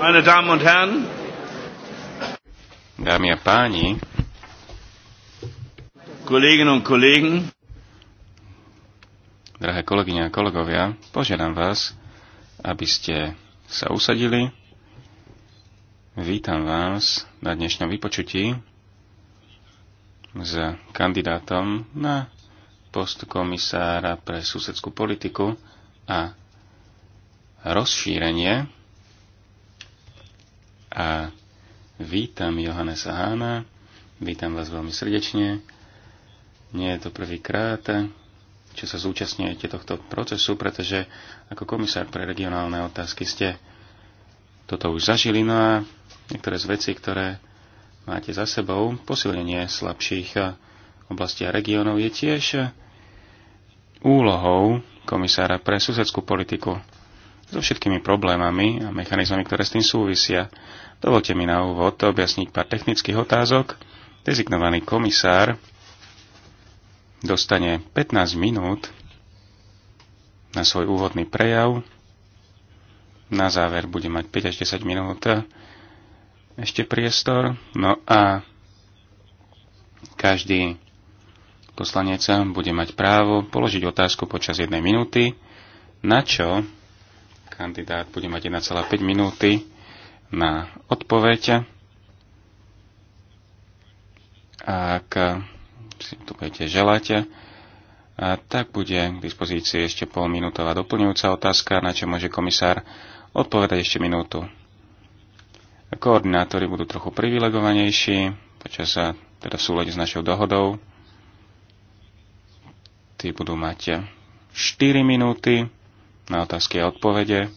Meine Damen und Herren, Dámy a páni, Kolleginnen und Kollegen, drahé kolegyne a kolegovia, požiadam vás, aby ste sa usadili. Vítam vás na dnešnom vypočutí s kandidátom na post komisára pre susedskú politiku a rozšírenie a vítam Johannesa Hána, vítam vás veľmi srdečne. Nie je to prvýkrát, čo sa zúčastňujete tohto procesu, pretože ako komisár pre regionálne otázky ste toto už zažili, no a niektoré z vecí, ktoré máte za sebou, posilnenie slabších oblasti a regiónov je tiež úlohou komisára pre susedskú politiku so všetkými problémami a mechanizmami, ktoré s tým súvisia. Dovolte mi na úvod objasniť pár technických otázok. Dezignovaný komisár dostane 15 minút na svoj úvodný prejav. Na záver bude mať 5 až 10 minút ešte priestor. No a každý Poslanec bude mať právo položiť otázku počas jednej minúty, na čo kandidát bude mať 1,5 minúty na odpoveď. Ak si to budete želať, tak bude k dispozícii ešte polminútová doplňujúca otázka, na čo môže komisár odpovedať ešte minútu. Koordinátori budú trochu privilegovanejší, počas sa teda v súlade s našou dohodou. Tí budú mať 4 minúty na otázky a odpovede.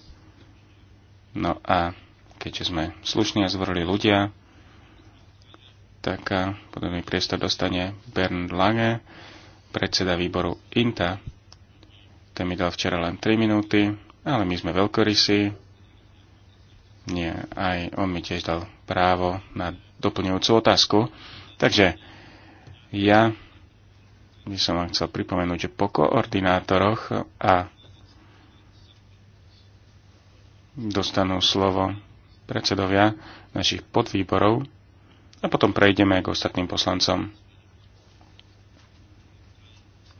No a keďže sme slušní a zvorili ľudia, tak eh, podobný priestor dostane Bernd Lange, predseda výboru INTA. Ten mi dal včera len 3 minúty, ale my sme veľkorysí. Nie, aj on mi tiež dal právo na doplňujúcu otázku. Takže ja by som vám chcel pripomenúť, že po koordinátoroch a dostanú slovo predsedovia našich podvýborov a potom prejdeme k ostatným poslancom.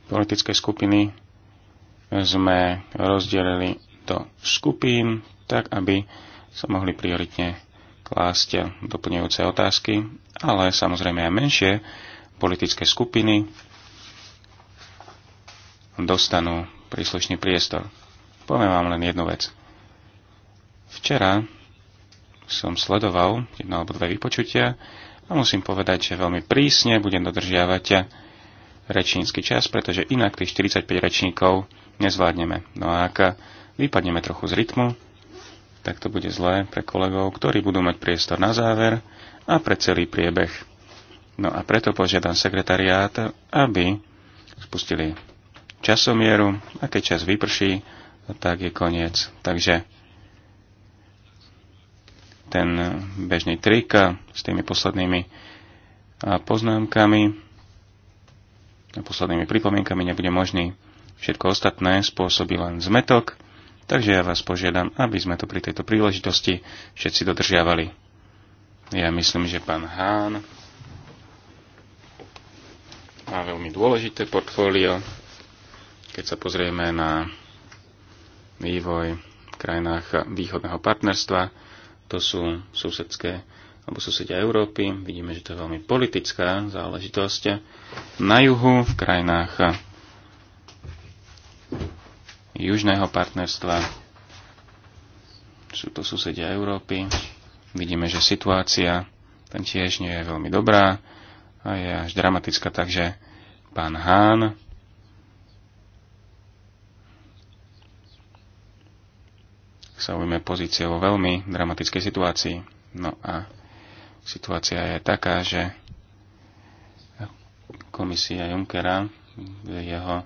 Politické skupiny sme rozdelili do skupín, tak aby sa mohli prioritne klásť doplňujúce otázky, ale samozrejme aj menšie politické skupiny dostanú príslušný priestor. Poviem vám len jednu vec. Včera som sledoval jedno alebo dve vypočutia a musím povedať, že veľmi prísne budem dodržiavať rečnícky čas, pretože inak tých 45 rečníkov nezvládneme. No a ak vypadneme trochu z rytmu, tak to bude zlé pre kolegov, ktorí budú mať priestor na záver a pre celý priebeh. No a preto požiadam sekretariát, aby spustili časomieru a keď čas vyprší, tak je koniec. Takže ten bežný trik s tými poslednými poznámkami a poslednými pripomienkami nebude možný. Všetko ostatné spôsobí len zmetok, takže ja vás požiadam, aby sme to pri tejto príležitosti všetci dodržiavali. Ja myslím, že pán Hán má veľmi dôležité portfólio. Keď sa pozrieme na vývoj v krajinách východného partnerstva, to sú susedské alebo susedia Európy. Vidíme, že to je veľmi politická záležitosť. Na juhu, v krajinách južného partnerstva, sú to susedia Európy. Vidíme, že situácia tam tiež nie je veľmi dobrá a je až dramatická, takže pán Hán sa ujme pozície vo veľmi dramatickej situácii. No a situácia je taká, že komisia Junckera jeho,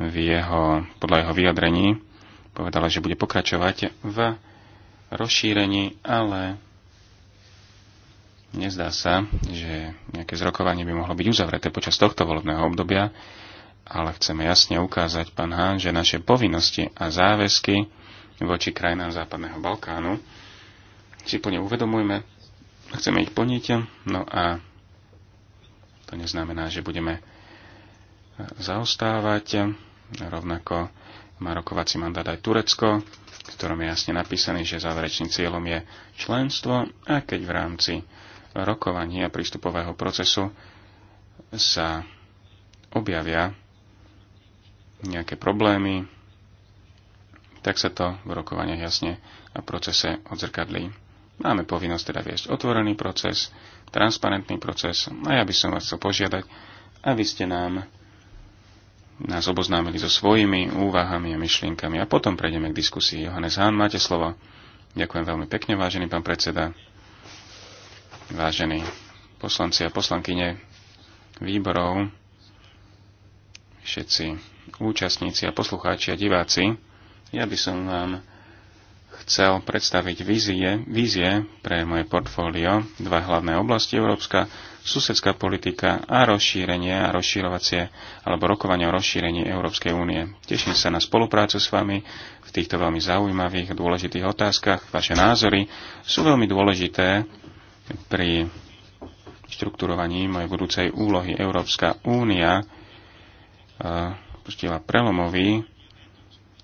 v jeho, podľa jeho vyjadrení povedala, že bude pokračovať v rozšírení, ale nezdá sa, že nejaké zrokovanie by mohlo byť uzavreté počas tohto volebného obdobia, ale chceme jasne ukázať, pán Hán, že naše povinnosti a záväzky voči krajinám Západného Balkánu. Si plne uvedomujeme, chceme ich plniť, no a to neznamená, že budeme zaostávať. Rovnako má rokovací mandát aj Turecko, v ktorom je jasne napísané, že záverečným cieľom je členstvo a keď v rámci rokovania prístupového procesu sa objavia nejaké problémy, tak sa to v rokovaniach jasne a procese odzrkadlí. Máme povinnosť teda viesť otvorený proces, transparentný proces a ja by som vás chcel požiadať, aby ste nám nás oboznámili so svojimi úvahami a myšlienkami a potom prejdeme k diskusii. Johannes Hahn, máte slovo. Ďakujem veľmi pekne, vážený pán predseda, vážení poslanci a poslankyne výborov, všetci účastníci a poslucháči a diváci. Ja by som vám chcel predstaviť vízie, vízie pre moje portfólio, dva hlavné oblasti, európska susedská politika a rozšírenie a rozšírovacie alebo rokovanie o rozšírení Európskej únie. Teším sa na spoluprácu s vami v týchto veľmi zaujímavých a dôležitých otázkach. Vaše názory sú veľmi dôležité pri štrukturovaní mojej budúcej úlohy. Európska únia uh, pustila prelomový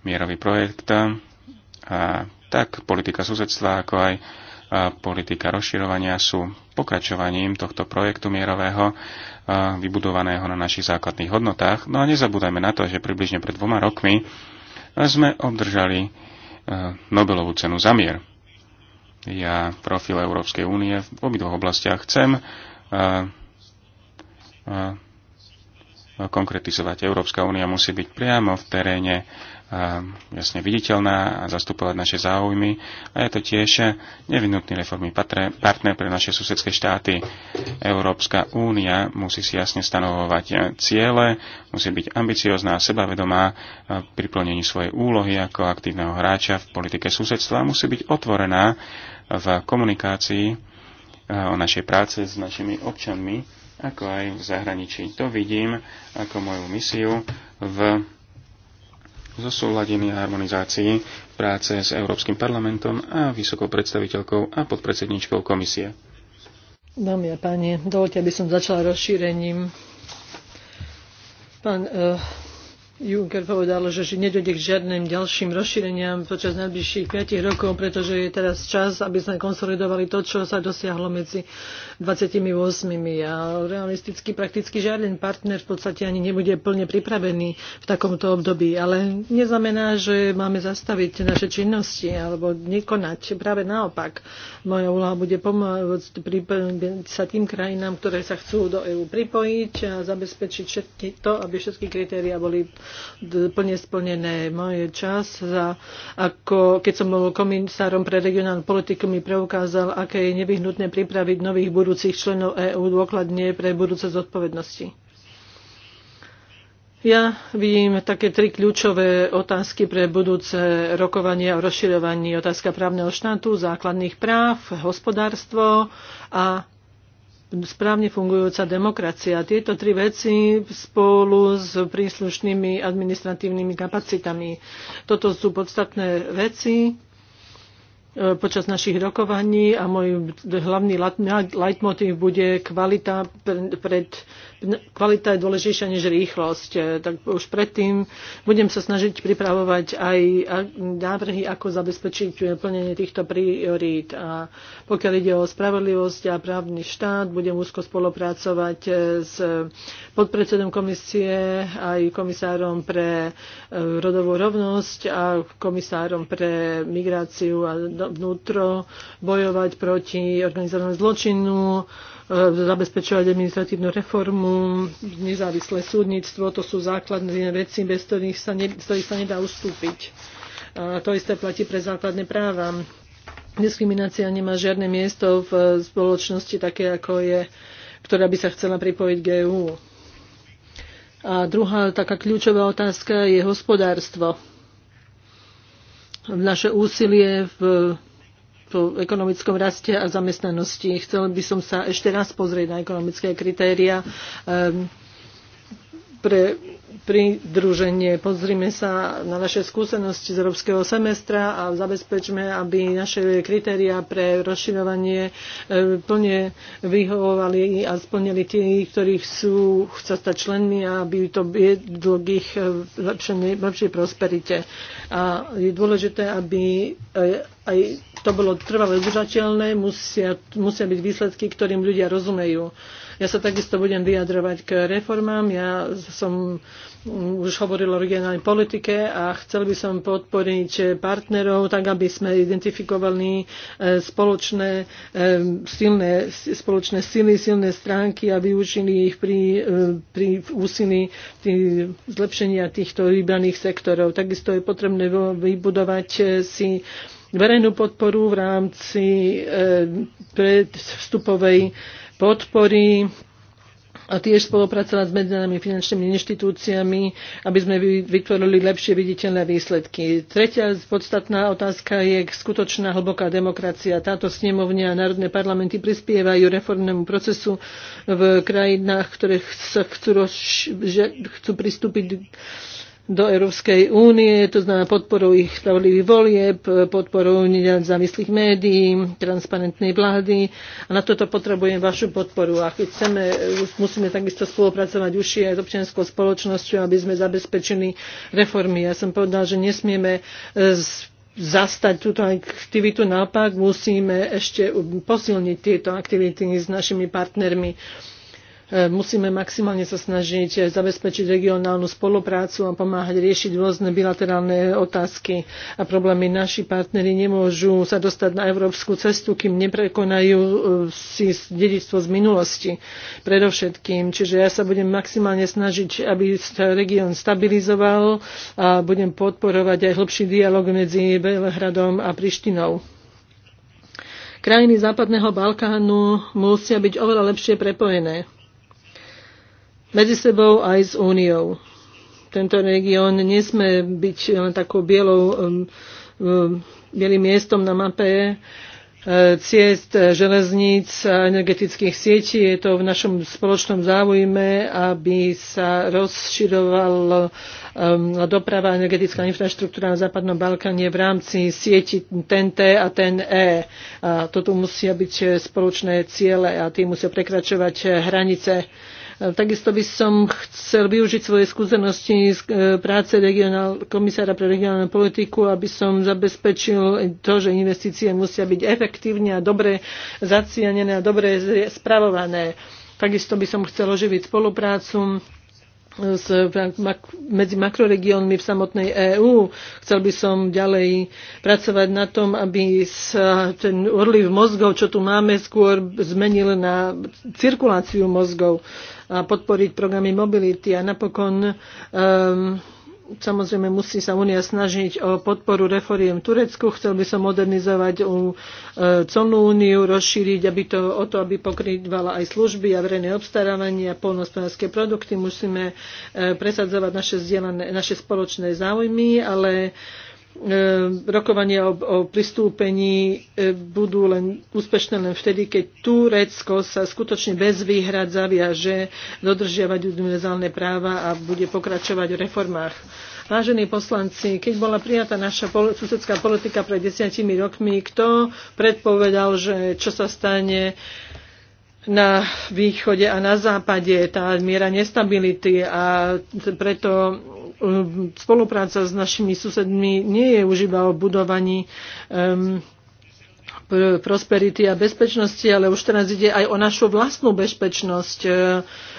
mierový projekt a tak politika susedstva, ako aj politika rozširovania sú pokračovaním tohto projektu mierového, vybudovaného na našich základných hodnotách. No a nezabúdajme na to, že približne pred dvoma rokmi sme obdržali Nobelovú cenu za mier. Ja profil Európskej únie v obidvoch oblastiach chcem konkretizovať. Európska únia musí byť priamo v teréne jasne viditeľná a zastupovať naše záujmy. A je to tiež nevinutný reformný partner pre naše susedské štáty. Európska únia musí si jasne stanovovať ciele, musí byť ambiciozná a sebavedomá pri plnení svojej úlohy ako aktívneho hráča v politike susedstva a musí byť otvorená v komunikácii e, o našej práce s našimi občanmi, ako aj v zahraničí. To vidím ako moju misiu v súladení a harmonizácii práce s Európskym parlamentom a vysokou predstaviteľkou a podpredsedničkou komisie. Dámy a páni, dovolte, aby som začala rozšírením. Pán uh, Juncker povedal, že nedojde k žiadnym ďalším rozšíreniam počas najbližších 5 rokov, pretože je teraz čas, aby sme konsolidovali to, čo sa dosiahlo medzi 28. A realisticky prakticky žiaden partner v podstate ani nebude plne pripravený v takomto období. Ale neznamená, že máme zastaviť naše činnosti alebo nekonať. Práve naopak. Moja úloha bude pomôcť sa tým krajinám, ktoré sa chcú do EÚ pripojiť a zabezpečiť všetky to, aby všetky kritéria boli plne splnené. Moje čas, za, ako, keď som bol komisárom pre regionálnu politiku, mi preukázal, aké je nevyhnutné pripraviť nových budúcich členov EÚ dôkladne pre budúce zodpovednosti. Ja vidím také tri kľúčové otázky pre budúce rokovanie a rozširovaní. Otázka právneho štátu, základných práv, hospodárstvo a správne fungujúca demokracia. Tieto tri veci spolu s príslušnými administratívnymi kapacitami. Toto sú podstatné veci, E, počas našich rokovaní a môj hlavný leitmotiv bude kvalita, pred, kvalita je dôležitejšia než rýchlosť. E, tak už predtým budem sa snažiť pripravovať aj návrhy, ako zabezpečiť plnenie týchto priorít. A pokiaľ ide o spravodlivosť a právny štát, budem úzko spolupracovať e, s podpredsedom komisie, aj komisárom pre rodovú rovnosť a komisárom pre migráciu a vnútro, bojovať proti organizovanému zločinu, e, zabezpečovať administratívnu reformu, nezávislé súdnictvo, to sú základné veci, bez ktorých sa, ne, z ktorých sa nedá ustúpiť. A to isté platí pre základné práva. Diskriminácia nemá žiadne miesto v spoločnosti také, ako je, ktorá by sa chcela pripojiť k EU. A druhá taká kľúčová otázka je hospodárstvo naše úsilie v po ekonomickom raste a zamestnanosti. Chcel by som sa ešte raz pozrieť na ekonomické kritéria ehm, pre pridruženie. Pozrime sa na naše skúsenosti z európskeho semestra a zabezpečme, aby naše kritéria pre rozširovanie e, plne vyhovovali a splnili tí, ktorých sú, chcú stať členmi a aby to viedlo k ich e, lepšej prosperite. A je dôležité, aby e, aj to bolo trvalo udržateľné, musia, musia byť výsledky, ktorým ľudia rozumejú. Ja sa takisto budem vyjadrovať k reformám. Ja som už hovoril o regionálnej politike a chcel by som podporiť partnerov tak, aby sme identifikovali e, spoločné e, silné, spoločné sily, silné stránky a využili ich pri, e, pri úsilí pri zlepšenia týchto vybraných sektorov. Takisto je potrebné vybudovať si verejnú podporu v rámci predvstupovej podpory a tiež spolupracovať s medzinárodnými finančnými inštitúciami, aby sme vytvorili lepšie viditeľné výsledky. Tretia podstatná otázka je skutočná hlboká demokracia. Táto snemovňa a národné parlamenty prispievajú reformnému procesu v krajinách, ktoré chcú, chcú pristúpiť do Európskej únie, to znamená podporou ich spravodlivých volieb, podporou nezávislých médií, transparentnej vlády a na toto potrebujem vašu podporu. A keď chceme, musíme takisto spolupracovať užšie aj s občianskou spoločnosťou, aby sme zabezpečili reformy. Ja som povedal, že nesmieme e, zastať túto aktivitu. Naopak musíme ešte posilniť tieto aktivity s našimi partnermi musíme maximálne sa snažiť zabezpečiť regionálnu spoluprácu a pomáhať riešiť rôzne bilaterálne otázky a problémy. Naši partneri nemôžu sa dostať na európsku cestu, kým neprekonajú e, si dedičstvo z minulosti predovšetkým. Čiže ja sa budem maximálne snažiť, aby sa región stabilizoval a budem podporovať aj hlbší dialog medzi Belehradom a Prištinou. Krajiny Západného Balkánu musia byť oveľa lepšie prepojené medzi sebou aj s úniou. Tento región nesme byť len takou bielou, um, um, bielým miestom na mape eh, ciest, eh, železníc a energetických sietí. Je to v našom spoločnom záujme, aby sa rozširovala um, doprava energetická infraštruktúra na Západnom Balkáne v rámci sieti TNT a TNE. A toto musia byť eh, spoločné ciele a tie musia prekračovať hranice E, takisto by som chcel využiť svoje skúsenosti z e, práce regionál, komisára pre regionálnu politiku, aby som zabezpečil to, že investície musia byť efektívne a dobre zacienené a dobre spravované. Takisto by som chcel oživiť spoluprácu s, medzi makroregiónmi v samotnej EÚ. Chcel by som ďalej pracovať na tom, aby sa ten urliv mozgov, čo tu máme, skôr zmenil na cirkuláciu mozgov a podporiť programy mobility a napokon um, samozrejme musí sa Únia snažiť o podporu reforiem Turecku. Chcel by som modernizovať u e, colnú úniu, rozšíriť aby to, o to, aby pokrývala aj služby a verejné obstarávanie a polnospodárske produkty. Musíme e, presadzovať naše, naše spoločné záujmy, ale E, rokovania o, o pristúpení e, budú len úspešné len vtedy, keď Turecko sa skutočne bez výhrad zaviaže dodržiavať univerzálne práva a bude pokračovať v reformách. Vážení poslanci, keď bola prijatá naša pol- susedská politika pred desiatimi rokmi, kto predpovedal, že čo sa stane na východe a na západe, tá miera nestability a preto E, spolupráca s našimi susedmi nie je už iba o budovaní um, prosperity a bezpečnosti, ale už teraz ide aj o našu vlastnú bezpečnosť, e,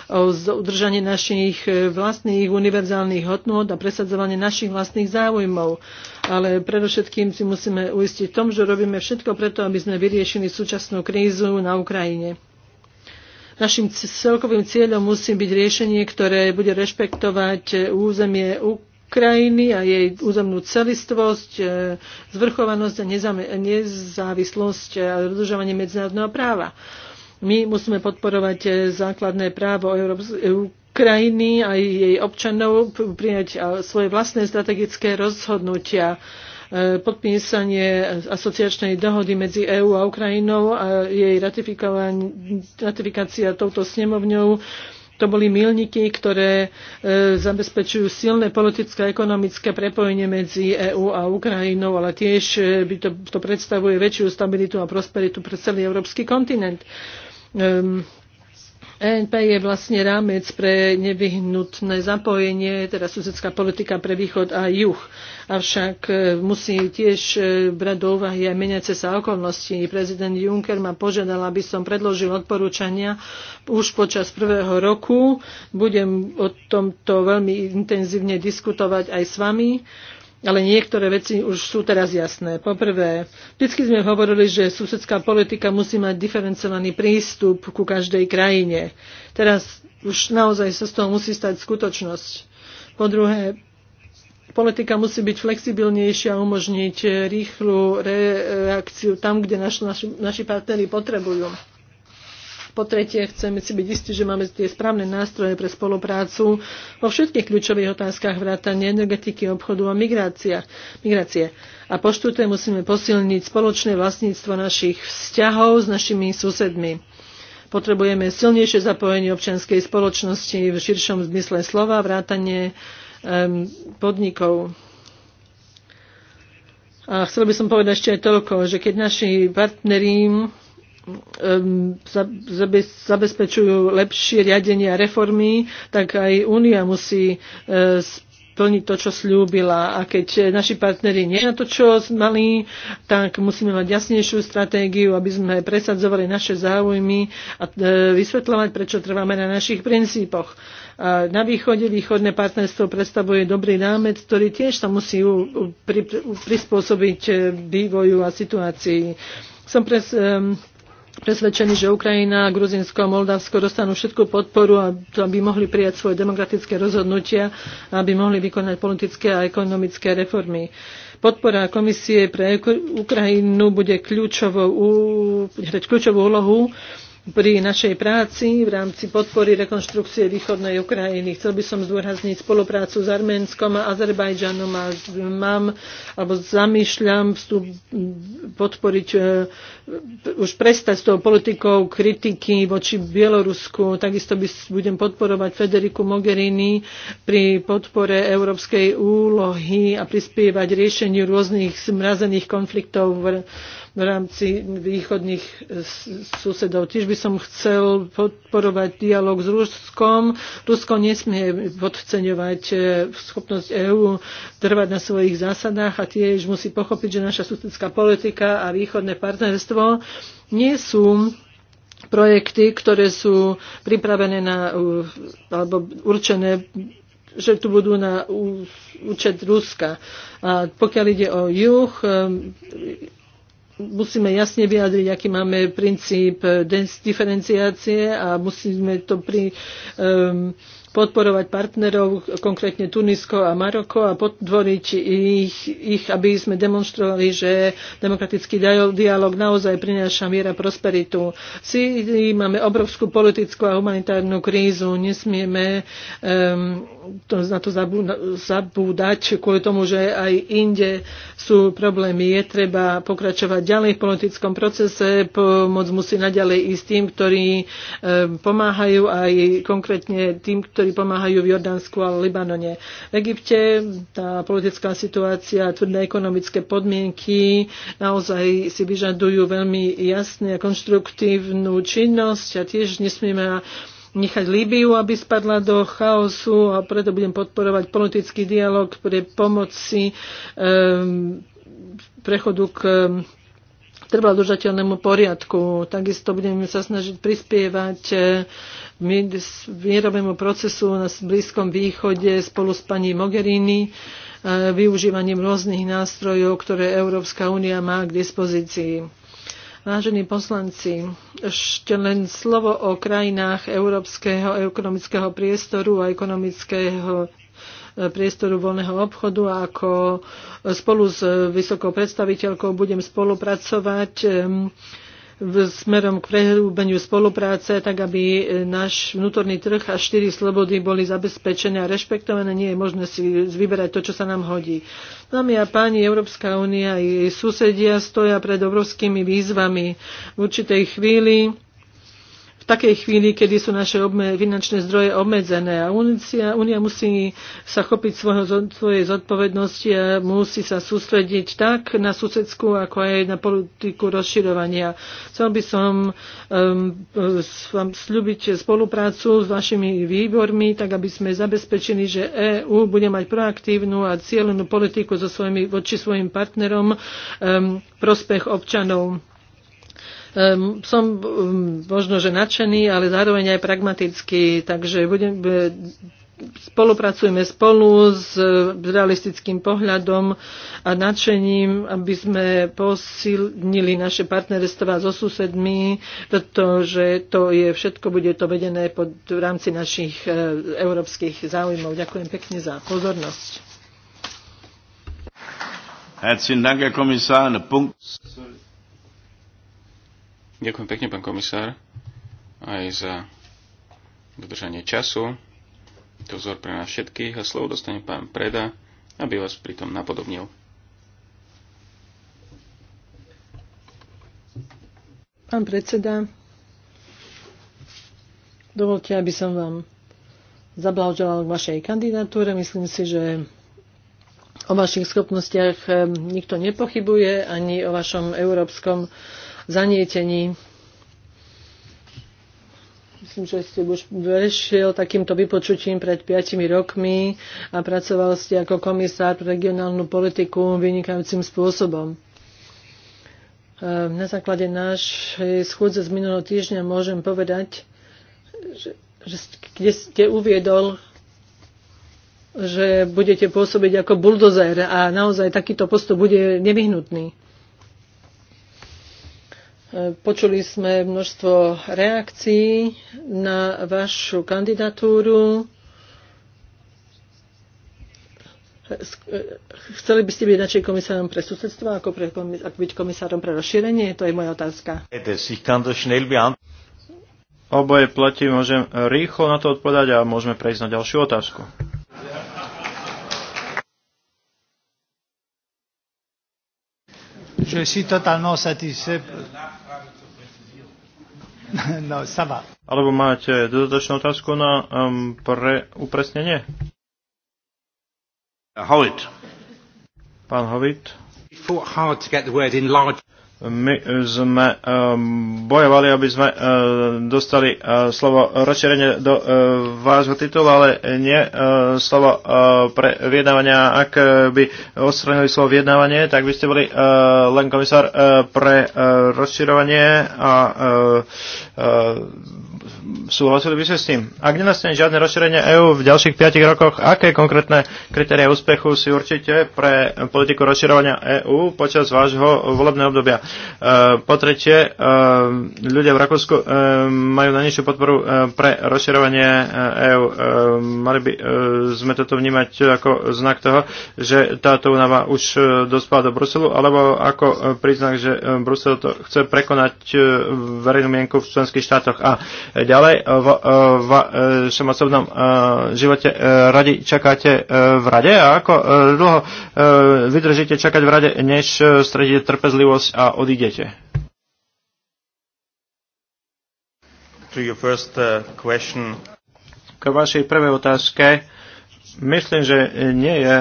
o udržanie našich e, vlastných univerzálnych hodnôt a presadzovanie našich vlastných záujmov. Ale predovšetkým si musíme uistiť tom, že robíme všetko preto, aby sme vyriešili súčasnú krízu na Ukrajine. Našim celkovým cieľom musí byť riešenie, ktoré bude rešpektovať e, územie Ukrajiny a jej územnú celistvosť, e, zvrchovanosť a nezávislosť a dodržovanie medzinárodného práva. My musíme podporovať e, základné právo Ukrajiny a jej občanov prijať svoje vlastné strategické rozhodnutia E, podpísanie asociačnej dohody medzi EÚ a Ukrajinou a jej ratifikácia touto snemovňou to boli milníky, ktoré e, zabezpečujú silné politické a ekonomické prepojenie medzi EÚ a Ukrajinou, ale tiež e, by to, to predstavuje väčšiu stabilitu a prosperitu pre celý európsky kontinent. E, ENP je vlastne rámec pre nevyhnutné zapojenie, teda susedská politika pre východ a juh. Avšak e, musí tiež e, brať do úvahy aj meniace sa okolnosti. Prezident Juncker ma požiadal, aby som predložil odporúčania už počas prvého roku. Budem o tomto veľmi intenzívne diskutovať aj s vami ale niektoré veci už sú teraz jasné. Poprvé, vždy sme hovorili, že susedská politika musí mať diferencovaný prístup ku každej krajine. Teraz už naozaj sa z toho musí stať skutočnosť. Po druhé, politika musí byť flexibilnejšia a umožniť rýchlu reakciu tam, kde naši, naši partnery potrebujú. Po tretie, chceme si byť istí, že máme tie správne nástroje pre spoluprácu vo všetkých kľúčových otázkach vrátane energetiky, obchodu a migrácia, migrácie. A po štvrté, musíme posilniť spoločné vlastníctvo našich vzťahov s našimi susedmi. Potrebujeme silnejšie zapojenie občianskej spoločnosti v širšom zmysle slova, vrátanie um, podnikov. A chcel by som povedať ešte aj toľko, že keď naši partnerím Um, zabezpečujú lepšie riadenie a reformy, tak aj Únia musí uh, plniť to, čo slúbila. A keď naši partneri nie na to, čo mali, tak musíme mať jasnejšiu stratégiu, aby sme presadzovali naše záujmy a uh, vysvetľovať, prečo trváme na našich princípoch. A na východe východné partnerstvo predstavuje dobrý námet, ktorý tiež sa musí prispôsobiť uh, vývoju a situácii. Som pres, um, presvedčení, že Ukrajina, Gruzinsko a Moldavsko dostanú všetku podporu, aby mohli prijať svoje demokratické rozhodnutia, aby mohli vykonať politické a ekonomické reformy. Podpora komisie pre Ukrajinu bude kľúčovou, kľúčovú úlohu pri našej práci v rámci podpory rekonštrukcie východnej Ukrajiny. Chcel by som zdôrazniť spoluprácu s Arménskom a Azerbajdžanom a mám alebo zamýšľam vstup, podporiť e, už prestať s tou politikou kritiky voči Bielorusku. Takisto by, budem podporovať Federiku Mogherini pri podpore európskej úlohy a prispievať riešeniu rôznych zmrazených konfliktov v v rámci východných eh, susedov. Tiež by som chcel podporovať dialog s Ruskom. Rusko nesmie podceňovať eh, schopnosť EÚ trvať na svojich zásadách a tiež musí pochopiť, že naša susedská politika a východné partnerstvo nie sú projekty, ktoré sú pripravené na, eh, alebo určené že tu budú na účet Ruska. A pokiaľ ide o juh, musíme jasne vyjadriť, aký máme princíp eh, diferenciácie a musíme to pri, um, podporovať partnerov, konkrétne Tunisko a Maroko a podvoriť ich, ich aby sme demonstrovali, že demokratický dialog naozaj prináša miera prosperitu. V Sýrii máme obrovskú politickú a humanitárnu krízu. Nesmieme um, to, na to zabúdať kvôli tomu, že aj inde sú problémy. Je treba pokračovať ďalej v politickom procese. Pomoc musí naďalej ísť tým, ktorí um, pomáhajú aj konkrétne tým, ktorí ktorí pomáhajú v Jordánsku a Libanone. V Egypte tá politická situácia, tvrdé ekonomické podmienky naozaj si vyžadujú veľmi jasnú a konštruktívnu činnosť a tiež nesmieme nechať Líbiu, aby spadla do chaosu a preto budem podporovať politický dialog pre pomoci um, prechodu k ehm, trvalo poriadku. Takisto budeme sa snažiť prispievať eh, mierovému procesu na Blízkom východe spolu s pani Mogherini e, využívaním rôznych nástrojov, ktoré Európska únia má k dispozícii. Vážení poslanci, ešte len slovo o krajinách európskeho ekonomického priestoru a ekonomického e, priestoru voľného obchodu a ako spolu s vysokou predstaviteľkou budem spolupracovať v smerom k prehrúbeniu spolupráce, tak aby e, náš vnútorný trh a štyri slobody boli zabezpečené a rešpektované. Nie je možné si vyberať to, čo sa nám hodí. Dámy a páni, Európska únia i jej susedia stoja pred obrovskými výzvami. V určitej chvíli v takej chvíli, kedy sú naše obme, finančné zdroje obmedzené. A Unia, Unia musí sa chopiť svojho, svojej zodpovednosti a musí sa sústrediť tak na susedskú, ako aj na politiku rozširovania. Chcel by som um, vám slúbiť spoluprácu s vašimi výbormi, tak aby sme zabezpečili, že EÚ bude mať proaktívnu a cieľenú politiku so svojimi, voči svojim partnerom um, prospech občanov. Ehm, som ehm, možno, že nadšený, ale zároveň aj pragmatický, takže budem, e, spolupracujeme spolu s e, realistickým pohľadom a nadšením, aby sme posilnili naše partnerstva so susedmi, pretože to je všetko, bude to vedené pod, v rámci našich e, európskych záujmov. Ďakujem pekne za pozornosť. Herzlichen Dank, Herr Kommissar. Punkt. Ďakujem pekne, pán komisár, aj za dodržanie času. To vzor pre nás všetkých a slovo dostane pán Preda, aby vás pritom napodobnil. Pán predseda, dovolte, aby som vám zablahoželal k vašej kandidatúre. Myslím si, že o vašich schopnostiach ehm, nikto nepochybuje, ani o vašom európskom zanietení. Myslím, že ste už vešiel takýmto vypočutím pred 5 rokmi a pracoval ste ako komisár pre regionálnu politiku vynikajúcim spôsobom. E, na základe náš schôdze z minulého týždňa môžem povedať, že, že kde ste uviedol, že budete pôsobiť ako buldozer a naozaj takýto postup bude nevyhnutný. Počuli sme množstvo reakcií na vašu kandidatúru. Chceli by ste byť radšej komisárom pre susedstvo ako, pre, ako byť komisárom pre rozšírenie? To je moja otázka. Oboje platí, môžem rýchlo na to odpovedať a môžeme prejsť na ďalšiu otázku. Je suis totalement satisfait No, sama. Alebo máte dodatočnú otázku na um, pre upresnenie? Hovit. Pán Hovit my sme eh, bojovali, aby sme eh, dostali eh, slovo rozšírenie do vášho titulu, ale nie slovo pre vyjednávania. Ak by odstranili slovo vyjednávanie, tak by ste boli len komisár pre rozširovanie a súhlasili by ste s tým? Ak nenastane žiadne rozšírenie EÚ v ďalších 5 rokoch, aké konkrétne kritéria úspechu si určite pre politiku rozširovania EÚ počas vášho volebného obdobia? E, po tretie, e, ľudia v Rakúsku e, majú najnižšiu podporu pre rozširovanie EÚ. Mali by sme toto vnímať ako znak toho, že táto únava už dospala do Bruselu, alebo ako príznak, že Brusel to chce prekonať verejnú mienku v členských štátoch. A Ďalej, e, e, v, v e, vašom osobnom živote radi čakáte v rade a ako dlho vydržíte čakať v rade, než stredíte trpezlivosť a odídete? To your first uh, question. K vašej prvej otázke, myslím, že nie je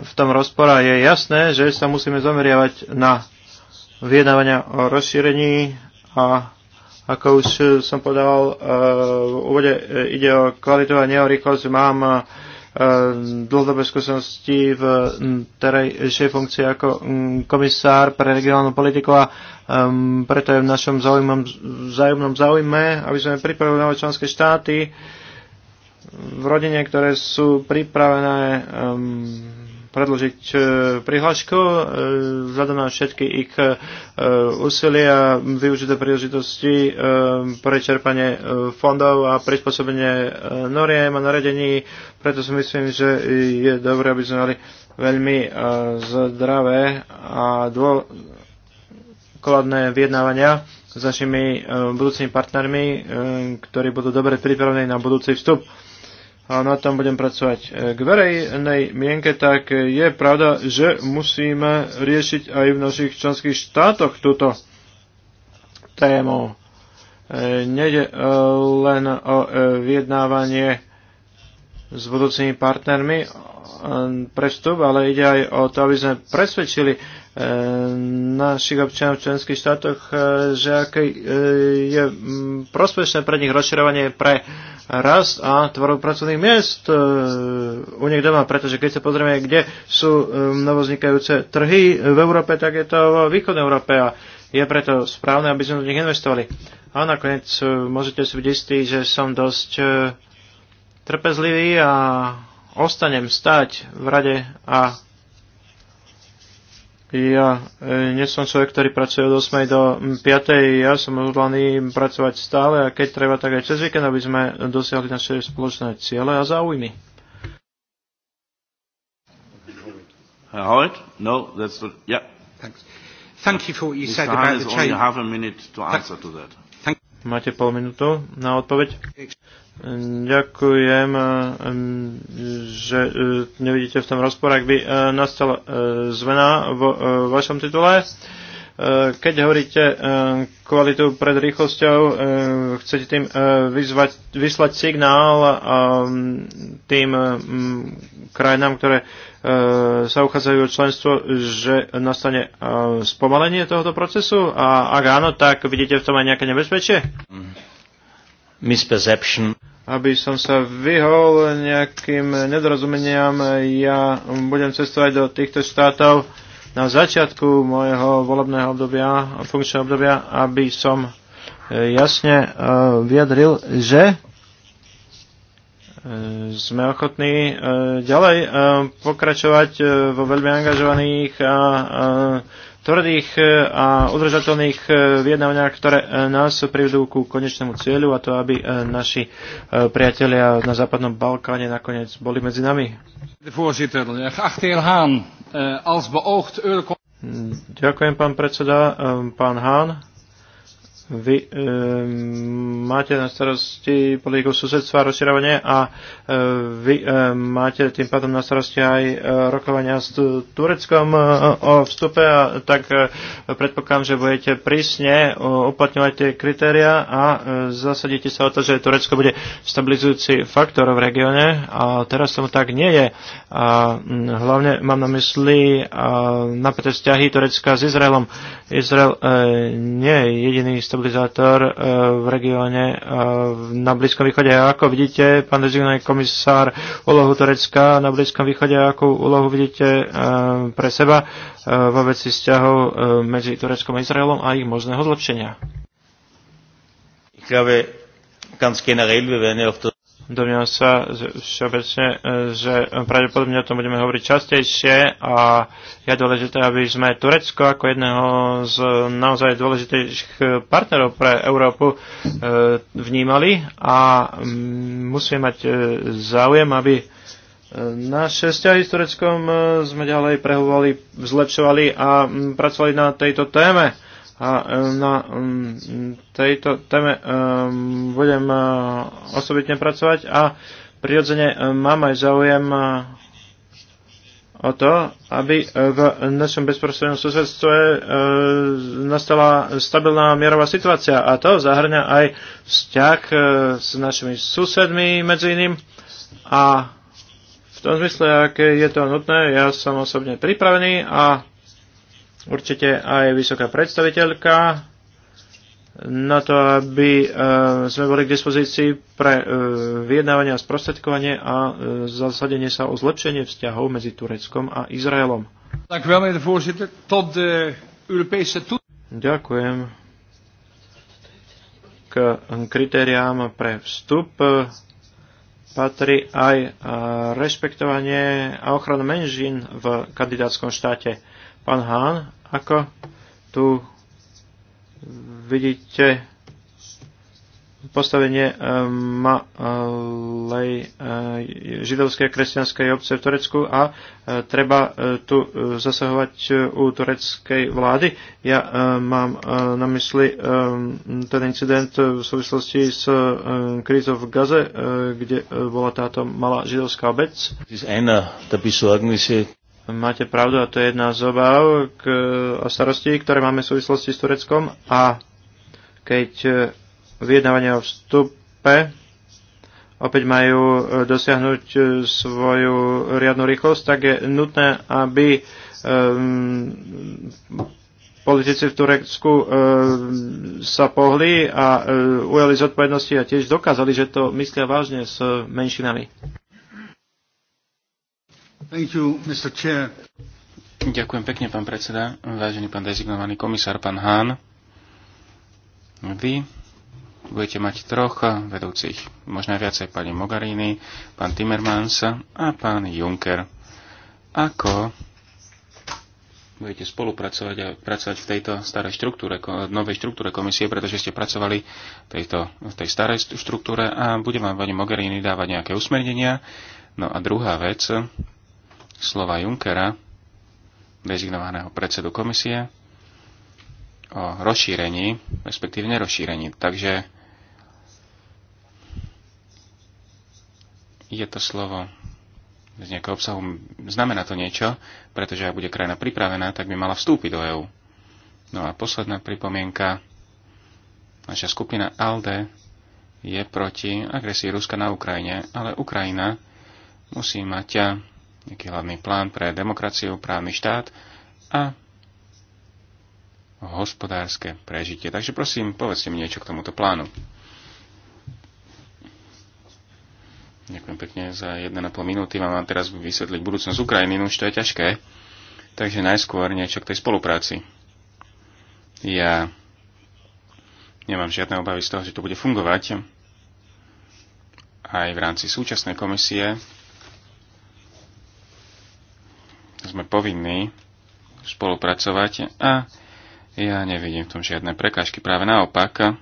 v tom rozpora. Je jasné, že sa musíme zameriavať na vyjednávania o rozšírení a ako už eh, som podal eh, v úvode, eh, ide o kvalitu a nie o rýchlosť. Mám dlhodobé skúsenosti v terajšej funkcii ako komisár pre regionálnu politiku a preto je v našom zaujímom, vzájomnom záujme, aby sme pripravili nové členské štáty v rodine, ktoré sú pripravené predložiť e, prihlášku e, vzhľadom na všetky ich e, úsilia, využité príležitosti pre čerpanie fondov a prispôsobenie noriem a naredení. Preto si myslím, že je dobré, aby sme mali veľmi zdravé a dôkladné vyjednávania s našimi budúcimi partnermi, ktorí budú dobre pripravení na budúci vstup a na tom budem pracovať. E, k verejnej mienke tak e, je pravda, že musíme riešiť aj v našich členských štátoch túto tému. E, Nede len o vyjednávanie s budúcimi partnermi prestup, ale ide aj o to, aby sme presvedčili našich občanov v členských štátoch, že aké je prospešné pre nich rozširovanie pre rast a tvorbu pracovných miest e, u nich doma, pretože keď sa pozrieme, kde sú e, novoznikajúce trhy v Európe, tak je to v východnej Európe a je preto správne, aby sme do nich investovali. A nakoniec e, môžete si byť istí, že som dosť trpezlivý a ostanem stať v rade a ja e, nie som človek, ktorý pracuje od 8 do 5. Ja som odhodlaný pracovať stále a keď treba, tak aj cez víkend, aby sme dosiahli naše spoločné ciele a záujmy. Howard? No, that's the, yeah. Thanks. Thank you for what you Mr. said about the change. half a minute to answer to that. Máte pol minútu na odpoveď. Ďakujem, eh, že eh, nevidíte v tom rozpor, ak by eh, nastala zmena v vašom titule. Keď hovoríte kvalitu pred rýchlosťou, chcete tým vyzvať, vyslať signál tým mm, krajinám, ktoré sa uchádzajú o členstvo, že nastane spomalenie tohoto procesu? A ak áno, tak vidíte v tom aj nejaké nebezpečie? Mm. Misperception aby som sa vyhol nejakým nedorozumeniam. Ja budem cestovať do týchto štátov na začiatku môjho volebného obdobia, funkčného obdobia, aby som eh, jasne eh, vyjadril, že eh, sme ochotní ďalej pokračovať vo veľmi angažovaných a tvrdých e, a udržateľných e, vyjednávaniach, ktoré e, nás privedú ku konečnému cieľu a to, aby naši priatelia na Západnom Balkáne nakoniec boli medzi nami. Hm, ďakujem, pán predseda. Pán Hán. Vy e, máte na starosti politiku susedstva a rozširovanie a e, vy e, máte tým pádom na starosti aj e, rokovania s Tureckom e, o vstupe a tak e, predpokladám, že budete prísne e, uplatňovať tie kritéria a e, zasadíte sa o to, že Turecko bude stabilizujúci faktor v regióne a teraz tomu tak nie je. A, hlavne mám na mysli a, napäté vzťahy Turecka s Izraelom. Izrael e, nie je jediný stabilizujúci stabilizátor eh, v regióne eh, na Blízkom východe. A ako vidíte, pán rezignovaný komisár, úlohu Turecka na Blízkom východe, akú úlohu vidíte eh, pre seba vo veci vzťahov medzi Tureckom a Izraelom a ich možného zlepšenia? Ich glaube, ganz generell, wir werden ja auf das Domnievam sa že všeobecne, e, že pravdepodobne o tom budeme hovoriť častejšie a je dôležité, aby sme Turecko ako jedného z naozaj dôležitých partnerov pre Európu e, vnímali a musíme mať e, záujem, aby naše vzťahy s Tureckom sme ďalej prehovovali, zlepšovali a pracovali na tejto téme a na tejto téme budem e, osobitne pracovať a prirodzene mám aj záujem e, o to, aby e, v našom bezprostrednom susedstve nastala stabilná mierová situácia. A to zahrňa aj vzťah s našimi susedmi medzi iným. A v tom zmysle, aké je to nutné, ja som osobne pripravený a určite aj vysoká predstaviteľka na to, aby e, sme boli k dispozícii pre e, vyjednávanie a sprostredkovanie a e, zasadenie sa o zlepšenie vzťahov medzi Tureckom a Izraelom. Ďakujem. K kritériám pre vstup patrí aj rešpektovanie a ochrana menžín v kandidátskom štáte. Pán Hán ako tu vidíte postavenie eh, malej eh, židovskej a kresťanskej obce v Turecku a eh, treba tu zasahovať u tureckej vlády. Ja mám na mysli ten incident v súvislosti s krízou v Gaze, kde bola táto malá židovská obec máte pravdu a to je jedna z obav k, a starostí, ktoré máme v súvislosti s Tureckom a keď e, vyjednávania o vstupe opäť majú e, dosiahnuť e, svoju riadnu rýchlosť, tak je nutné, aby um, politici v Turecku um, sa pohli a um, ujali zodpovednosti a tiež dokázali, že to myslia vážne s menšinami. Ďakujem pekne, pán predseda, vážený pán dezignovaný komisár, pán Hán. Vy budete mať troch vedúcich, možno aj viacej pani Mogarini, pán Timmermans a pán Juncker. Ako budete spolupracovať a pracovať v tejto starej štruktúre, novej štruktúre komisie, pretože ste pracovali v tejto, v tej starej štruktúre a bude vám pani Mogherini dávať nejaké usmernenia. No a druhá vec, slova Junckera, dezignovaného predsedu komisie, o rozšírení, respektíve nerozšírení. Takže je to slovo z nejakého obsahu, znamená to niečo, pretože ak bude krajina pripravená, tak by mala vstúpiť do EÚ. No a posledná pripomienka. Naša skupina ALDE je proti agresii Ruska na Ukrajine, ale Ukrajina musí mať nejaký hlavný plán pre demokraciu, právny štát a hospodárske prežitie. Takže prosím, povedzte mi niečo k tomuto plánu. Ďakujem pekne za 1,5 minúty. Vám mám teraz vysvetliť budúcnosť Ukrajiny, no už to je ťažké. Takže najskôr niečo k tej spolupráci. Ja nemám žiadne obavy z toho, že to bude fungovať. Aj v rámci súčasnej komisie povinní spolupracovať a ja nevidím v tom žiadne prekážky. Práve naopak,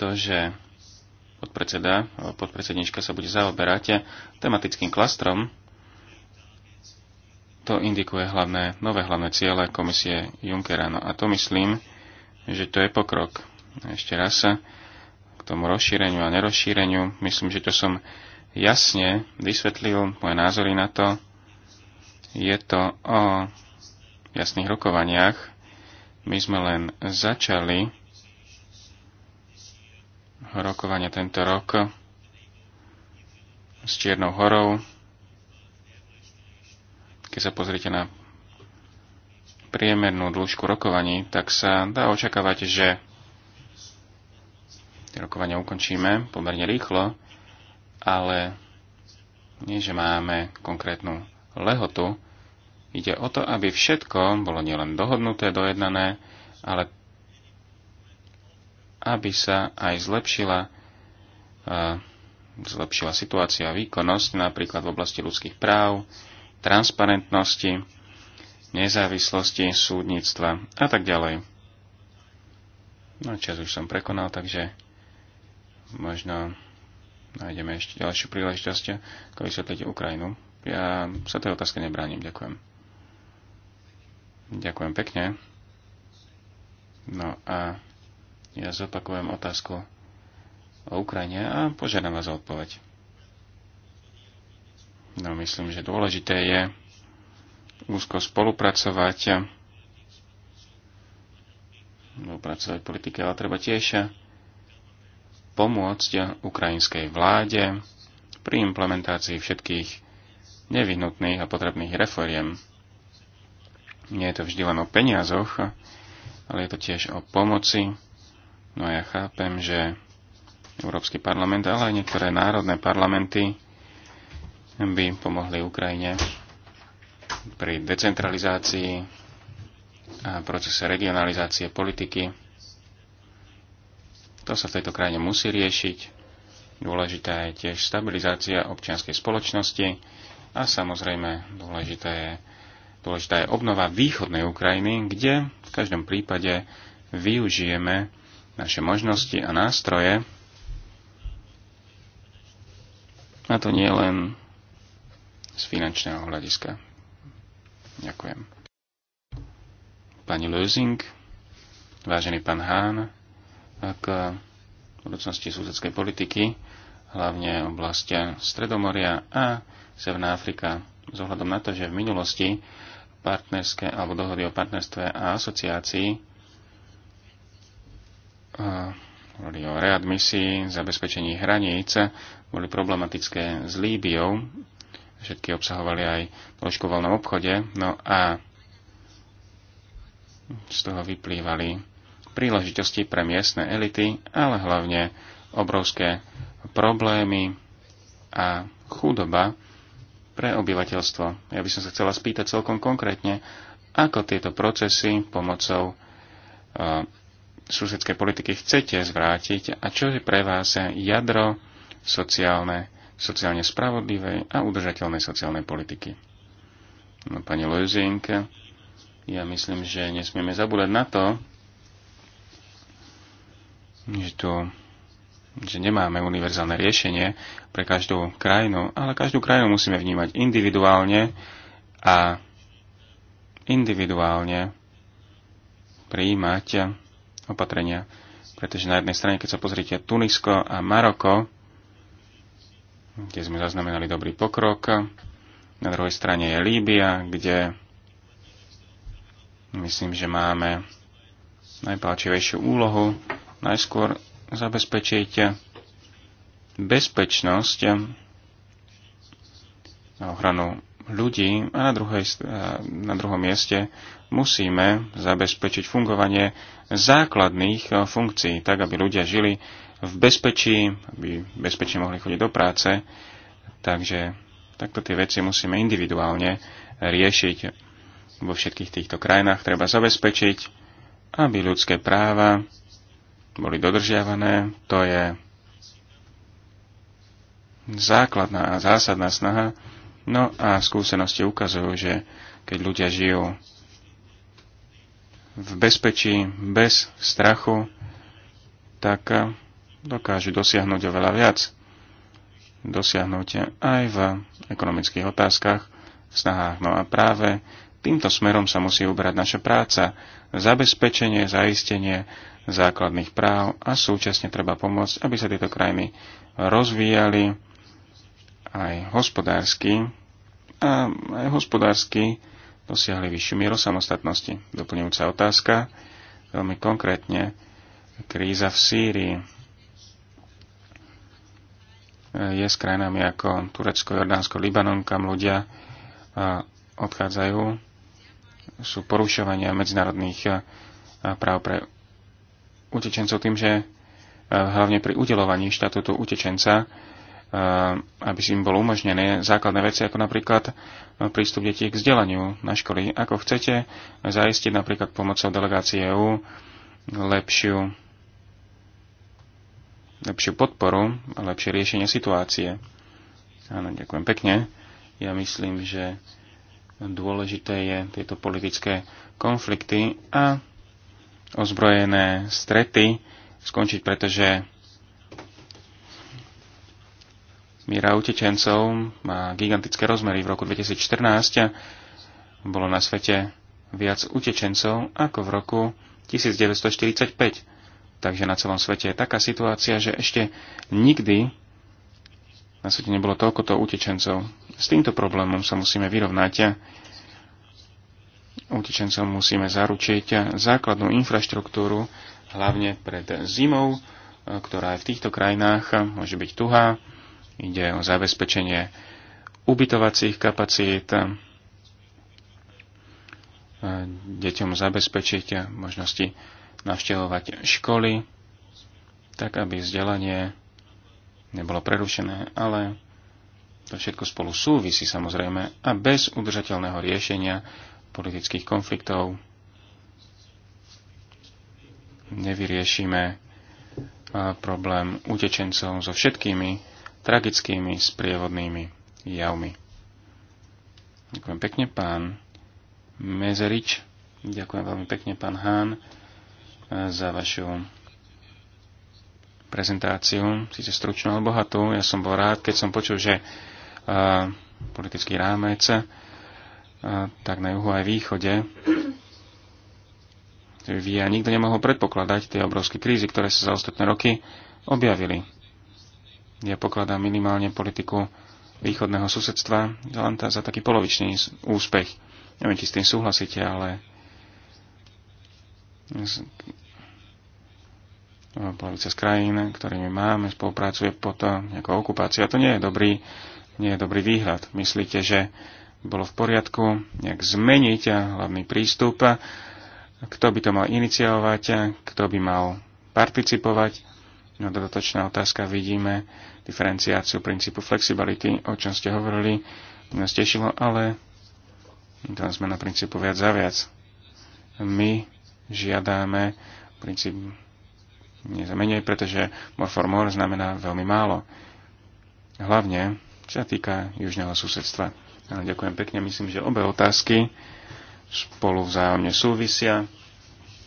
to, že podpredseda, podpredsednička sa bude zaoberať tematickým klastrom, to indikuje hlavné, nové hlavné ciele komisie Junckera. No a to myslím, že to je pokrok. Ešte raz sa k tomu rozšíreniu a nerozšíreniu. Myslím, že to som jasne vysvetlil moje názory na to. Je to o jasných rokovaniach. My sme len začali rokovania tento rok s Čiernou horou. Keď sa pozrite na priemernú dĺžku rokovaní, tak sa dá očakávať, že tie rokovania ukončíme pomerne rýchlo, ale nie, že máme konkrétnu lehotu, Ide o to, aby všetko bolo nielen dohodnuté, dojednané, ale aby sa aj zlepšila, e, zlepšila situácia a výkonnosť, napríklad v oblasti ľudských práv, transparentnosti, nezávislosti súdnictva a tak ďalej. No čas už som prekonal, takže možno nájdeme ešte ďalšiu príležitosť, ako vysvetliť Ukrajinu. Ja sa tej otázke nebránim. Ďakujem. Ďakujem pekne. No a ja zopakujem otázku o Ukrajine a požiadam vás o odpoveď. No myslím, že dôležité je úzko spolupracovať spolupracovať politike, ale treba tiež pomôcť ukrajinskej vláde pri implementácii všetkých nevyhnutných a potrebných reforiem. Nie je to vždy len o peniazoch, ale je to tiež o pomoci. No a ja chápem, že Európsky parlament, ale aj niektoré národné parlamenty by pomohli Ukrajine pri decentralizácii a procese regionalizácie politiky. To sa v tejto krajine musí riešiť. Dôležitá je tiež stabilizácia občianskej spoločnosti a samozrejme dôležité je Dôležitá je obnova východnej Ukrajiny, kde v každom prípade využijeme naše možnosti a nástroje. A to nie len z finančného hľadiska. Ďakujem. Pani Lösing, vážený pán Hán, k budúcnosti súzeckej politiky, hlavne oblasti Stredomoria a Severná Afrika zohľadom na to, že v minulosti partnerské alebo dohody o partnerstve a asociácii boli o readmisii, zabezpečení hraníc, boli problematické s Líbiou, všetky obsahovali aj dĺžku voľnom obchode, no a z toho vyplývali príležitosti pre miestne elity, ale hlavne obrovské problémy a chudoba, pre obyvateľstvo. Ja by som sa chcela spýtať celkom konkrétne, ako tieto procesy pomocou uh, susedskej politiky chcete zvrátiť a čo je pre vás jadro sociálne, sociálne spravodlivej a udržateľnej sociálnej politiky. No, pani Lozing, ja myslím, že nesmieme zabúdať na to, že tu že nemáme univerzálne riešenie pre každú krajinu, ale každú krajinu musíme vnímať individuálne a individuálne prijímať opatrenia. Pretože na jednej strane, keď sa pozrite Tunisko a Maroko, kde sme zaznamenali dobrý pokrok, na druhej strane je Líbia, kde myslím, že máme najpáčivejšiu úlohu. Najskôr zabezpečiť bezpečnosť a ochranu ľudí a na, druhej, na druhom mieste musíme zabezpečiť fungovanie základných funkcií, tak aby ľudia žili v bezpečí, aby bezpečne mohli chodiť do práce. Takže takto tie veci musíme individuálne riešiť. Vo všetkých týchto krajinách treba zabezpečiť, aby ľudské práva boli dodržiavané. To je základná a zásadná snaha. No a skúsenosti ukazujú, že keď ľudia žijú v bezpečí, bez strachu, tak eh, dokážu dosiahnuť oveľa viac. Dosiahnuť aj v ekonomických otázkach, v snahách. No a práve Týmto smerom sa musí ubrať naša práca, zabezpečenie, zaistenie základných práv a súčasne treba pomôcť, aby sa tieto krajiny rozvíjali aj hospodársky a aj hospodársky dosiahli vyššiu mieru samostatnosti. Doplňujúca otázka, veľmi konkrétne, kríza v Sýrii je s krajinami ako Turecko, Jordánsko, Libanon, kam ľudia odchádzajú sú porušovania medzinárodných eh, práv pre utečencov tým, že eh, hlavne pri udelovaní štatútu utečenca, eh, aby si im bolo umožnené základné veci, ako napríklad prístup detí k vzdelaniu na školy. Ako chcete zaistiť napríklad pomocou delegácie EÚ lepšiu, lepšiu podporu a lepšie riešenie situácie. Áno, ďakujem pekne. Ja myslím, že Dôležité je tieto politické konflikty a ozbrojené strety skončiť, pretože míra utečencov má gigantické rozmery. V roku 2014 bolo na svete viac utečencov ako v roku 1945. Takže na celom svete je taká situácia, že ešte nikdy na svete nebolo toľkoto utečencov. S týmto problémom sa musíme vyrovnať. Utečencom musíme zaručiť základnú infraštruktúru, hlavne pred zimou, ktorá aj v týchto krajinách môže byť tuhá. Ide o zabezpečenie ubytovacích kapacít, deťom zabezpečiť možnosti navštevovať školy, tak aby vzdelanie nebolo prerušené, ale to všetko spolu súvisí samozrejme a bez udržateľného riešenia politických konfliktov nevyriešime problém utečencov so všetkými tragickými sprievodnými javmi. Ďakujem pekne, pán Mezerič. Ďakujem veľmi pekne, pán Hán, za vašu prezentáciu, síce stručnú, ale bohatú. Ja som bol rád, keď som počul, že politický rámec, tak na juhu aj východe vyvíja. Nikto nemohol predpokladať tie obrovské krízy, ktoré sa za ostatné roky objavili. Ja pokladám minimálne politiku východného susedstva Zelanta za taký polovičný úspech. Neviem, či s tým súhlasíte, ale polovica z krajín, ktorými máme, spolupracuje potom ako okupácia to nie je dobrý nie je dobrý výhľad. Myslíte, že bolo v poriadku nejak zmeniť hlavný prístup, kto by to mal iniciovať, kto by mal participovať. No dodatočná otázka, vidíme diferenciáciu princípu flexibility, o čom ste hovorili, nás tešilo, ale tam sme na princípu viac za viac. My žiadame princíp nie pretože more for more znamená veľmi málo. Hlavne čo sa týka južného susedstva. Ale ďakujem pekne, myslím, že obe otázky spolu vzájomne súvisia.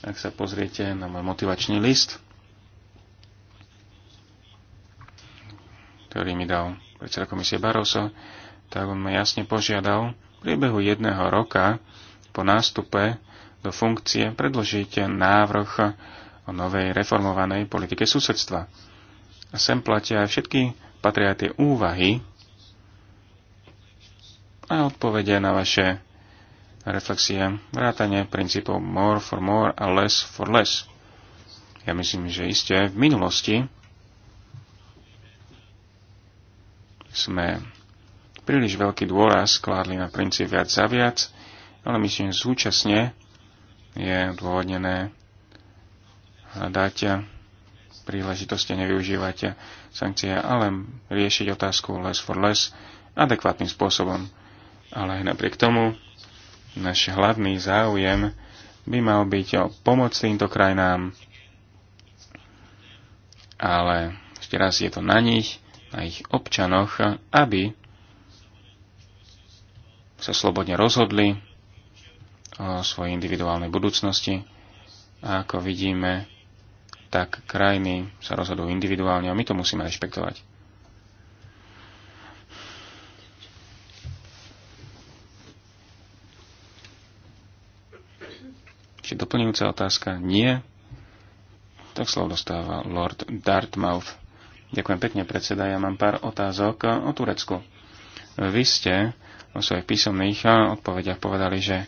Ak sa pozriete na môj motivačný list, ktorý mi dal predseda komisie Barroso, tak on ma jasne požiadal v priebehu jedného roka po nástupe do funkcie predložiť návrh o novej reformovanej politike susedstva. A sem platia aj všetky patria tie úvahy, a odpovede na vaše reflexie, vrátanie princípov more for more a less for less. Ja myslím, že iste v minulosti sme príliš veľký dôraz kládli na princíp viac za viac, ale myslím, že súčasne je odôvodnené hľadať príležitosti nevyužívať sankcie, ale riešiť otázku less for less adekvátnym spôsobom ale aj napriek tomu náš hlavný záujem by mal byť o pomoc týmto krajinám, ale ešte raz je to na nich, na ich občanoch, aby sa slobodne rozhodli o svojej individuálnej budúcnosti. A ako vidíme, tak krajiny sa rozhodujú individuálne a my to musíme rešpektovať. Ešte doplňujúca otázka? Nie. Tak slovo dostáva Lord Dartmouth. Ďakujem pekne, predseda. Ja mám pár otázok o Turecku. Vy ste o svojich písomných odpovediach povedali, že e,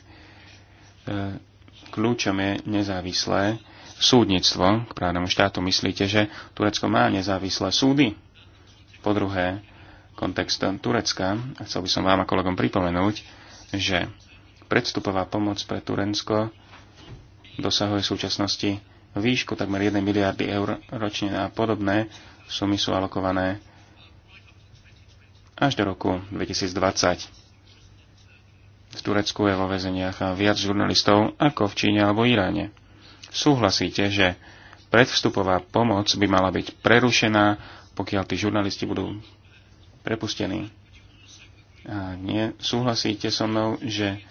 kľúčom je nezávislé súdnictvo k právnemu štátu. Myslíte, že Turecko má nezávislé súdy? Po druhé, kontext Turecka. Chcel by som vám a kolegom pripomenúť, že predstupová pomoc pre Turecko dosahuje v súčasnosti výšku takmer 1 miliardy eur ročne a podobné sumy sú alokované až do roku 2020. V Turecku je vo väzeniach viac žurnalistov ako v Číne alebo Iráne. Súhlasíte, že predvstupová pomoc by mala byť prerušená, pokiaľ tí žurnalisti budú prepustení. A nie, súhlasíte so mnou, že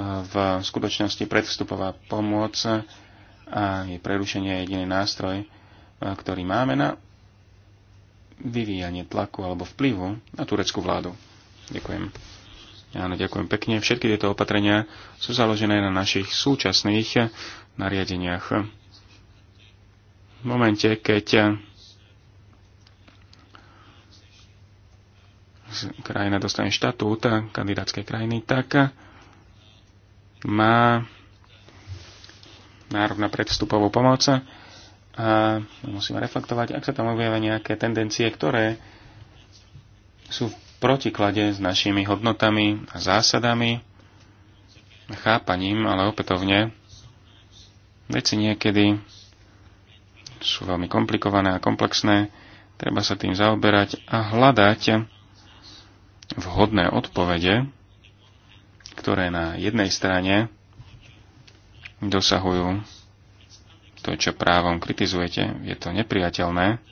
v skutočnosti predvstupová pomoc a je prerušenie je jediný nástroj, e, ktorý máme na vyvíjanie tlaku alebo vplyvu na tureckú vládu. Ďakujem. Áno, ďakujem pekne. Všetky tieto opatrenia sú založené na našich súčasných nariadeniach. V momente, keď krajina dostane štatút kandidátskej krajiny, tak má nárok na predstupovú pomoc a musíme reflektovať, ak sa tam objavia nejaké tendencie, ktoré sú v protiklade s našimi hodnotami a zásadami, chápaním, ale opätovne veci niekedy sú veľmi komplikované a komplexné, treba sa tým zaoberať a hľadať vhodné odpovede, ktoré na jednej strane dosahujú to, čo právom kritizujete. Je to nepriateľné,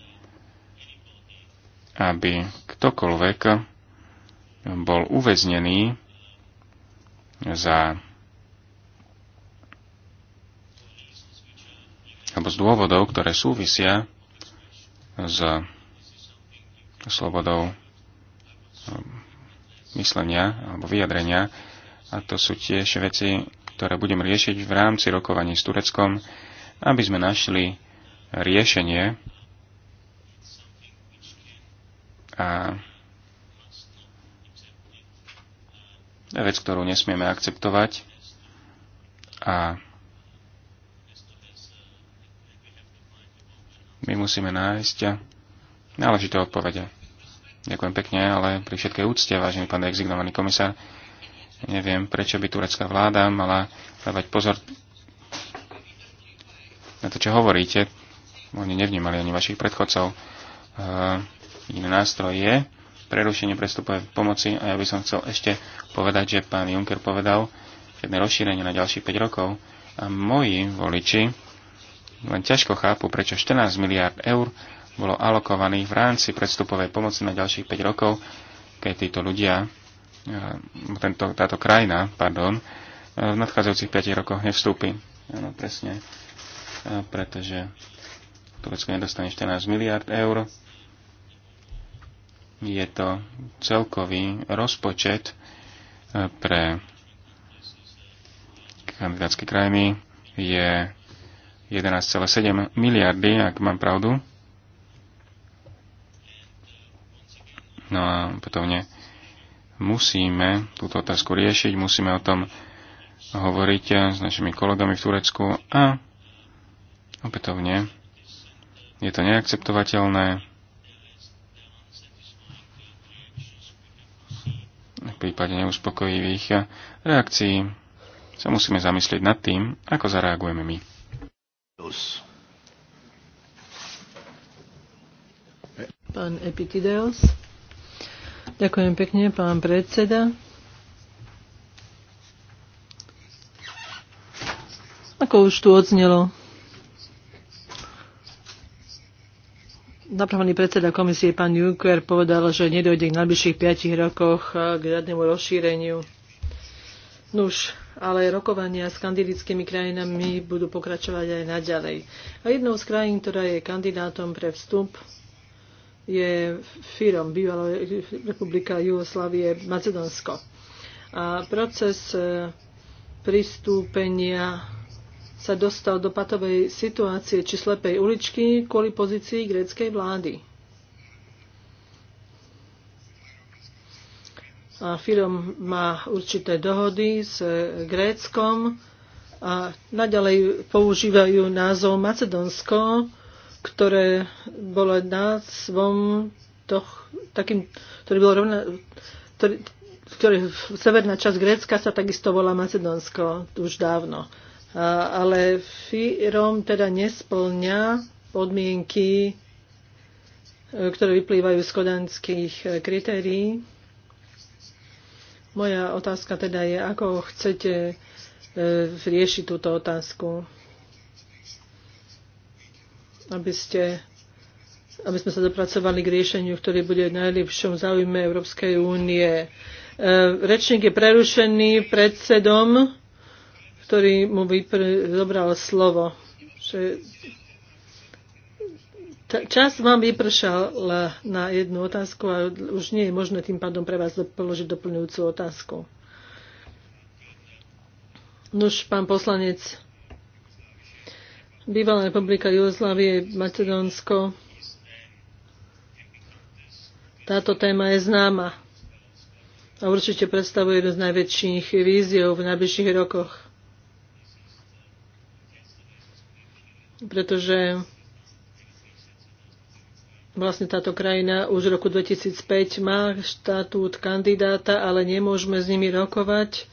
aby ktokoľvek bol uväznený za alebo z dôvodov, ktoré súvisia s slobodou ehm, myslenia alebo vyjadrenia a to sú tiež veci, ktoré budem riešiť v rámci rokovaní s Tureckom, aby sme našli riešenie a vec, ktorú nesmieme akceptovať a my musíme nájsť náležité odpovede. Ďakujem pekne, ale pri všetkej úcte, vážený pán exignovaný komisár, Neviem, prečo by turecká vláda mala dávať pozor na to, čo hovoríte. Oni nevnímali ani vašich predchodcov. Uh, ehm, iný nástroj je prerušenie prestupovej pomoci a ja by som chcel ešte povedať, že pán Juncker povedal jedné rozšírenie na ďalších 5 rokov a moji voliči len ťažko chápu, prečo 14 miliard eur bolo alokovaných v rámci predstupovej pomoci na ďalších 5 rokov, keď títo ľudia E, tento, táto krajina pardon, e, v nadchádzajúcich 5 rokoch nevstúpi. Áno, presne. E, pretože Turecko nedostane 14 miliard eur. Je to celkový rozpočet pre kandidátske krajiny je 11,7 miliardy, ak mám pravdu. No a potom nie musíme túto otázku riešiť, musíme o tom hovoriť s našimi kolegami v Turecku a opätovne je to neakceptovateľné. V prípade neuspokojivých reakcií sa musíme zamyslieť nad tým, ako zareagujeme my. Pán Epitideos. Ďakujem pekne, pán predseda. Ako už tu odznelo, Napravený predseda komisie pán Juncker povedal, že nedojde k najbližších 5 rokoch e, k žiadnemu rozšíreniu. Nuž, ale rokovania s kandidátskými krajinami budú pokračovať aj naďalej. A jednou z krajín, ktorá je kandidátom pre vstup je firom bývalá republika Jugoslavie Macedonsko. A proces e, pristúpenia sa dostal do patovej situácie či slepej uličky kvôli pozícii gréckej vlády. A Firom má určité dohody s e, Gréckom a naďalej používajú názov Macedonsko ktoré bolo názvom toch, takým, ktorý bol rovná, ktorý, ktorý, severná časť Grécka sa takisto volá Macedónsko už dávno. A, ale Fyrom teda nesplňa podmienky, e, ktoré vyplývajú z kodanských e, kritérií. Moja otázka teda je, ako chcete e, riešiť túto otázku aby ste aby sme sa dopracovali k riešeniu, ktoré bude v najlepšom záujme Európskej únie. E, rečník je prerušený predsedom, ktorý mu vypr- zobral slovo. Že čas vám vypršal na jednu otázku a už nie je možné tým pádom pre vás položiť doplňujúcu otázku. Nuž, pán poslanec, Bývalá republika Jugoslávie, Macedónsko. Táto téma je známa a určite predstavuje jednu z najväčších víziev v najbližších rokoch. Pretože vlastne táto krajina už v roku 2005 má štatút kandidáta, ale nemôžeme s nimi rokovať.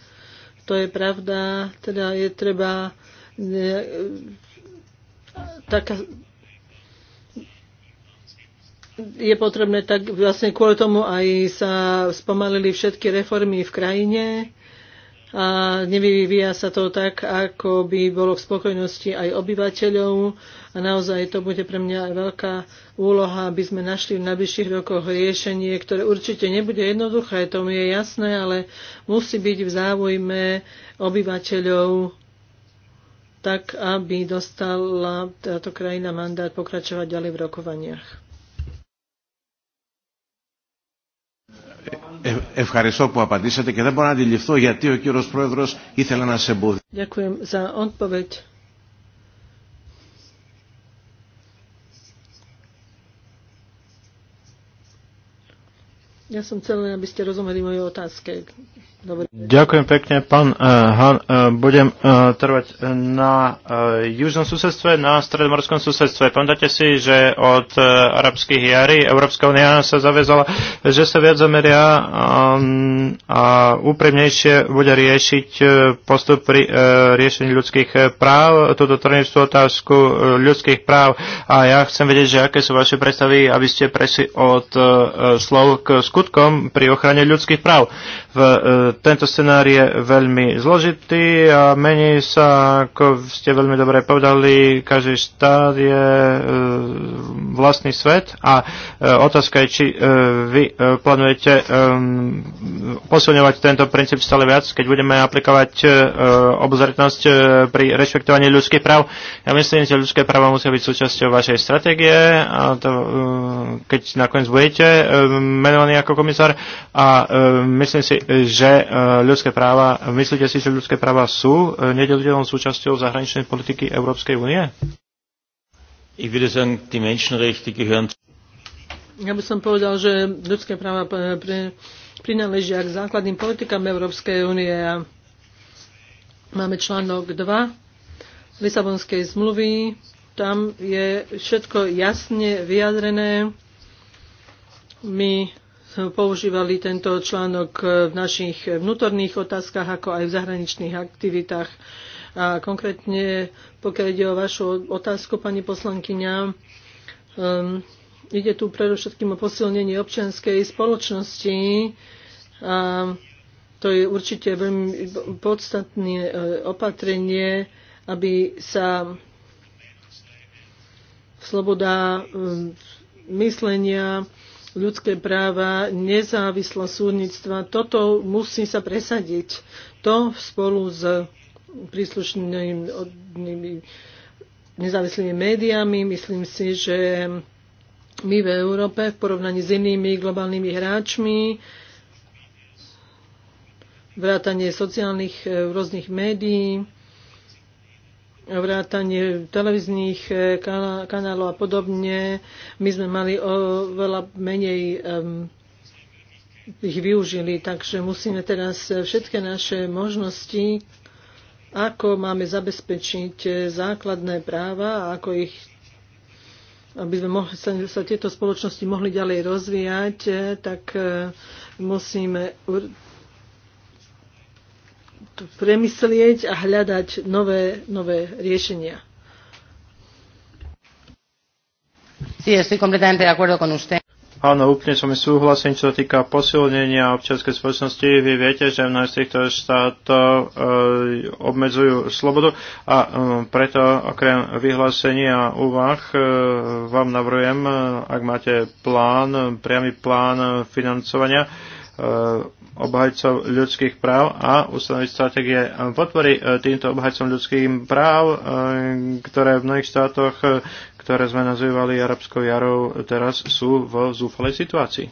To je pravda, teda je treba e, taká je potrebné tak vlastne kvôli tomu aj sa spomalili všetky reformy v krajine a nevyvíja sa to tak, ako by bolo v spokojnosti aj obyvateľov a naozaj to bude pre mňa aj veľká úloha, aby sme našli v najbližších rokoch riešenie, ktoré určite nebude jednoduché, to mi je jasné, ale musí byť v záujme obyvateľov tak aby dostala táto krajina mandát pokračovať ďalej v rokovaniach. E, ευχαριστώ που απαντήσατε και δεν μπορώ να αντιληφθώ γιατί ο κύριος Πρόεδρος ήθελε να σε εμποδίσει. Ďakujem za odpoveď. Ja som chcel, aby ste rozumeli moje otázke. Dobre. Ďakujem pekne, pán eh, Han. Eh, budem eh, trvať na južnom susedstve, na stredomorskom susedstve. Pamätáte si, že od arabských jari Európska unia sa zaviazala, že sa viac zameria ehm, a úprimnejšie bude riešiť postup pri riešení ľudských práv, túto trnivstvu otázku ľudských práv. A ja chcem vedieť, že aké sú vaše predstavy, aby ste presi od slov k skutkom pri ochrane ľudských práv. V e, tento scenár je veľmi zložitý a mení sa, ako ste veľmi dobre povedali, každý štát je e, vlastný svet a e, otázka je, či vy plánujete posilňovať tento princíp stále viac, keď budeme aplikovať obozretnosť pri rešpektovaní ľudských práv. Ja myslím, že ľudské práva musia byť súčasťou vašej stratégie a to, keď nakoniec budete menovaní ako komisár a myslím si, že e, ľudské práva, myslíte si, že ľudské práva sú e, nedeliteľnou súčasťou zahraničnej politiky Európskej únie? ja by som povedal, že ľudské práva e, prináležia k základným politikám Európskej únie a máme článok 2 Lisabonskej zmluvy. Tam je všetko jasne vyjadrené. My používali tento článok v našich vnútorných otázkach, ako aj v zahraničných aktivitách. A konkrétne, pokiaľ ide o vašu otázku, pani poslankyňa, um, ide tu predovšetkým o posilnenie občianskej spoločnosti. A to je určite veľmi podstatné e, opatrenie, aby sa sloboda e, myslenia ľudské práva, nezávislá súdnictva. Toto musí sa presadiť. To spolu s príslušnými nezávislými médiami. Myslím si, že my v Európe v porovnaní s inými globálnymi hráčmi vrátanie sociálnych eh, rôznych médií vrátanie televíznych eh, kanálov a podobne, my sme mali oveľa menej ich využili, takže musíme teraz všetky naše možnosti, ako máme zabezpečiť eh, základné práva, ako ich aby sme mohli, sa, sa tieto spoločnosti mohli ďalej rozvíjať, eh, tak musíme premyslieť a hľadať nové, nové riešenia. Sí, estoy completamente de acuerdo con usted. Áno, úplne som súhlasím, čo sa týka posilnenia občianskej spoločnosti. Vy viete, že v z týchto štátov e, obmedzujú slobodu a e, preto okrem vyhlásenia a úvah e, vám navrhujem, ak máte plán, priamy plán financovania, e, obhajcov ľudských práv a ustanoviť stratégie podpory e, týmto obhajcom ľudských práv, e, ktoré v mnohých štátoch, e, ktoré sme nazývali arabskou jarou, teraz sú v zúfalej situácii.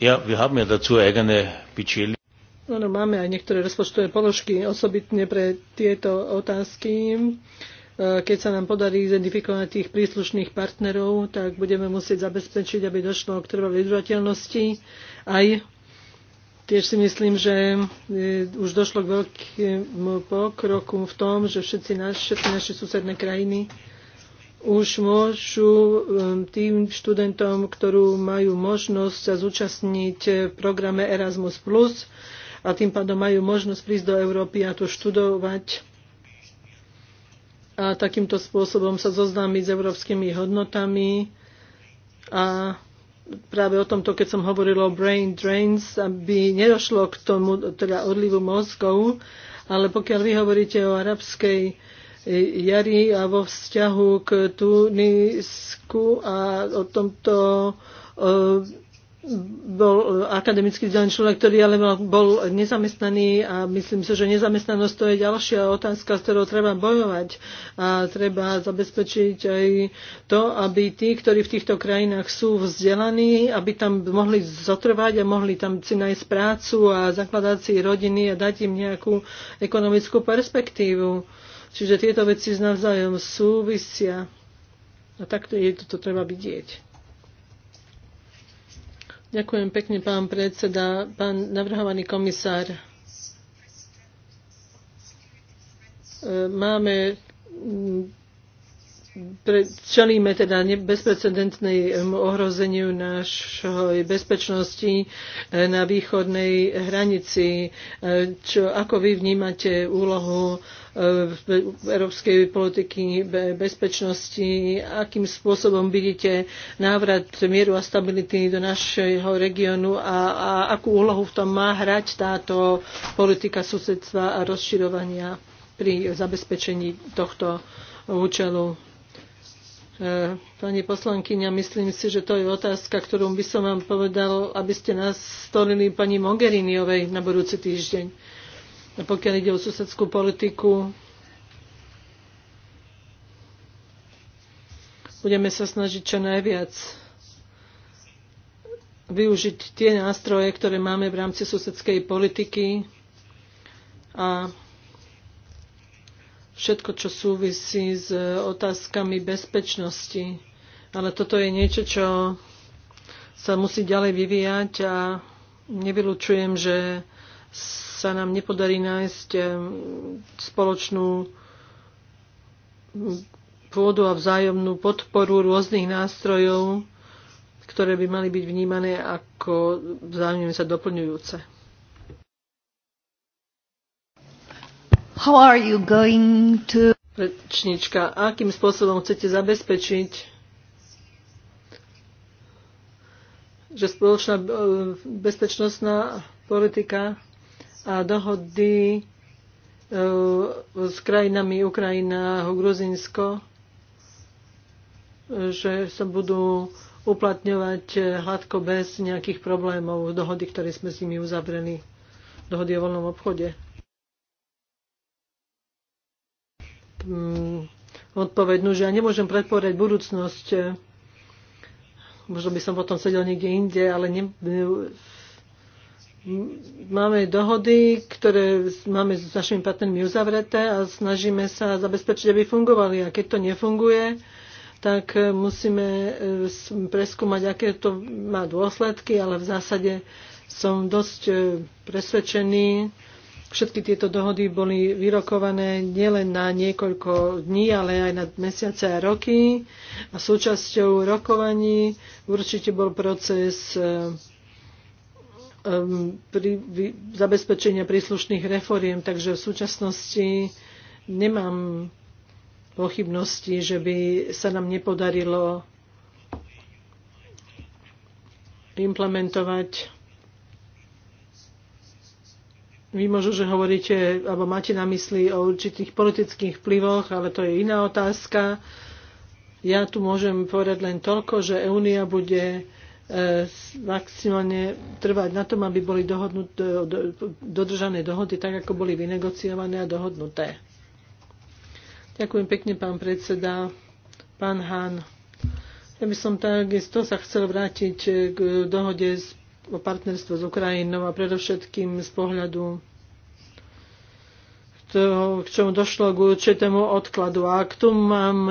Ja, wir haben ja dazu eigene Budget. Áno, máme aj niektoré rozpočtové položky osobitne pre tieto otázky. E, keď sa nám podarí identifikovať tých príslušných partnerov, tak budeme musieť zabezpečiť, aby došlo k trvalej udržateľnosti. Aj tiež si myslím, že e, už došlo k veľkému pokroku v tom, že všetci, naš, všetky naše susedné krajiny už môžu e, tým študentom, ktorú majú možnosť sa zúčastniť v programe Erasmus+, a tým pádom majú možnosť prísť do Európy a tu študovať a takýmto spôsobom sa zoznámiť s európskymi hodnotami. A práve o tomto, keď som hovorila o brain drains, aby nedošlo k tomu teda odlivu mozgov, ale pokiaľ vy hovoríte o arabskej jari a vo vzťahu k Tunisku a o tomto bol e, akademicky vzdelaný človek, ktorý ale bol nezamestnaný a myslím si, že nezamestnanosť to je ďalšia otázka, s ktorou treba bojovať a treba zabezpečiť aj to, aby tí, ktorí v týchto krajinách sú vzdelaní, aby tam mohli zotrvať a mohli tam si nájsť prácu a zakladať si rodiny a dať im nejakú ekonomickú perspektívu. Čiže tieto veci navzájom súvisia. A takto je toto to treba vidieť. Ďakujem pekne, pán predseda, pán navrhovaný komisár. E, máme čelíme teda bezprecedentnému ohrozeniu našej bezpečnosti eh, na východnej hranici. Eh, čo, ako vy vnímate úlohu eh, európskej politiky bezpečnosti, akým spôsobom vidíte návrat mieru a stability do našeho regiónu a, a akú úlohu v tom má hrať táto politika susedstva a rozširovania pri zabezpečení tohto účelu. Eh, pani poslankyňa, myslím si, že to je otázka, ktorú by som vám povedal, aby ste nás stolili pani Mogheriniovej na budúci týždeň. A pokiaľ ide o susedskú politiku, budeme sa snažiť čo najviac využiť tie nástroje, ktoré máme v rámci susedskej politiky a všetko, čo súvisí s e, otázkami bezpečnosti. Ale toto je niečo, čo sa musí ďalej vyvíjať a nevylučujem, že sa nám nepodarí nájsť e, spoločnú pôdu a vzájomnú podporu rôznych nástrojov, ktoré by mali byť vnímané ako vzájomne sa doplňujúce. How are you going to... Rečnička, akým spôsobom chcete zabezpečiť, že spoločná eh, bezpečnostná politika a dohody eh, s krajinami Ukrajina a Gruzinsko, eh, že sa budú uplatňovať hladko bez nejakých problémov dohody, ktoré sme s nimi uzavreli, dohody o voľnom obchode. Mm, odpovednú, že ja nemôžem predpovedať budúcnosť. Možno by som potom sedel niekde inde, ale ne, mm, máme dohody, ktoré máme s našimi partnermi uzavreté a snažíme sa zabezpečiť, aby fungovali. A keď to nefunguje, tak e, musíme e, preskúmať, aké to má dôsledky, ale v zásade som dosť e, presvedčený, Všetky tieto dohody boli vyrokované nielen na niekoľko dní, ale aj na mesiace a roky. A súčasťou rokovaní určite bol proces e, e, pri zabezpečenia príslušných reforiem, takže v súčasnosti nemám pochybnosti, že by sa nám nepodarilo implementovať vy možno, že hovoríte, alebo máte na mysli o určitých politických vplyvoch, ale to je iná otázka. Ja tu môžem povedať len toľko, že Únia bude e, maximálne trvať na tom, aby boli dohodnut, dodržané dohody tak, ako boli vynegociované a dohodnuté. Ďakujem pekne, pán predseda. Pán Hán, ja by som takisto sa chcel vrátiť k dohode s o partnerstvo s Ukrajinou a predovšetkým z pohľadu toho, k čomu došlo k určitému odkladu. A k tomu mám,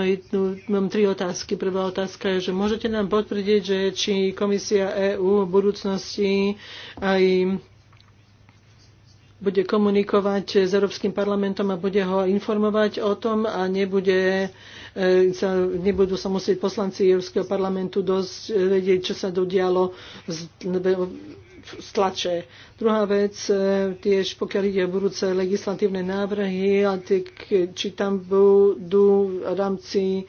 mám tri otázky. Prvá otázka je, že môžete nám potvrdiť, že či Komisia EÚ v budúcnosti aj bude komunikovať s Európskym parlamentom a bude ho informovať o tom a nebude, e, sa, nebudú sa musieť poslanci Európskeho parlamentu dosť vedieť, čo sa dodialo z, z tlače. Druhá vec, e, tiež pokiaľ ide o budúce legislatívne návrhy, či tam budú v rámci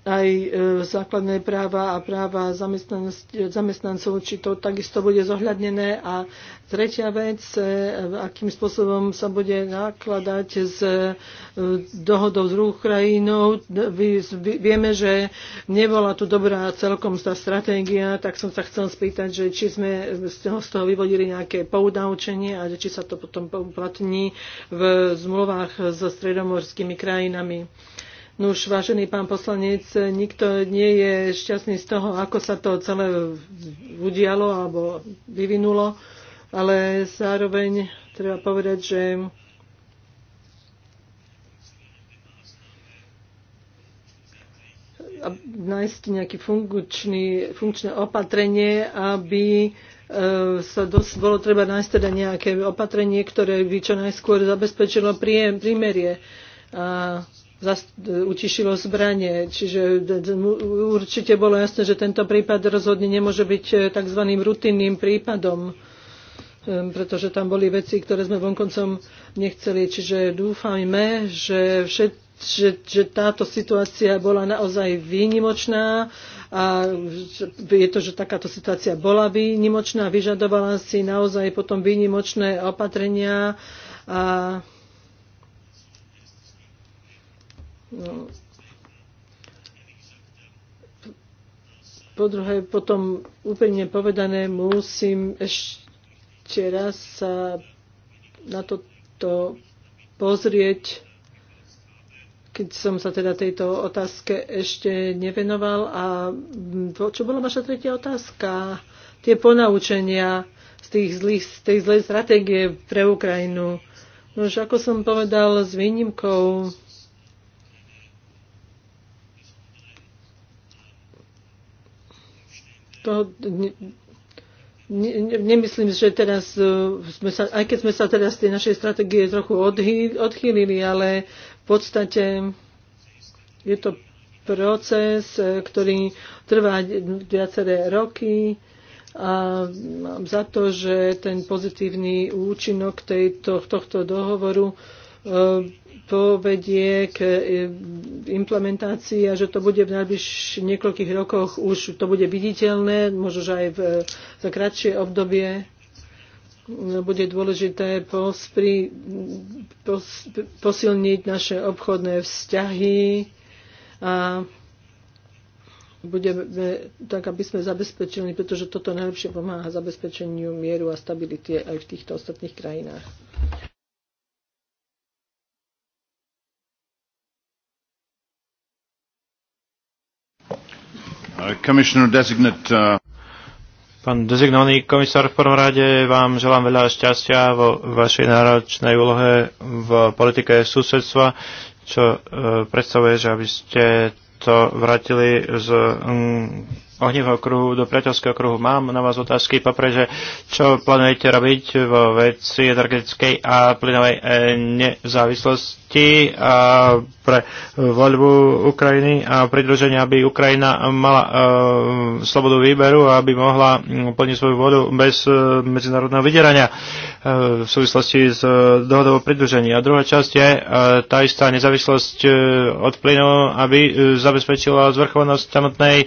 aj e, základné práva a práva zamestnancov, či to takisto bude zohľadnené. A tretia vec, e, akým spôsobom sa bude nakladať s e, dohodou s druhou krajinou. Vieme, že nebola tu dobrá celkom tá stratégia, tak som sa chcel spýtať, že či sme z toho vyvodili nejaké poudaučenie a či sa to potom platní v zmluvách so stredomorskými krajinami. Nuž, vážený pán poslanec, nikto nie je šťastný z toho, ako sa to celé udialo alebo vyvinulo, ale zároveň treba povedať, že nájsť nejaké funkčné opatrenie, aby e, sa dosť, bolo treba nájsť teda nejaké opatrenie, ktoré by čo najskôr zabezpečilo príjem, prímerie. A utišilo zbranie. Čiže určite bolo jasné, že tento prípad rozhodne nemôže byť e, tzv. rutinným prípadom, e, pretože tam boli veci, ktoré sme vonkoncom nechceli. Čiže dúfajme, že, všet, že, že táto situácia bola naozaj výnimočná a je to, že takáto situácia bola výnimočná, vyžadovala si naozaj potom výnimočné opatrenia a No. Po druhé, potom úplne povedané, musím ešte raz sa na toto pozrieť, keď som sa teda tejto otázke ešte nevenoval. A čo bola vaša tretia otázka? Tie ponaučenia z, tých zlých, z tej zlej stratégie pre Ukrajinu. Nož ako som povedal, s výnimkou toho nemyslím, že teraz e, sme sa, aj keď sme sa teraz z tej našej stratégie trochu odhý, odchýlili, ale v podstate je to proces, e, ktorý trvá viaceré roky a mám za to, že ten pozitívny účinok tejto, tohto dohovoru povedie e, k e, implementácii a že to bude v najbližších niekoľkých rokoch už to bude viditeľné, možno že aj v, za kratšie obdobie no, bude dôležité pospri, pos, posilniť naše obchodné vzťahy a budeme, tak aby sme zabezpečili, pretože toto najlepšie pomáha zabezpečeniu mieru a stability aj v týchto ostatných krajinách. Uh, uh, Pán dezignovaný komisár, v prvom rade vám želám veľa šťastia vo vašej náročnej úlohe v politike susedstva, čo uh, predstavuje, že aby ste to vrátili z mm, ohnivého kruhu do priateľského kruhu. Mám na vás otázky, poprvé, že čo plánujete robiť vo veci energetickej a plynovej eh, nezávislosti a pre voľbu Ukrajiny a pridruženia, aby Ukrajina mala e, slobodu výberu a aby mohla mm, plniť svoju vodu bez e, medzinárodného vydierania e, v súvislosti s e, dohodou o pridružení. A druhá časť je e, tá istá nezávislosť e, od plynu, aby e, zabezpečila zvrchovanosť samotnej e,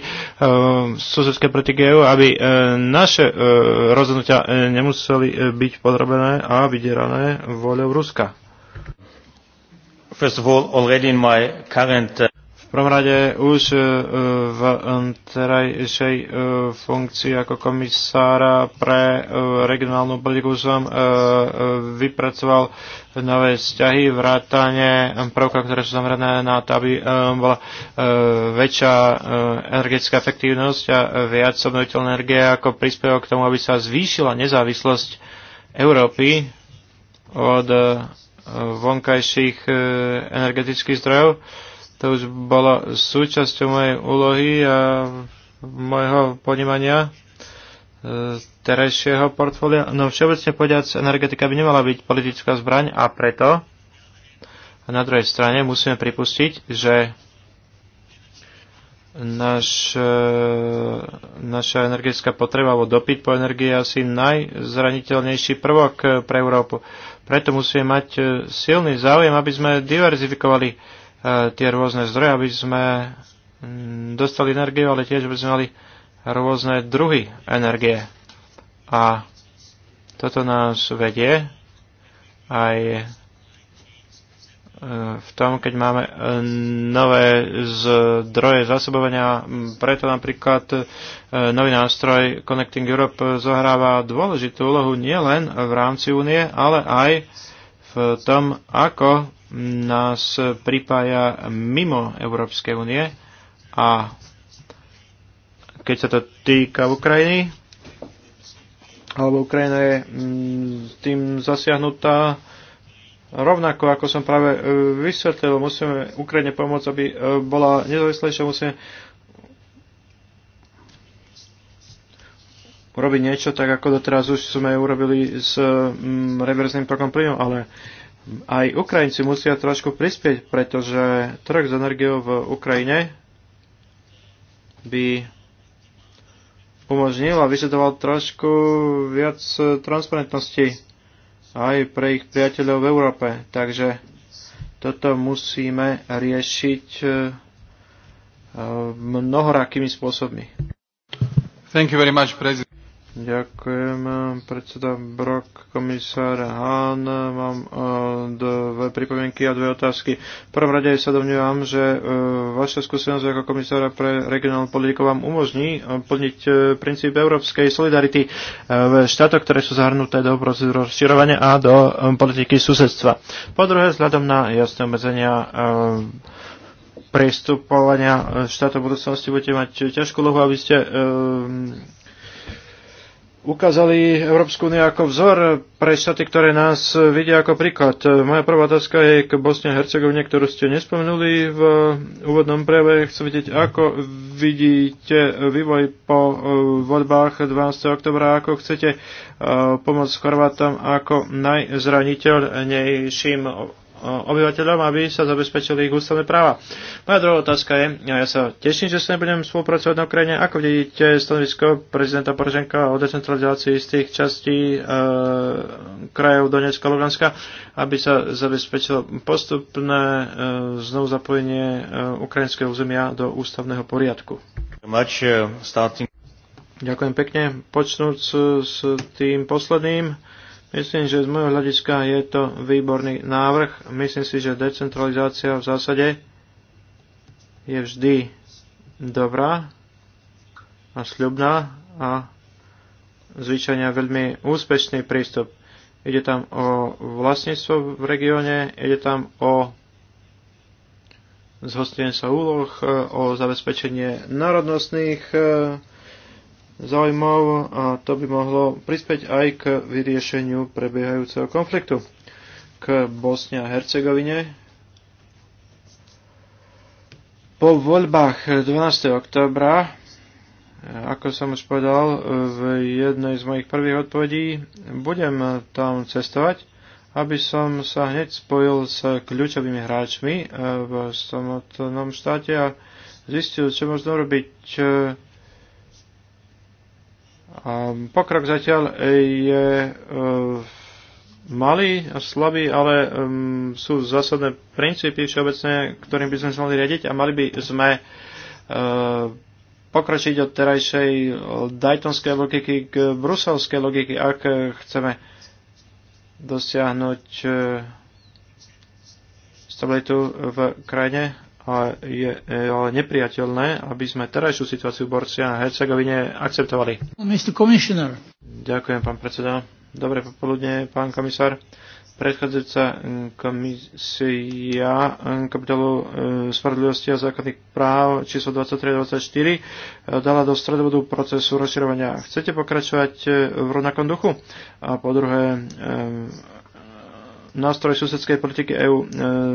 susedské politiky EU, aby e, naše e, rozhodnutia e, nemuseli byť podrobené a vydierané voľou Ruska. First of all, already in my current uh prvom rade už e, v terajšej e, funkcii ako komisára pre e, regionálnu politiku som vypracoval nové vzťahy, vrátanie prvka, ktoré sú zamerané na to, aby bola väčšia energetická efektívnosť a viac obnoviteľná energie ako príspevok k tomu, aby sa zvýšila nezávislosť Európy od vonkajších energetických zdrojov to už bolo súčasťou mojej úlohy a môjho ponímania e, terajšieho portfólia. No všeobecne povedať, energetika by nemala byť politická zbraň a preto a na druhej strane musíme pripustiť, že naš, e, naša energetická potreba alebo dopyt po energii je asi najzraniteľnejší prvok pre Európu. Preto musíme mať e, silný záujem, aby sme diverzifikovali E, tie rôzne zdroje, aby sme mm, dostali energiu, ale tiež by sme mali rôzne druhy energie. A toto nás vedie aj e, v tom, keď máme e, nové zdroje zásobovania. Preto napríklad nový nástroj Connecting Europe zohráva dôležitú úlohu nielen v rámci únie, ale aj v tom, ako nás pripája mimo Európskej únie a keď sa to týka Ukrajiny, alebo Ukrajina je mm, tým zasiahnutá rovnako, ako som práve e, vysvetlil, musíme Ukrajine pomôcť, aby e, bola nezávislejšia, musíme urobiť niečo tak, ako doteraz už sme urobili s mm, reverzným tokom plynu, ale aj Ukrajinci musia trošku prispieť, pretože trh s energiou v Ukrajine by umožnil a vyžadoval trošku viac transparentnosti aj pre ich priateľov v Európe. Takže toto musíme riešiť e, e, mnohorakými spôsobmi. Thank you very much, president. Ďakujem, predseda Brok, komisár Hahn. Mám eh, dve pripomienky a dve otázky. V prvom rade sa domnievam, že eh, vaša skúsenosť ako komisára pre regionálnu politiku vám umožní eh, plniť princíp európskej solidarity v štátoch, ktoré sú zahrnuté do procesu rozširovania a do politiky susedstva. Po druhé, vzhľadom na jasné obmedzenia prestupovania štátov budúcnosti budete mať ťažkú lohu, aby ste ukázali Európsku úniu ako vzor pre štáty, ktoré nás vidia ako príklad. Moja prvá otázka je k Bosne a Hercegovine, ktorú ste nespomenuli v úvodnom prejave. Chcem vidieť, ako vidíte vývoj po e, voľbách 12. oktobra, ako chcete e, pomôcť Chorvátom ako najzraniteľnejším obyvateľom, aby sa zabezpečili ich ústavné práva. Moja druhá otázka je, ja sa teším, že sa nebudem spolupracovať na Ukrajine. Ako vidíte stanovisko prezidenta Poroženka o decentralizácii z tých častí e, krajov Donetska a Luganska, aby sa zabezpečilo postupné e, znovu zapojenie e, ukrajinského územia do ústavného poriadku? Uh, Ďakujem pekne. Počnúc e, s tým posledným Myslím, že z môjho hľadiska je to výborný návrh. Myslím si, že decentralizácia v zásade je vždy dobrá a sľubná a zvyčajne veľmi úspešný prístup. Ide tam o vlastníctvo v regióne, ide tam o zhostenie sa úloh, o zabezpečenie národnostných e, zaujímav a to by mohlo prispieť aj k vyriešeniu prebiehajúceho konfliktu k Bosne a Hercegovine. Po voľbách 12. oktobra, ako som už povedal v jednej z mojich prvých odpovedí, budem tam cestovať, aby som sa hneď spojil s kľúčovými hráčmi eh, v samotnom štáte a zistil, čo možno robiť eh, Pokrok zatiaľ je eh, malý a slabý, ale sú zásadné princípy všeobecné, ktorým by sme sa mali riadiť a mali by sme eh, pokročiť od terajšej eh, dajtonskej logiky k bruselskej logiky, ak chceme dosiahnuť stabilitu v krajine a je e, ale nepriateľné, aby sme terajšiu situáciu v Borci a Hercegovine akceptovali. Ďakujem, pán predseda. Dobre popoludne, pán komisár predchádzajúca mm, komisia mm, kapitolu mm, spravodlivosti a základných práv číslo 23-24 e, dala do stredovodu procesu rozširovania. Chcete pokračovať e, v rovnakom duchu? A po druhé, nástroj susedskej politiky EÚ. E,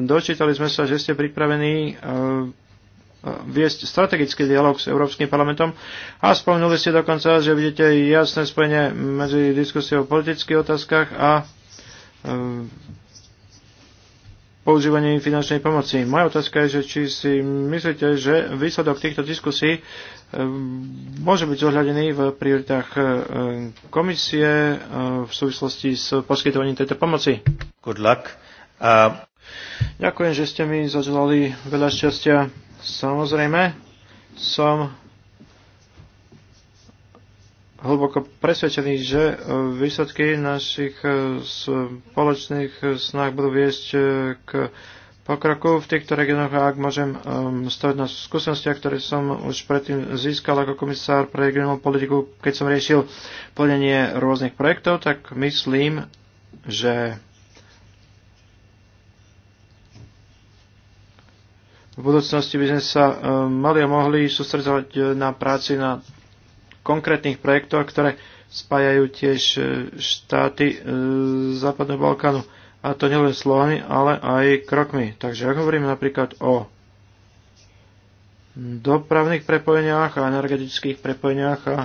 dočítali sme sa, že ste pripravení e, e, viesť strategický dialog s Európskym parlamentom a spomenuli ste dokonca, že vidíte jasné spojenie medzi diskusiou o politických otázkach a používaní finančnej pomoci. Moja otázka je, že či si myslíte, že výsledok týchto diskusí e, môže byť zohľadený v prioritách e, komisie e, v súvislosti s poskytovaním tejto pomoci. Good luck. Uh... Ďakujem, že ste mi zaželali veľa šťastia. Samozrejme, som hlboko presvedčený, že e, výsledky našich e, spoločných snah budú viesť e, k pokroku v týchto regiónoch a ak môžem stať na skúsenostiach, ktoré som už predtým získal ako komisár pre regionálnu politiku, keď som riešil plnenie rôznych projektov, tak myslím, že v budúcnosti by sme sa mali a mohli sústredovať na práci na konkrétnych projektoch, ktoré spájajú tiež e, štáty e, Západného Balkánu. A to nielen slovami, ale aj krokmi. Takže ak hovoríme napríklad o dopravných prepojeniach a energetických prepojeniach a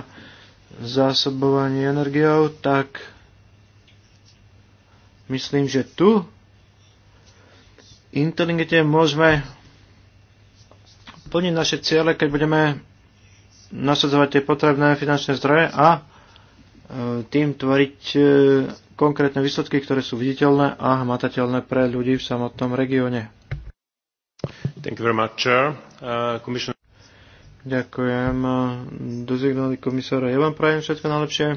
zásobovaní energiou, tak myslím, že tu inteligentne môžeme plniť naše ciele, keď budeme nasadzovať tie potrebné finančné zdroje a e, tým tvoriť e, konkrétne výsledky, ktoré sú viditeľné a hmatateľné pre ľudí v samotnom regióne. Thank you very much, Chair. Uh, Ďakujem. E, Dozignali komisára. Ja vám prajem všetko najlepšie.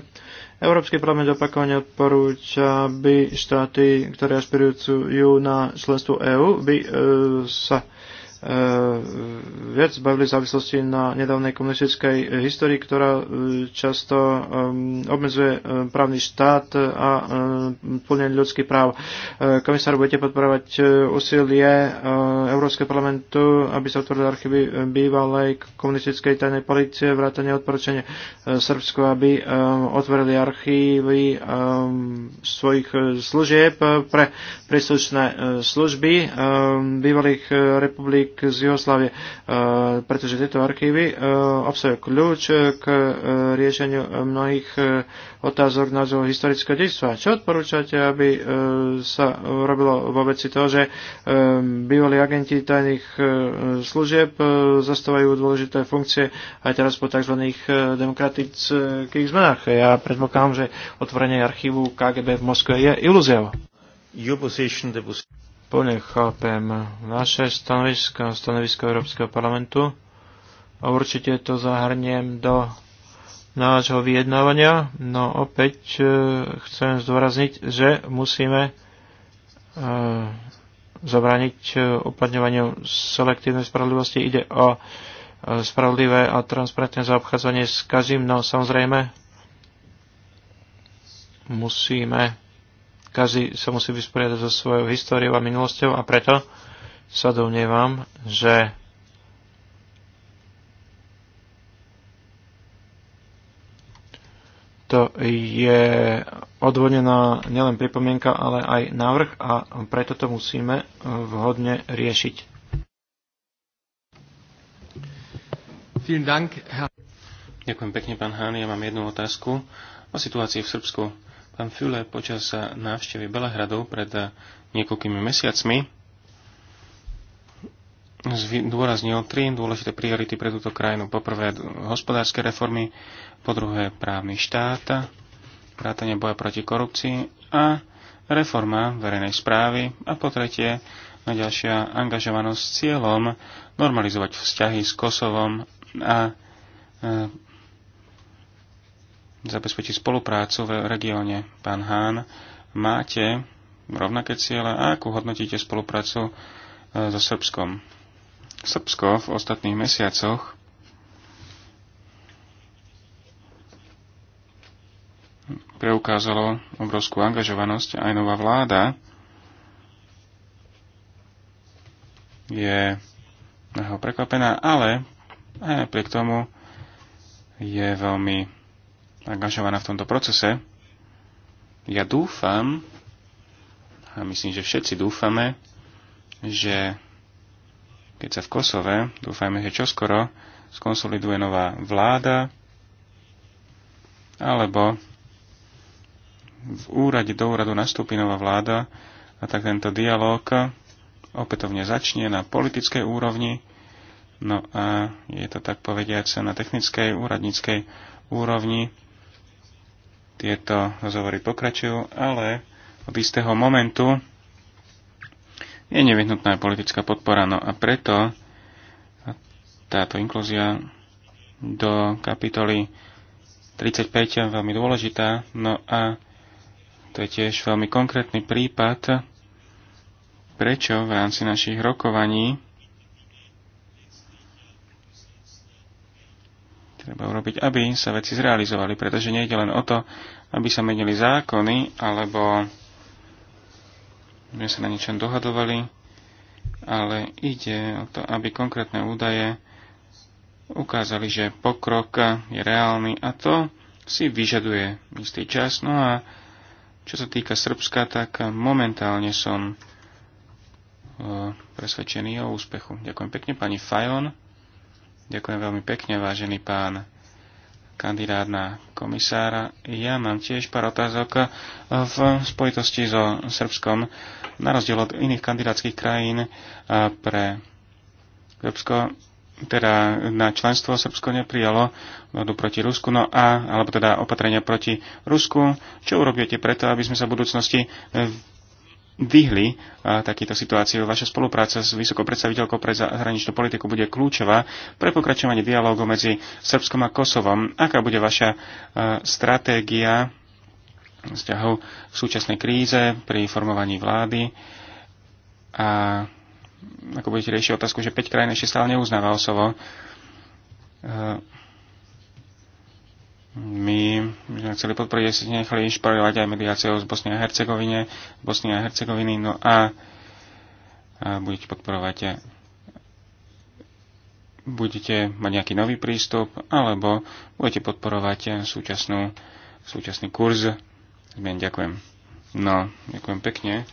Európsky parlament opakovane odporúča, aby štáty, ktoré aspirujú na členstvo EÚ, by sa E, viac bavili v závislosti na nedávnej komunistickej histórii, ktorá e, často e, obmedzuje právny štát a plnenie ľudských práv. Komisár, budete podporovať úsilie Európskeho parlamentu, aby sa otvorili archívy bývalej komunistickej tajnej policie, vrátane odporúčania Srbsku, aby otvorili archívy svojich služieb pre príslušné služby bývalých republik k z e, pretože tieto archívy e, obsahujú kľúč k e, riešeniu mnohých otázok názvu historického dedictva. Čo odporúčate, aby sa robilo vo veci toho, že bývalí agenti tajných služieb zastávajú dôležité funkcie aj teraz po tzv. demokratických zmenách? Ja predpokladám, že otvorenie archívu KGB v Moskve je ilúziou plne chápem naše stanovisko, stanovisko Európskeho parlamentu a určite to zahrniem do nášho vyjednávania, no opäť e, chcem zdôrazniť, že musíme e, zabrániť e, uplatňovaniu selektívnej spravodlivosti. Ide o spravodlivé a transparentné zaobchádzanie s každým, no samozrejme musíme každý sa musí vysporiadať so svojou históriou a minulosťou a preto sa domnievam, že to je odvodená nielen pripomienka, ale aj návrh a preto to musíme vhodne riešiť. Ďakujem pekne, pán Hány. Ja mám jednu otázku o situácii v Srbsku. Pán Füle počas návštevy Belehradu pred eh, niekoľkými mesiacmi zdôraznil tri dôležité priority pre túto krajinu. Po prvé hospodárske reformy, po druhé právny štát, vrátanie boja proti korupcii a reforma verejnej správy a po tretie na ďalšia angažovanosť s cieľom normalizovať vzťahy s Kosovom a eh, zabezpečiť spoluprácu v regióne. Pán Hán, máte rovnaké ciele a ako hodnotíte spoluprácu e, so Srbskom? Srbsko v ostatných mesiacoch preukázalo obrovskú angažovanosť. Aj nová vláda je prekvapená, ale aj napriek tomu je veľmi angažovaná v tomto procese. Ja dúfam, a myslím, že všetci dúfame, že keď sa v Kosove, dúfajme, že čoskoro skonsoliduje nová vláda, alebo v úrade do úradu nastúpi nová vláda a tak tento dialog opätovne začne na politickej úrovni, no a je to tak povediať sa na technickej, úradníckej úrovni tieto rozhovory pokračujú, ale od istého momentu je nevyhnutná politická podpora. No a preto táto inklúzia do kapitoly 35 je veľmi dôležitá. No a to je tiež veľmi konkrétny prípad, prečo v rámci našich rokovaní treba urobiť, aby sa veci zrealizovali, pretože nejde len o to, aby sa menili zákony, alebo sme sa na niečom dohadovali, ale ide o to, aby konkrétne údaje ukázali, že pokrok je reálny a to si vyžaduje istý čas. No a čo sa týka Srbska, tak momentálne som e, presvedčený o úspechu. Ďakujem pekne pani Fajon. Ďakujem veľmi pekne, vážený pán kandidát na komisára. Ja mám tiež pár otázok v spojitosti so Srbskom. Na rozdiel od iných kandidátskych krajín pre Srbsko teda na členstvo Srbsko neprijalo vodu proti Rusku, no a, alebo teda opatrenia proti Rusku. Čo urobíte preto, aby sme sa v budúcnosti vyhli takýto situáciu. Vaša spolupráca s vysokou predstaviteľkou pre zahraničnú politiku bude kľúčová pre pokračovanie dialogu medzi Srbskom a Kosovom. Aká bude vaša stratégia vzťahov v súčasnej kríze pri formovaní vlády a ako budete riešiť otázku, že 5 krajín ešte stále neuznáva Osovo? my, by sme chceli podporiť, že ste nechali inšpirovať aj mediáciou z Bosny a Hercegovine, Bosny a Hercegoviny, no a, a budete podporovať budete mať nejaký nový prístup, alebo budete podporovať súčasnú, súčasný kurz. Zmien, ďakujem. No, ďakujem pekne.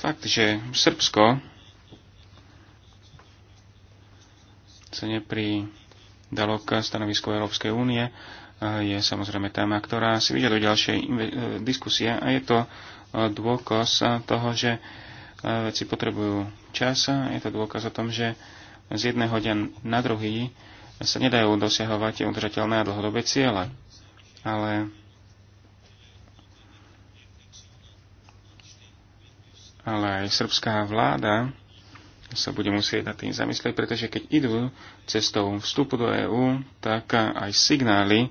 Fakt, že Srbsko sa nepri dalo k stanovisku Európskej únie, e, je samozrejme téma, ktorá si vyžaduje ďalšie e, diskusie a je to e, dôkaz toho, že veci potrebujú čas. Je to dôkaz o tom, že z jedného dňa na druhý sa nedajú dosiahovať udržateľné a dlhodobé ciele. Ale ale aj srbská vláda sa bude musieť nad tým zamyslieť, pretože keď idú cestou vstupu do EÚ, tak aj signály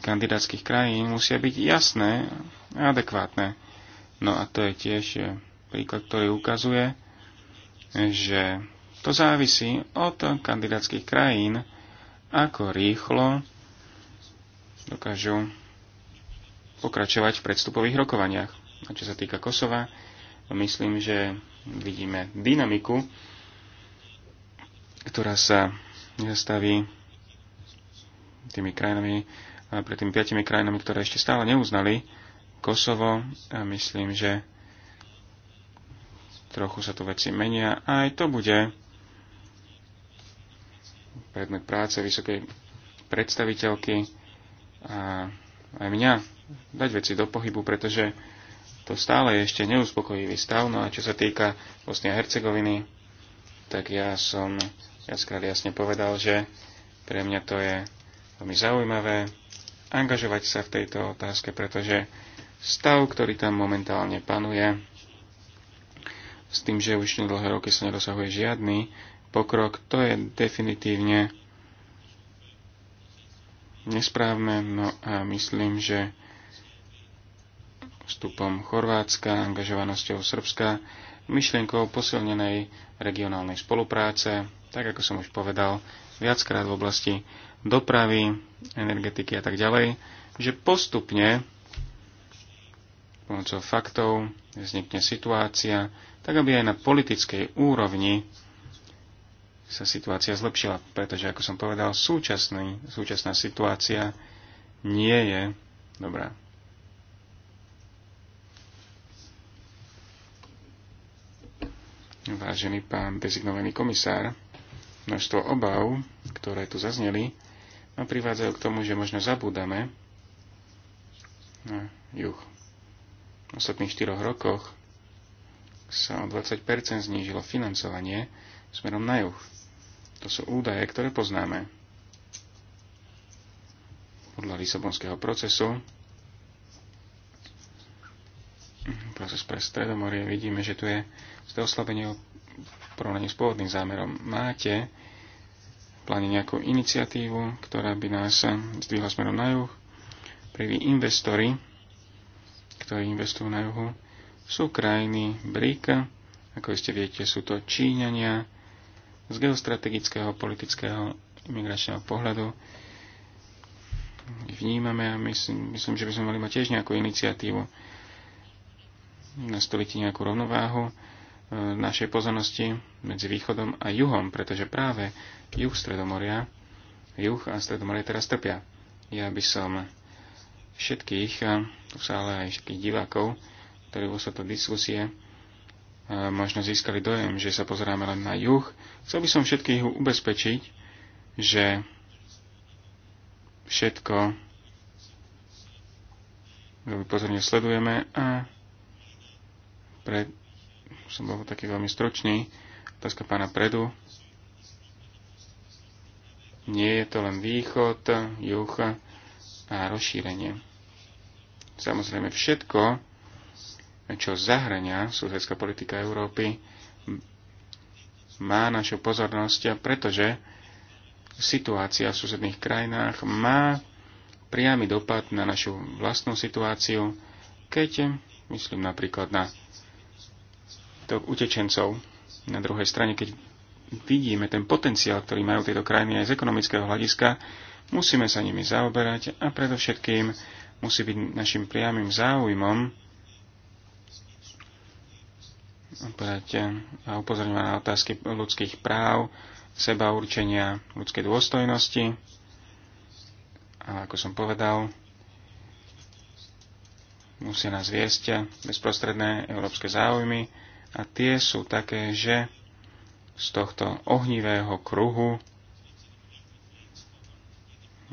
kandidátskych krajín musia byť jasné a adekvátne. No a to je tiež eh, príklad, ktorý ukazuje, že to závisí od kandidátskych krajín, ako rýchlo dokážu pokračovať v predstupových rokovaniach. A čo sa týka Kosova, myslím, že vidíme dynamiku, ktorá sa nezastaví tými krajinami, pred tými piatimi krajinami, ktoré ešte stále neuznali Kosovo a myslím, že trochu sa tu veci menia a aj to bude predmet práce vysokej predstaviteľky a aj mňa dať veci do pohybu, pretože to stále je ešte neuspokojivý stav. No a čo sa týka Bosny a Hercegoviny, tak ja som viackrát jasne povedal, že pre mňa to je veľmi zaujímavé angažovať sa v tejto otázke, pretože stav, ktorý tam momentálne panuje, s tým, že už dlhé roky sa nedosahuje žiadny pokrok, to je definitívne nesprávne, no a myslím, že vstupom Chorvátska, angažovanosťou Srbska, myšlienkou posilnenej regionálnej spolupráce, tak ako som už povedal, viackrát v oblasti dopravy, energetiky a tak ďalej, že postupne pomocou faktov vznikne situácia, tak aby aj na politickej úrovni sa situácia zlepšila, pretože, ako som povedal, súčasný, súčasná situácia nie je dobrá. vážený pán dezignovaný komisár. Množstvo obav, ktoré tu zazneli, ma no privádzajú k tomu, že možno zabúdame na juh. V ostatných 4 rokoch sa o 20% znížilo financovanie smerom na juh. To sú údaje, ktoré poznáme. Podľa Lisabonského procesu proces pre Stredomorie, vidíme, že tu je ste oslabenie o porovnaní s pôvodným zámerom. Máte v pláne nejakú iniciatívu, ktorá by nás zdvihla smerom na juh? Prví investori, ktorí investujú na juhu, sú krajiny BRIC, ako ste viete, sú to Číňania z geostrategického, politického, imigračného pohľadu. Vnímame a myslím, myslím, že by sme mali mať tiež nejakú iniciatívu nastoliť nejakú rovnováhu e, našej pozornosti medzi východom a juhom, pretože práve juh Stredomoria, juh a Stredomoria teraz trpia. Ja by som všetkých, e, v sále aj všetkých divákov, ktorí vo svetu diskusie e, možno získali dojem, že sa pozeráme len na juh, chcel by som všetkých ubezpečiť, že všetko veľmi pozorne sledujeme a pre, som bol taký veľmi stročný, otázka pána Predu. Nie je to len východ, juh a rozšírenie. Samozrejme všetko, čo zahrania susedská politika Európy, má našu pozornosť, pretože situácia v susedných krajinách má priamy dopad na našu vlastnú situáciu, keď myslím napríklad na tok utečencov. Na druhej strane, keď vidíme ten potenciál, ktorý majú tieto krajiny aj z ekonomického hľadiska, musíme sa nimi zaoberať a predovšetkým musí byť našim priamým záujmom eh, a upozorňovať na otázky ľudských práv, seba určenia ľudskej dôstojnosti. A ako som povedal, musia nás viesť eh, bezprostredné európske záujmy a tie sú také, že z tohto ohnivého kruhu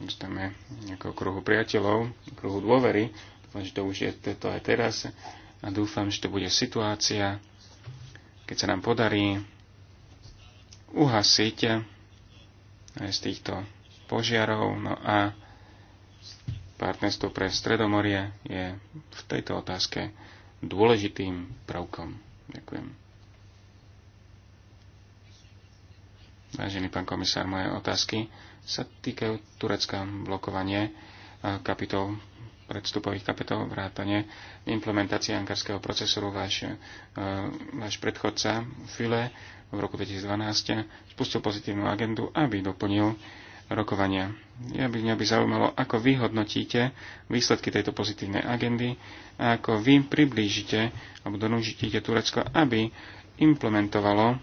dostaneme nejakého kruhu priateľov, kruhu dôvery, dúfam, že to už je to aj teraz a dúfam, že to bude situácia, keď sa nám podarí uhasiť aj z týchto požiarov. No a partnerstvo pre Stredomorie je v tejto otázke dôležitým prvkom. Ďakujem. Vážený pán komisár, moje otázky sa týkajú Turecka blokovanie e, kapitol predstupových kapitol vrátane implementácie ankarského procesoru váš, e, váš predchodca File v roku 2012 spustil pozitívnu agendu, aby doplnil rokovania. Ja by mňa by zaujímalo, ako vy hodnotíte výsledky tejto pozitívnej agendy a ako vy priblížite alebo donúžite Turecko, aby implementovalo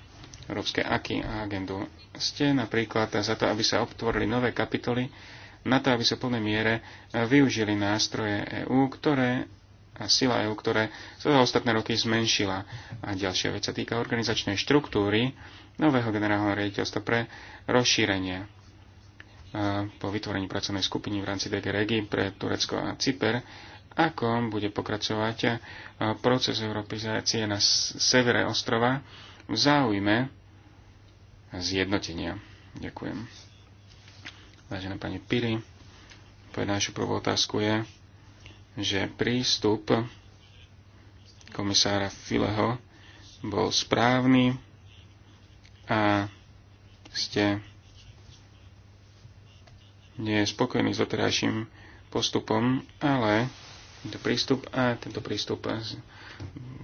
európske aky a agendu. Ste napríklad za to, aby sa obtvorili nové kapitoly, na to, aby sa v plnej miere využili nástroje EÚ, ktoré a sila EU, ktoré sa za ostatné roky zmenšila. A ďalšia vec sa týka organizačnej štruktúry nového generálneho riaditeľstva pre rozšírenie po vytvorení pracovnej skupiny v rámci DG Regi pre Turecko a Cyper, ako bude pokračovať proces europizácie na severe ostrova v záujme zjednotenia. Ďakujem. Vážená pani Piri, povedať našu prvú otázku je, že prístup komisára Fileho bol správny a ste nie je spokojný s doterajším postupom, ale tento prístup a tento prístup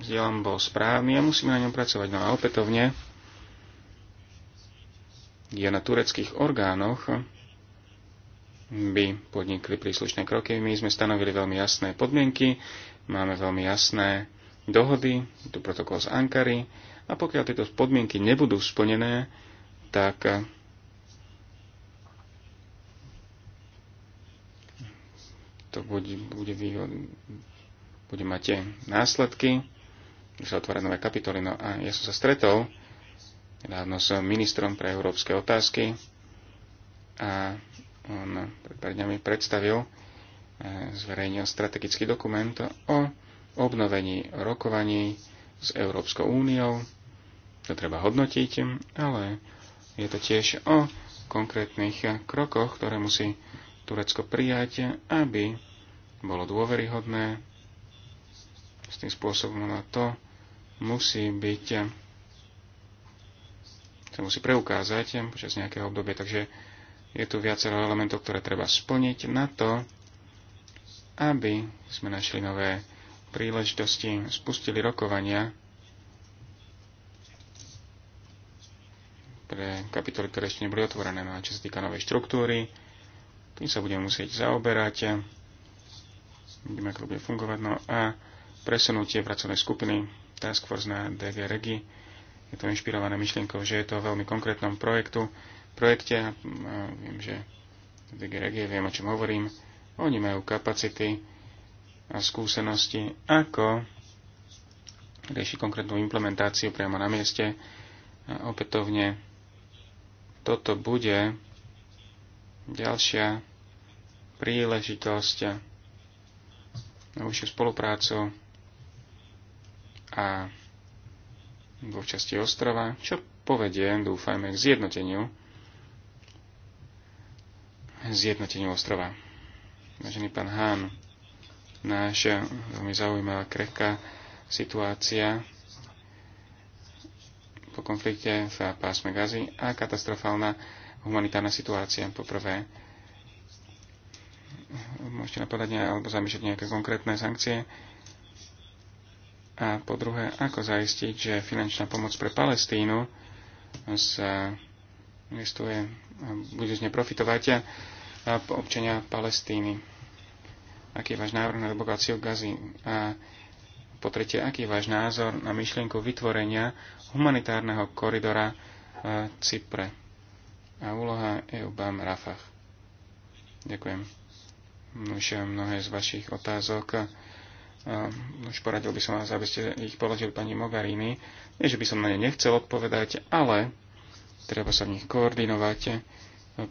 dielom bol správny a musíme na ňom pracovať. No a opätovne je na tureckých orgánoch, by podnikli príslušné kroky. My sme stanovili veľmi jasné podmienky, máme veľmi jasné dohody, tu protokol z Ankary a pokiaľ tieto podmienky nebudú splnené, tak to bude, bude, výhod, bude mať následky, že sa otvára nové kapitoly. No a ja som sa stretol nedávno s ministrom pre európske otázky a on pred pár dňami predstavil, e, zverejnil strategický dokument o obnovení rokovaní s Európskou úniou. To treba hodnotiť, ale je to tiež o konkrétnych krokoch, ktoré musí Turecko prijať, aby bolo dôveryhodné. S tým spôsobom na no to musí byť sa musí preukázať počas nejakého obdobia, takže je tu viacero elementov, ktoré treba splniť na to, aby sme našli nové príležitosti, spustili rokovania pre kapitoly, ktoré ešte neboli otvorené. No a čo sa týka novej štruktúry, tým sa budeme musieť zaoberať. Vidíme, ako to bude fungovať. No a presunutie pracovnej skupiny Task Force na DG Regi. Je to inšpirované myšlienkou, že je to o veľmi konkrétnom projektu, projekte. Viem, že DG Regi, viem, o čom hovorím. Oni majú kapacity a skúsenosti, ako rieši konkrétnu implementáciu priamo na mieste. A opätovne toto bude ďalšia príležitosť na vyššiu spoluprácu a vo časti ostrova, čo povedie, dúfajme, k zjednoteniu zjednoteniu ostrova. Vážený pán Hán, náš veľmi zaujímavá krehká situácia po konflikte v pásme Gazy a katastrofálna humanitárna situácia. Poprvé, môžete napadať alebo zamýšľať nejaké konkrétne sankcie. A po druhé, ako zaistiť, že finančná pomoc pre Palestínu sa investuje a bude z nej profitovať a občania Palestíny. Aký je váš návrh na revokáciu gazy? A po tretie, aký je váš názor na myšlienku vytvorenia humanitárneho koridora eh, Cypre? a úloha EUBAM Rafach. Ďakujem. Už mnohé z vašich otázok um, už poradil by som vás, aby ste ich položili pani Mogarini. Nie, že by som na ne nechcel odpovedať, ale treba sa v nich koordinovať,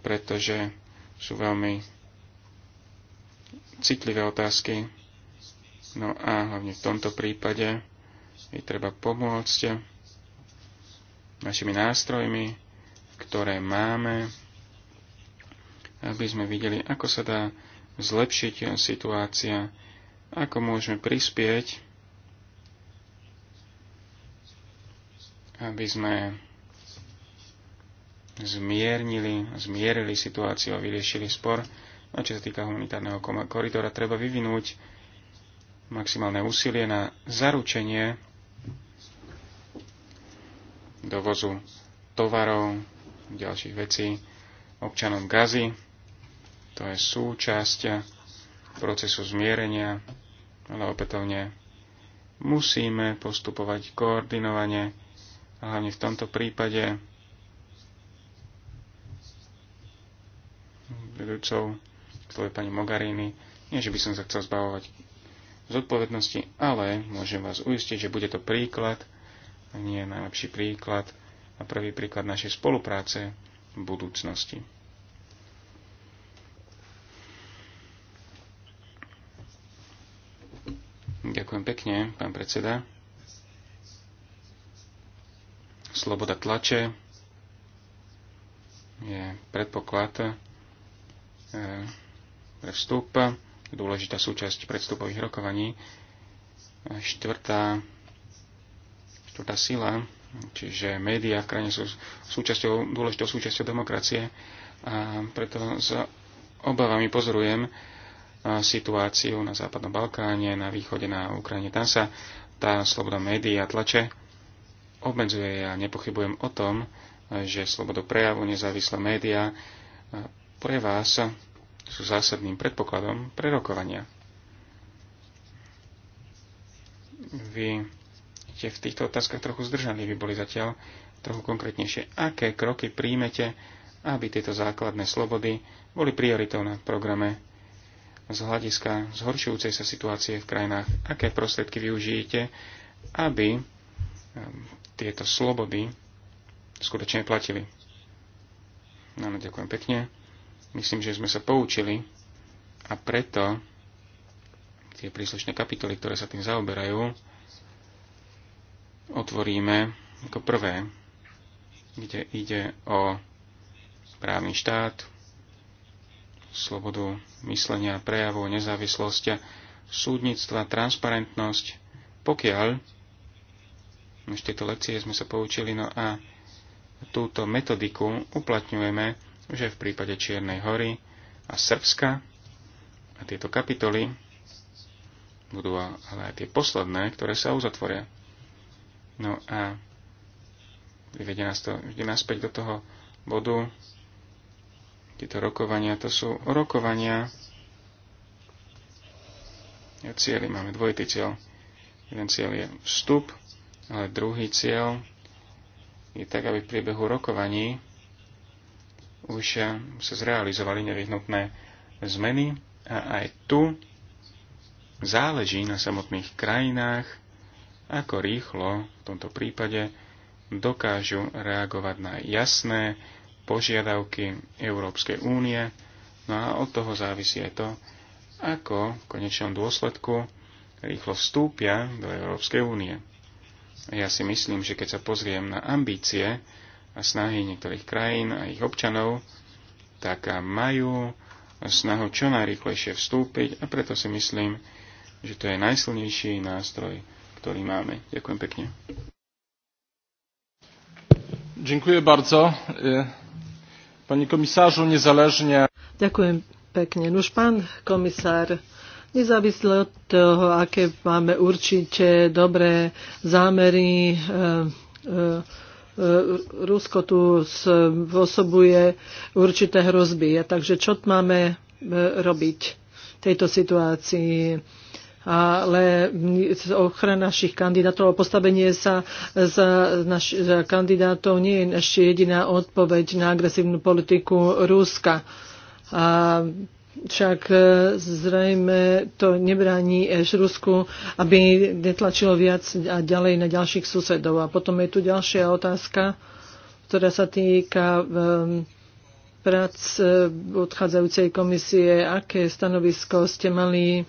pretože sú veľmi citlivé otázky. No a hlavne v tomto prípade je treba pomôcť našimi nástrojmi, ktoré máme, aby sme videli, ako sa dá zlepšiť situácia, ako môžeme prispieť, aby sme zmiernili, zmierili situáciu a vyriešili spor. A čo sa týka humanitárneho koridora, treba vyvinúť maximálne úsilie na zaručenie dovozu tovarov ďalších vecí občanom Gazy. To je súčasť procesu zmierenia, ale opätovne musíme postupovať koordinovane, a hlavne v tomto prípade vedúcou, ktorú pani Mogarini. Nie, že by som sa chcel zbavovať zodpovednosti, ale môžem vás uistiť, že bude to príklad, nie najlepší príklad a prvý príklad našej spolupráce v budúcnosti. Ďakujem pekne, pán predseda. Sloboda tlače je predpoklad e, pre vstup, dôležitá súčasť predstupových rokovaní. Štvrtá, štvrtá sila Čiže médiá v krajine sú súčasťou, dôležitou súčasťou demokracie a preto s obavami pozorujem situáciu na Západnom Balkáne, na východe, na Ukrajine. Tam sa tá sloboda médií a tlače obmedzuje. Ja nepochybujem o tom, že slobodu prejavu, nezávislá médiá pre vás sú zásadným predpokladom prerokovania. Vy ste v týchto otázkach trochu zdržanliví boli zatiaľ, trochu konkrétnejšie. Aké kroky príjmete, aby tieto základné slobody boli prioritou na programe z hľadiska zhoršujúcej sa situácie v krajinách? Aké prostriedky využijete, aby um, tieto slobody skutočne platili? Áno, no, ďakujem pekne. Myslím, že sme sa poučili a preto tie príslušné kapitoly, ktoré sa tým zaoberajú, otvoríme ako prvé, kde ide o právny štát, slobodu myslenia, prejavu, nezávislosť, súdnictva, transparentnosť, pokiaľ už tieto lekcie sme sa poučili, no a túto metodiku uplatňujeme už aj v prípade Čiernej hory a Srbska. A tieto kapitoly budú ale aj tie posledné, ktoré sa uzatvoria. No a vyvedie nás to vždy naspäť do toho bodu. Tieto rokovania, to sú rokovania. Cieľy máme dvojitý cieľ. Jeden cieľ je vstup, ale druhý cieľ je tak, aby v priebehu rokovaní už sa zrealizovali nevyhnutné zmeny a aj tu záleží na samotných krajinách, ako rýchlo v tomto prípade dokážu reagovať na jasné požiadavky Európskej únie. No a od toho závisí aj to, ako v konečnom dôsledku rýchlo vstúpia do Európskej únie. A ja si myslím, že keď sa pozriem na ambície a snahy niektorých krajín a ich občanov, tak majú snahu čo najrýchlejšie vstúpiť a preto si myslím, že to je najsilnejší nástroj ktorý máme. Ďakujem pekne. Dziękuję bardzo. Pani komisarzu, niezależnie... Ďakujem pekne. Nuž pán komisár, nezávisle od toho, aké máme určite dobré zámery, e, e, e Rusko tu osobuje určité hrozby. takže čo máme e, robiť v tejto situácii? ale ochrana našich kandidátov a postavenie sa za, naš, za kandidátov nie je ešte jediná odpoveď na agresívnu politiku Ruska. A však e, zrejme to nebráni Rusku, aby netlačilo viac a ďalej na ďalších susedov. A potom je tu ďalšia otázka, ktorá sa týka e, prác e, odchádzajúcej komisie. Aké stanovisko ste mali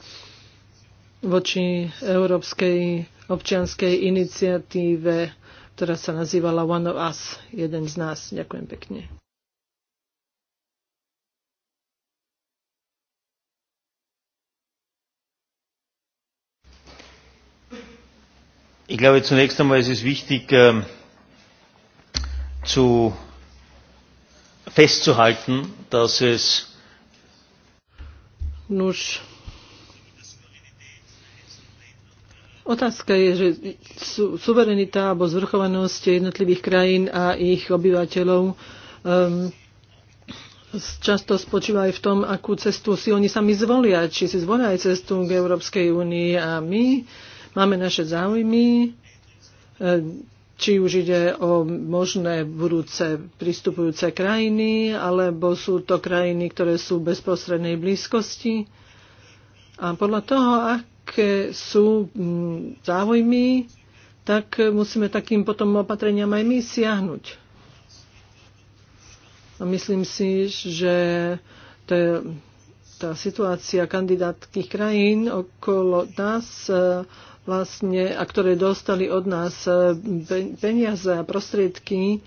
voči Európskej občianskej iniciatíve, ktorá sa nazývala One of Us, jeden z nás. Ďakujem pekne. Ich glaube, zunächst einmal ist es wichtig, ähm, zu festzuhalten, dass es Nusch. Otázka je, že su, suverenita alebo zvrchovanosť jednotlivých krajín a ich obyvateľov um, často spočíva aj v tom, akú cestu si oni sami zvolia. Či si zvolia aj cestu k Európskej únii a my máme naše záujmy, ehm, či už ide o možné budúce pristupujúce krajiny, alebo sú to krajiny, ktoré sú v bezprostrednej blízkosti. A podľa toho, ak aké sú mm, záujmy, tak musíme takým potom opatreniam aj my siahnuť. A myslím si, že to je tá situácia kandidátkých krajín okolo nás e, vlastne, a ktoré dostali od nás e, peniaze a prostriedky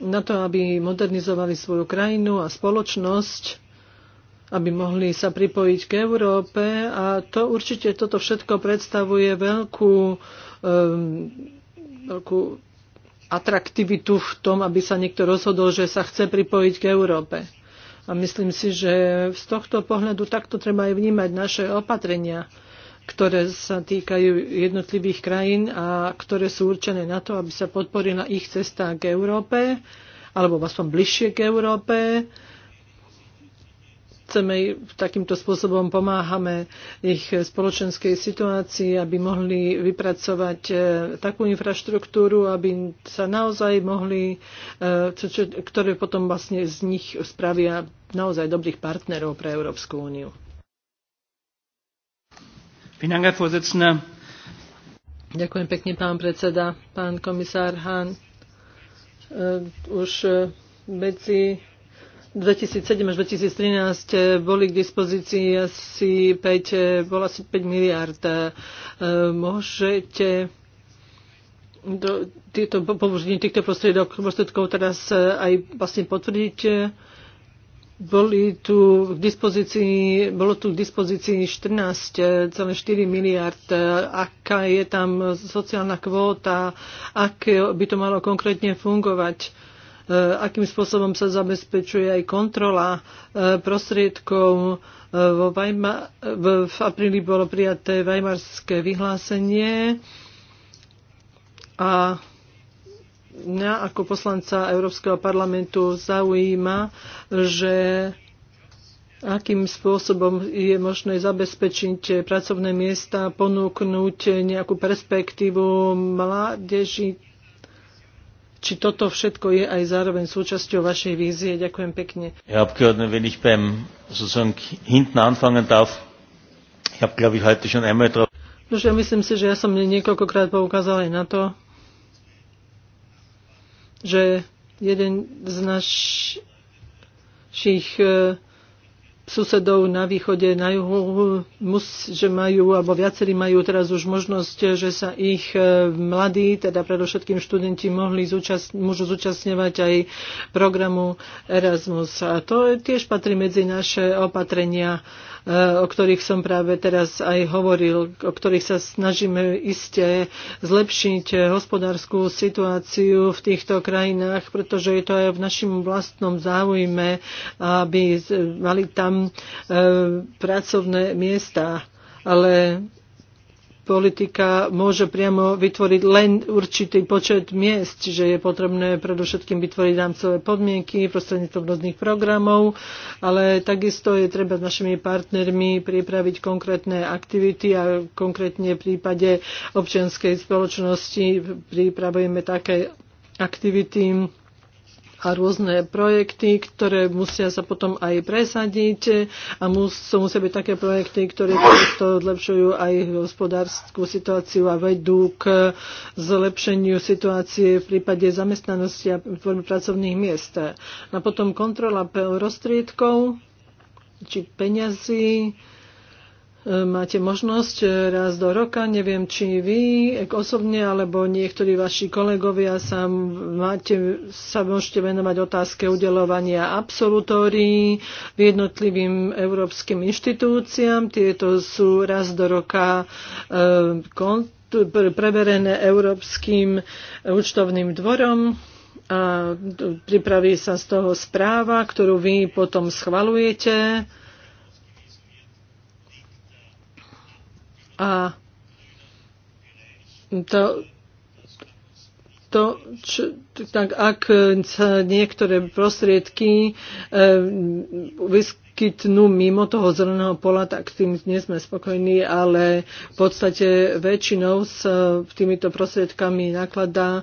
na to, aby modernizovali svoju krajinu a spoločnosť, aby mohli sa pripojiť k Európe a to určite toto všetko predstavuje veľkú, um, veľkú atraktivitu v tom, aby sa niekto rozhodol, že sa chce pripojiť k Európe. A myslím si, že z tohto pohľadu takto treba aj vnímať naše opatrenia, ktoré sa týkajú jednotlivých krajín a ktoré sú určené na to, aby sa podporila ich cesta k Európe, alebo aspoň bližšie k Európe, chceme takýmto spôsobom pomáhame ich spoločenskej situácii, aby mohli vypracovať e, takú infraštruktúru, aby sa naozaj mohli, e, ktoré potom vlastne z nich spravia naozaj dobrých partnerov pre Európsku úniu. Ďakujem pekne, pán predseda, pán komisár Hahn. E, už medzi 2007 až 2013 eh, boli k dispozícii asi 5, eh, bolo asi 5 miliard. Eh, môžete do, tieto, použitím týchto prostriedkov teraz aj vlastne potvrdiť, boli tu k dispozícii, bolo tu k dispozícii 14,4 miliard. Aká je tam sociálna kvóta? Aké by to malo konkrétne fungovať? E, akým spôsobom sa zabezpečuje aj kontrola e, prostriedkov. E, vo v, v apríli bolo prijaté Weimarské vyhlásenie a mňa ako poslanca Európskeho parlamentu zaujíma, že akým spôsobom je možné zabezpečiť pracovné miesta, ponúknuť nejakú perspektívu mládeži, či toto všetko je aj zároveň súčasťou vašej vízie. Ďakujem pekne. Herr Abgeordneter, wenn ich beim sozusagen hinten anfangen darf, ich habe glaube ich heute schon einmal drauf. No, ja myslím si, že ja som niekoľkokrát poukázal aj na to, že jeden z našich uh, susedov na východe, na juhu, mus, že majú, alebo viacerí majú teraz už možnosť, že sa ich e, mladí, teda predovšetkým študenti, mohli zúčast, môžu zúčastňovať aj programu Erasmus. A to tiež patrí medzi naše opatrenia, e, o ktorých som práve teraz aj hovoril, o ktorých sa snažíme iste zlepšiť e, hospodárskú situáciu v týchto krajinách, pretože je to aj v našom vlastnom záujme, aby mali tam tam e, pracovné miesta, ale politika môže priamo vytvoriť len určitý počet miest, čiže je potrebné predovšetkým vytvoriť rámcové podmienky prostredníctvom rôznych programov, ale takisto je treba s našimi partnermi pripraviť konkrétne aktivity a konkrétne v prípade občianskej spoločnosti pripravujeme také aktivity, a rôzne projekty, ktoré musia sa potom aj presadiť a mus, sú musia byť také projekty, ktoré to zlepšujú aj hospodárskú situáciu a vedú k zlepšeniu situácie v prípade zamestnanosti a tvorby pracovných miest. A potom kontrola prostriedkov či peňazí, máte možnosť e, raz do roka, neviem či vy osobne alebo niektorí vaši kolegovia sa, máte, sa môžete venovať otázke udelovania absolutórií v jednotlivým európskym inštitúciám. Tieto sú raz do roka e, preverené Európskym účtovným dvorom a pripraví sa z toho správa, ktorú vy potom schvalujete A to, to, čo, tak ak sa niektoré prostriedky e, vyskytnú mimo toho zeleného pola, tak tým nie sme spokojní, ale v podstate väčšinou s týmito prostriedkami nakladá e,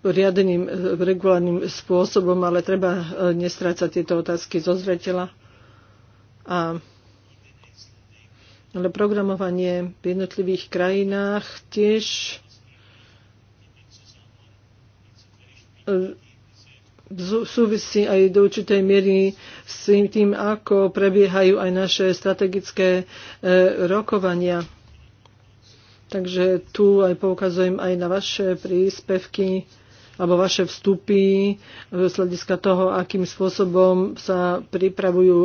riadeným, regulárnym spôsobom, ale treba e, nestrácať tieto otázky zo zretela. A ale programovanie v jednotlivých krajinách tiež e, súvisí aj do určitej miery s tým, ako prebiehajú aj naše strategické e, rokovania. Takže tu aj poukazujem aj na vaše príspevky alebo vaše vstupy e, z hľadiska toho, akým spôsobom sa pripravujú,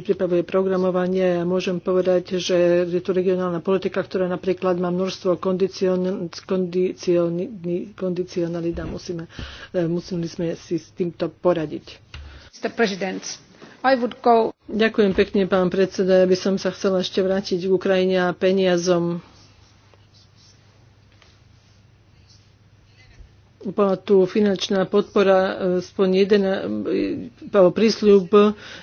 e, pripravuje programovanie. Ja môžem povedať, že je tu regionálna politika, ktorá napríklad má množstvo kondicionalita. Musíme, e, museli sme si s týmto poradiť. Mr. President, Ďakujem pekne, pán predseda. Ja by som sa chcela ešte vrátiť k Ukrajine a peniazom bola tu finančná podpora e, aspoň jeden, e, prísľub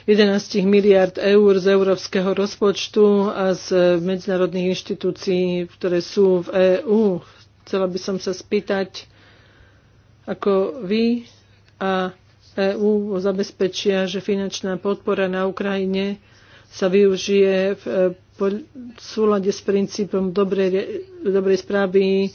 11 miliard eur z európskeho rozpočtu a z medzinárodných inštitúcií, ktoré sú v EÚ. Chcela by som sa spýtať, ako vy a EÚ zabezpečia, že finančná podpora na Ukrajine sa využije v, e, v súlade s princípom dobrej, dobrej správy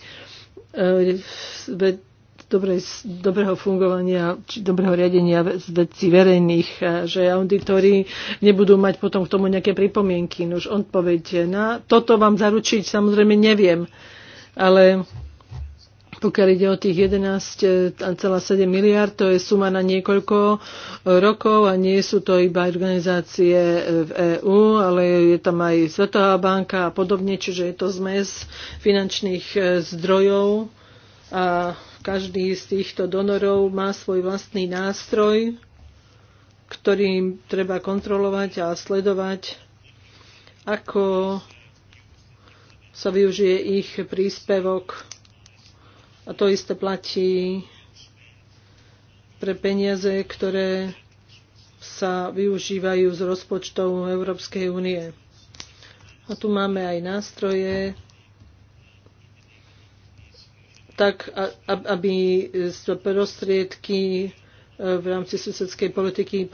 dobrej, dobrého fungovania či dobrého riadenia vecí verejných, že auditori nebudú mať potom k tomu nejaké pripomienky. Nož on povedie, na toto vám zaručiť samozrejme neviem, ale pokiaľ ide o tých 11,7 miliard, to je suma na niekoľko rokov a nie sú to iba organizácie v EÚ, ale je tam aj Svetová banka a podobne, čiže je to zmes finančných e, zdrojov a každý z týchto donorov má svoj vlastný nástroj, ktorým treba kontrolovať a sledovať, ako sa využije ich príspevok. A to isté platí pre peniaze, ktoré sa využívajú z rozpočtov Európskej únie. A tu máme aj nástroje, tak, aby prostriedky e, v rámci susedskej politiky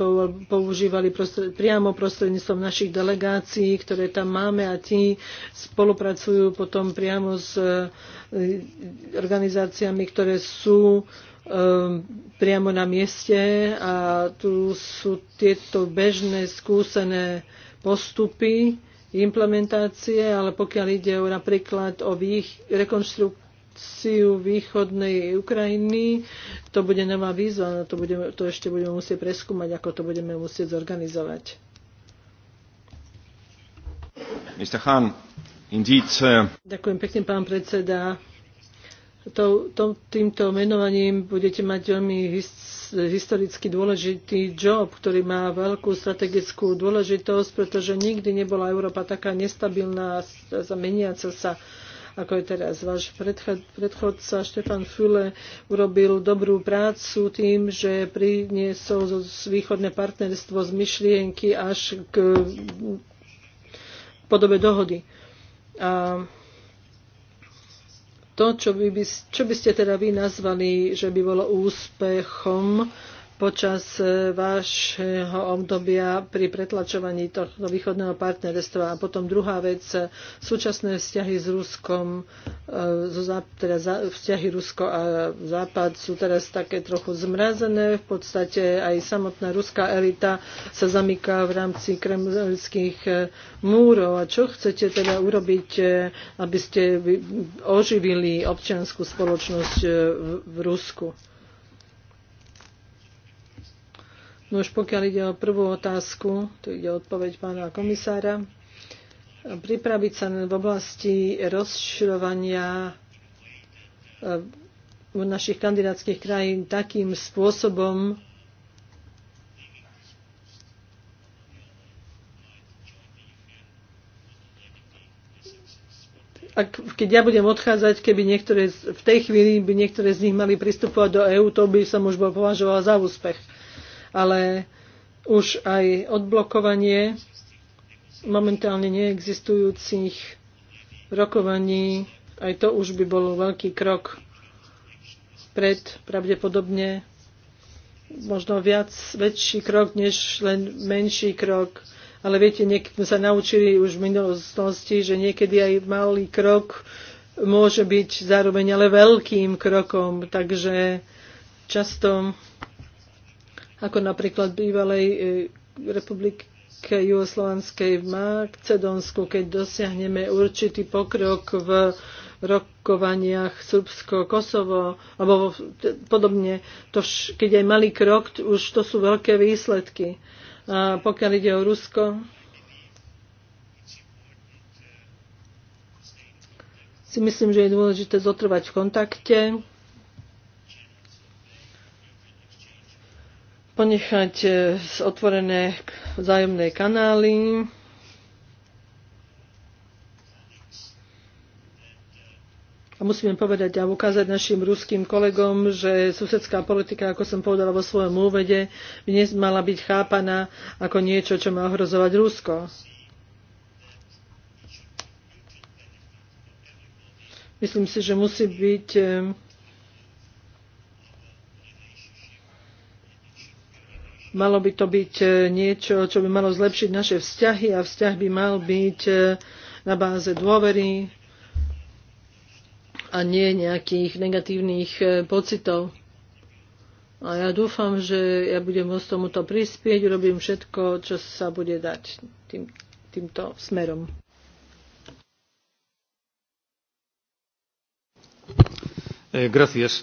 používali prostred, priamo prostredníctvom našich delegácií, ktoré tam máme a tí spolupracujú potom priamo s e, organizáciami, ktoré sú e, priamo na mieste a tu sú tieto bežné skúsené postupy implementácie, ale pokiaľ ide o napríklad o ich rekonštrukciu, situáciu východnej Ukrajiny. To bude nová výzva, no to, budeme, to ešte budeme musieť preskúmať, ako to budeme musieť zorganizovať. Mr. Hahn, indeed, uh... Ďakujem pekne, pán predseda. To, to, týmto menovaním budete mať veľmi historicky dôležitý job, ktorý má veľkú strategickú dôležitosť, pretože nikdy nebola Európa taká nestabilná a zameniaca sa ako je teraz váš predchodca Štefan Füle urobil dobrú prácu tým, že priniesol východné partnerstvo z myšlienky až k podobe dohody. A to, čo by, čo by ste teda vy nazvali, že by bolo úspechom počas e, vášho obdobia pri pretlačovaní tohto východného partnerstva. A potom druhá vec, e, súčasné vzťahy s Ruskom, e, teda vzťahy Rusko a Západ sú teraz také trochu zmrazené. V podstate aj samotná ruská elita sa zamyká v rámci kremlských múrov. A čo chcete teda urobiť, aby ste oživili občianskú spoločnosť v Rusku? No už pokiaľ ide o prvú otázku, tu ide odpoveď pána komisára, pripraviť sa v oblasti rozširovania eh, našich kandidátskych krajín takým spôsobom, ak, keď ja budem odchádzať, keby niektoré, v tej chvíli by niektoré z nich mali pristupovať do EÚ, to by som už bol považoval za úspech ale už aj odblokovanie momentálne neexistujúcich rokovaní, aj to už by bol veľký krok pred pravdepodobne možno viac väčší krok, než len menší krok. Ale viete, niekedy sa naučili už v minulosti, že niekedy aj malý krok môže byť zároveň ale veľkým krokom. Takže často ako napríklad bývalej e, republiky Jugoslovanskej v Macedónsku, keď dosiahneme určitý pokrok v rokovaniach Srbsko-Kosovo, alebo podobne, to vš- keď aj malý krok, už to sú veľké výsledky. A pokiaľ ide o Rusko, si myslím, že je dôležité zotrvať v kontakte ponechať e, otvorené vzájomné kanály. A musíme povedať a ukázať našim ruským kolegom, že susedská politika, ako som povedala vo svojom úvede, dnes mala byť chápaná ako niečo, čo má ohrozovať Rusko. Myslím si, že musí byť e, Malo by to byť e, niečo, čo by malo zlepšiť naše vzťahy a vzťah by mal byť e, na báze dôvery a nie nejakých negatívnych e, pocitov. A ja dúfam, že ja budem môcť tomuto prispieť, robím všetko, čo sa bude dať tým, týmto smerom. Eh, gracias.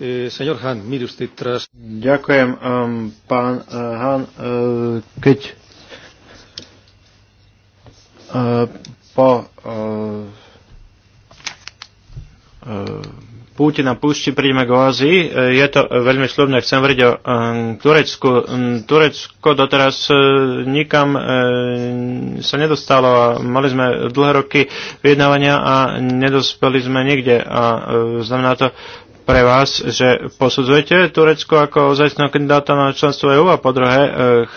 E, señor Han, mire usted tras... Ďakujem, um, pán uh, Han. Uh, keď uh, po uh, uh, na púšti, k Oázii. E, je to veľmi slubné, chcem vrieť o um, Turecku. Um, Turecko doteraz uh, nikam uh, sa nedostalo a mali sme dlhé roky vyjednávania a nedospeli sme nikde. A uh, znamená to pre vás, že posudzujete Turecko ako ozajstného kandidáta na členstvo EÚ a po druhé, e,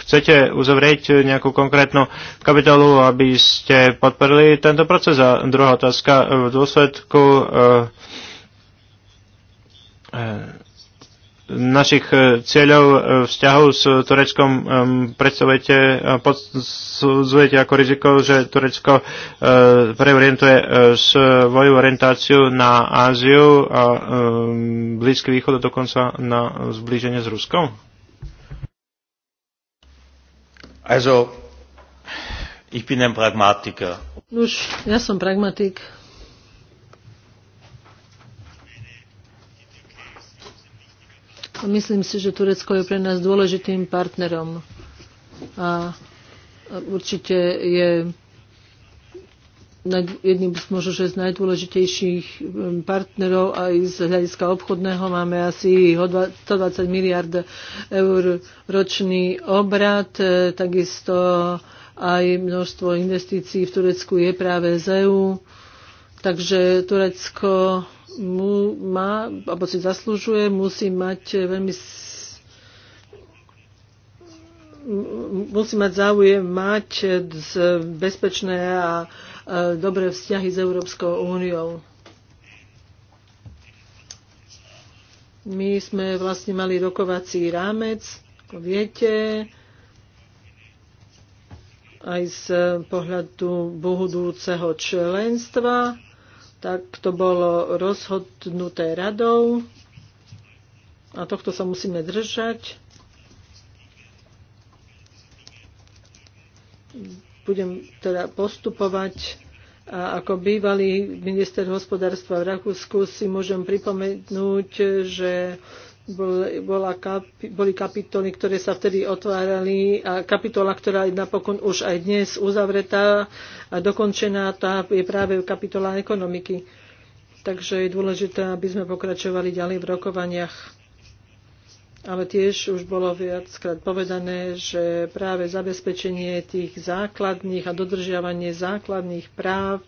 chcete uzavrieť nejakú konkrétnu kapitolu, aby ste podporili tento proces? A druhá otázka, v dôsledku e, e, našich e, cieľov e, vzťahov s Tureckom e, predstavujete, podsudzujete ako riziko, že Turecko preorientuje svoju orientáciu na Áziu a Blízky východ a dokonca na zblíženie s Ruskom? Also, ich bin ein Pragmatiker. Nuž, ja som pragmatik. Myslím si, že Turecko je pre nás dôležitým partnerom a určite je jedným z možno, že z najdôležitejších um, partnerov aj z hľadiska obchodného. Máme asi 120 miliard eur ročný obrad, e, takisto aj množstvo investícií v Turecku je práve z EU. Takže Turecko mu má, alebo si zaslúžuje, musí mať veľmi musí mať záujem mať bezpečné a dobré vzťahy s Európskou úniou. My sme vlastne mali rokovací rámec, ako viete, aj z pohľadu bohudúceho členstva tak to bolo rozhodnuté radou a tohto sa musíme držať. Budem teda postupovať a ako bývalý minister hospodárstva v Rakúsku si môžem pripomenúť, že bola boli kapitoly, ktoré sa vtedy otvárali a kapitola, ktorá je napokon už aj dnes uzavretá a dokončená, tá je práve kapitola ekonomiky. Takže je dôležité, aby sme pokračovali ďalej v rokovaniach. Ale tiež už bolo viackrát povedané, že práve zabezpečenie tých základných a dodržiavanie základných práv,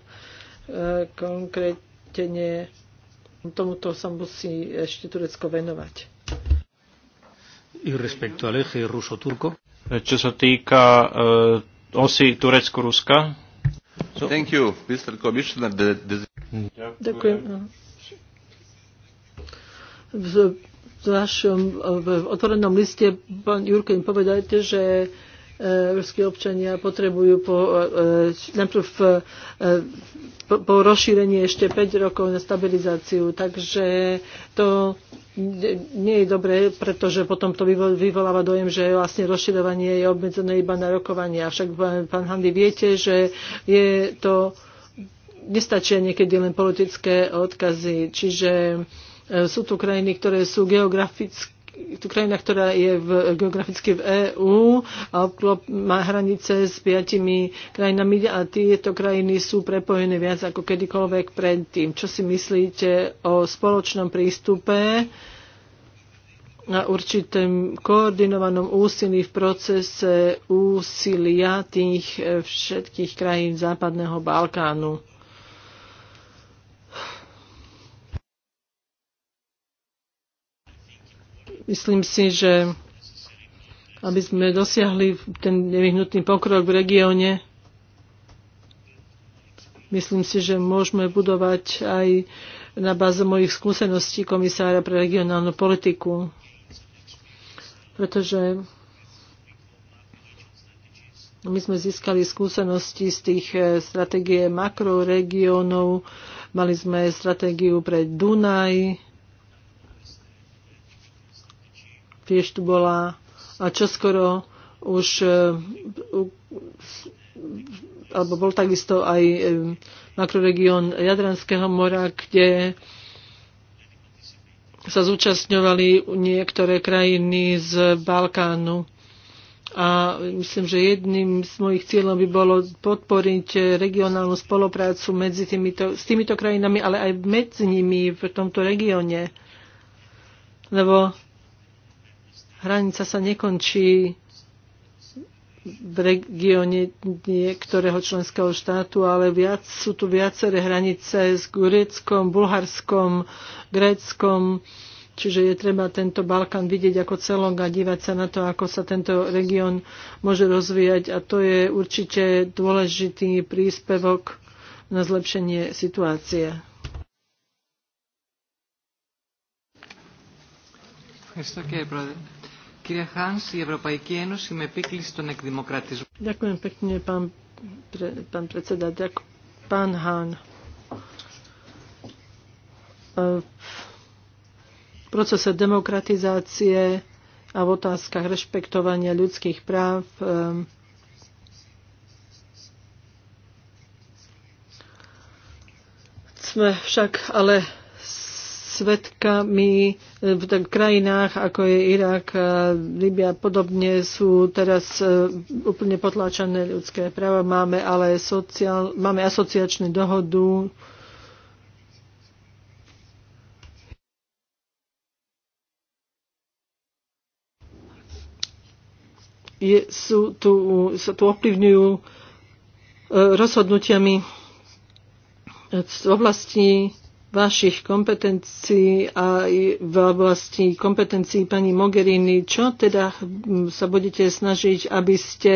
e, konkrétne tomuto sa musí ešte Turecko venovať. I respecto al eje ruso-turco? Čo sa týka uh, osy Turecko-Ruska? So... Thank you, Mr. Commissioner. The, the... Ďakujem. V, v našom v otvorenom liste pán Jurken povedajte, že európsky eh, občania potrebujú po, e, najprv e, po, rozšírení ešte 5 rokov na stabilizáciu. Takže to nie je dobré, pretože potom to vyvoláva dojem, že vlastne rozširovanie je obmedzené iba na rokovanie. Avšak, pán Handy, viete, že je to nestačia niekedy len politické odkazy. Čiže e, sú tu krajiny, ktoré sú geograficky tu krajina, ktorá je v, geograficky v EÚ a obklop má hranice s piatimi krajinami a tieto krajiny sú prepojené viac ako kedykoľvek predtým. Čo si myslíte o spoločnom prístupe na určitém koordinovanom úsilí v procese úsilia tých eh, všetkých krajín Západného Balkánu? Myslím si, že aby sme dosiahli ten nevyhnutný pokrok v regióne, myslím si, že môžeme budovať aj na báze mojich skúseností komisára pre regionálnu politiku. Pretože my sme získali skúsenosti z tých e, stratégie makroregiónov, mali sme stratégiu pre Dunaj, tiež tu bola a čoskoro už e, alebo bol takisto aj e, makroregión Jadranského mora, kde sa zúčastňovali niektoré krajiny z Balkánu. A myslím, že jedným z mojich cieľov by bolo podporiť regionálnu spoluprácu medzi týmito, s týmito krajinami, ale aj medzi nimi v tomto regióne. Lebo hranica sa nekončí v regióne niektorého členského štátu, ale viac, sú tu viaceré hranice s Gureckom, Bulharskom, Gréckom, čiže je treba tento Balkán vidieť ako celok a dívať sa na to, ako sa tento región môže rozvíjať a to je určite dôležitý príspevok na zlepšenie situácie. Esto que, brother. Ďakujem pekne, pán, pre, pán predseda. Ďakujem, pán Hán. E, v procese demokratizácie a v otázkach rešpektovania ľudských práv e, sme však ale svetkami v krajinách, ako je Irak, Libia a podobne, sú teraz e, úplne potláčané ľudské práva. Máme ale sociál, máme asociačnú dohodu, je, sú tu, sa tu ovplyvňujú e, rozhodnutiami z oblasti vašich kompetencií a v oblasti kompetencií pani Mogherini, čo teda sa budete snažiť, aby ste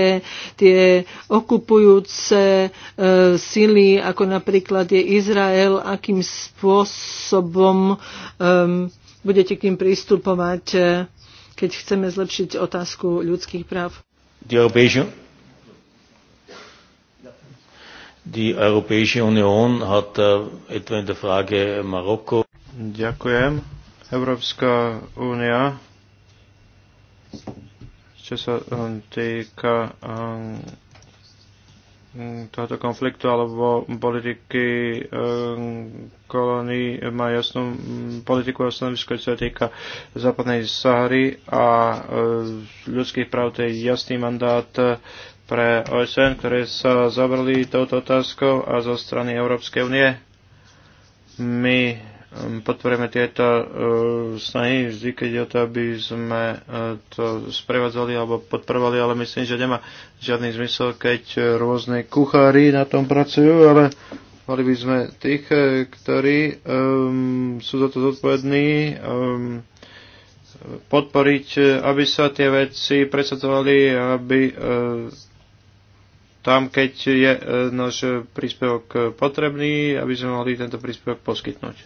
tie okupujúce e, sily, ako napríklad je Izrael, akým spôsobom e, budete k ním pristupovať, e, keď chceme zlepšiť otázku ľudských práv? Die Europäische Union hat äh, etwa in der Frage Marokko. Ďakujem. Európska únia, čo sa äh, týka äh, tohoto konfliktu alebo politiky kolónií má jasnú politiku a stanovisko, čo sa týka západnej Sahary a ľudských práv, to je jasný mandát pre OSN, ktoré sa zabrali touto otázkou a zo strany Európskej únie. My um, podporujeme tieto uh, snahy vždy, keď je o to, aby sme uh, to sprevádzali alebo podporovali, ale myslím, že nemá žiadny zmysel, keď uh, rôzne kuchári na tom pracujú, ale mali by sme tých, uh, ktorí um, sú za to zodpovední, um, podporiť, uh, aby sa tie veci presadzovali, aby uh, tam, keď je e, náš príspevok potrebný, aby sme mohli tento príspevok poskytnúť.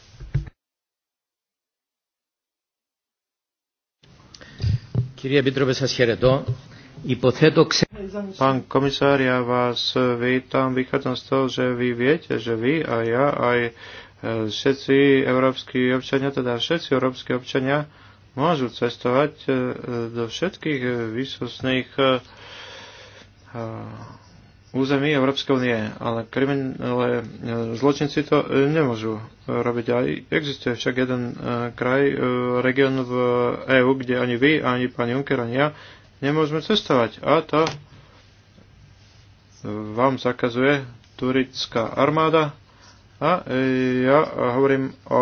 Pán komisár, ja vás vítam. Vychádzam z toho, že vy viete, že vy a ja aj e, všetci európsky občania, teda všetci európsky občania môžu cestovať e, do všetkých výsostných území Európskej únie, ale, krimin, ale e, zločinci to e, nemôžu robiť. Aj existuje však jeden e, kraj, region v EÚ, kde ani vy, ani pani Juncker, ani ja nemôžeme cestovať. A to vám zakazuje turická armáda. A ja hovorím o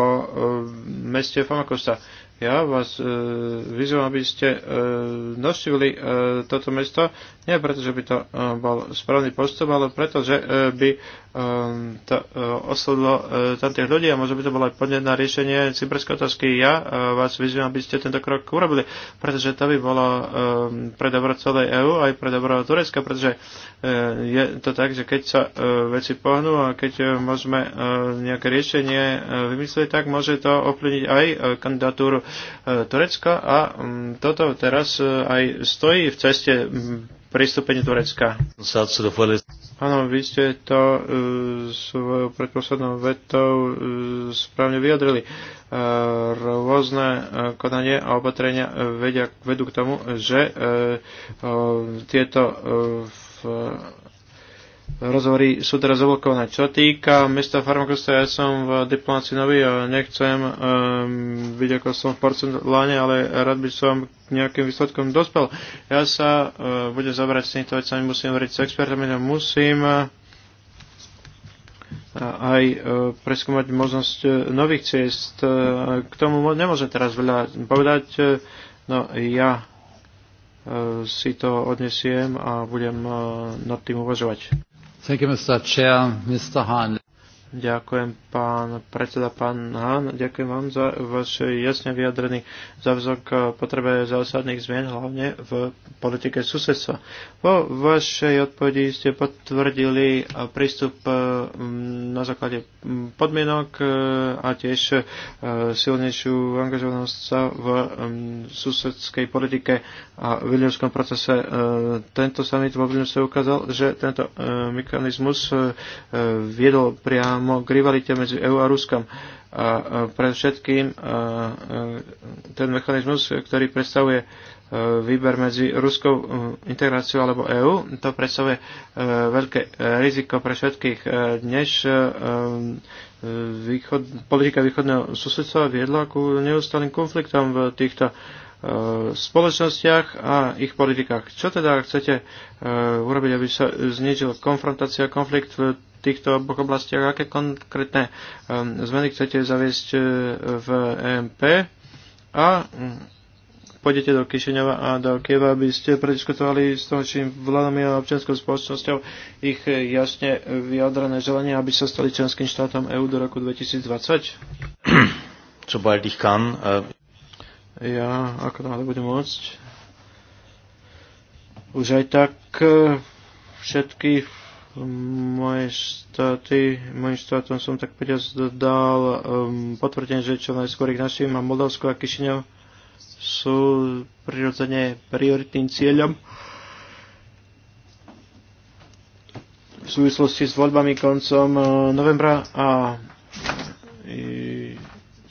meste Famakosta. Ja vás e, vyzývam, aby ste e, navštívili e, toto mesto nie preto, že by to e, bol správny postup, ale preto, že e, by e, to oslovilo tam tých ľudí a možno by to bolo aj podnet na riešenie cyberskej otázky. Ja vás vyzývam, aby ste tento krok urobili, pretože to by bolo pre dobro celej EÚ aj pre dobro Turecka, pretože je to tak, že keď sa veci pohnú a keď môžeme nejaké riešenie vymyslieť, tak môže to ovplyvniť aj kandidatúru Turecka a mm, toto teraz aj stojí v ceste pristúpenie Turecka. Áno, vy ste to uh, svojou predposlednou vetou uh, správne vyjadrili. Uh, rôzne uh, konanie a opatrenia vedia, vedú k tomu, že uh, uh, tieto uh, v, rozhovory sú teraz oblokované. Čo týka mesta Farmakosta, ja som v diplomácii nový a nechcem um, byť ako som v porceláne, ale rád by som k nejakým výsledkom dospel. Ja sa uh, budem zabrať s týmito vecami, musím hovoriť s expertami, ja no musím uh, aj uh, preskúmať možnosť uh, nových ciest. Uh, k tomu nemôžem teraz veľa povedať, uh, no ja uh, si to odnesiem a budem uh, nad tým uvažovať. Thank you, Mr. Chair, Mr. Hahn. Ďakujem pán predseda, pán Hán, ďakujem vám za vaš jasne vyjadrený závzok potrebe zásadných zmien, hlavne v politike susedstva. Vo vašej odpovedi ste potvrdili prístup eh, na základe mm, podmienok eh, a tiež eh, silnejšiu angažovanosť sa v mm, susedskej politike a v Vilniuskom procese. Tento summit vo Vilniuse ukázal, že tento mechanizmus viedol priam k rivalite medzi EU a Ruskom. A pre všetkým ten mechanizmus, ktorý predstavuje výber medzi ruskou e, integráciou alebo EU, To predstavuje e, veľké riziko pre všetkých. E, dnes východ, politika východného susedstva viedla ku neustálým konfliktom v týchto spoločnostiach a ich politikách. Čo teda chcete urobiť, aby sa znižil konfrontácia, konflikt v týchto oboch oblastiach. Aké konkrétne um, zmeny chcete zaviesť uh, v EMP? A mm, pôjdete do Kišeňova a do Kieva, aby ste prediskutovali s čím vládami a občianskou spoločnosťou ich eh, jasne vyjadrené želanie, aby sa stali členským štátom EÚ do roku 2020? Sobald ich kann. Ja, ako to náhle budem môcť. Už aj tak eh, všetky mojim štátom som tak povedať dal um, potvrdenie, že čo najskôr ich našim a Moldavsko a Kišiňov sú prirodzene prioritným cieľom v súvislosti s voľbami koncom uh, novembra a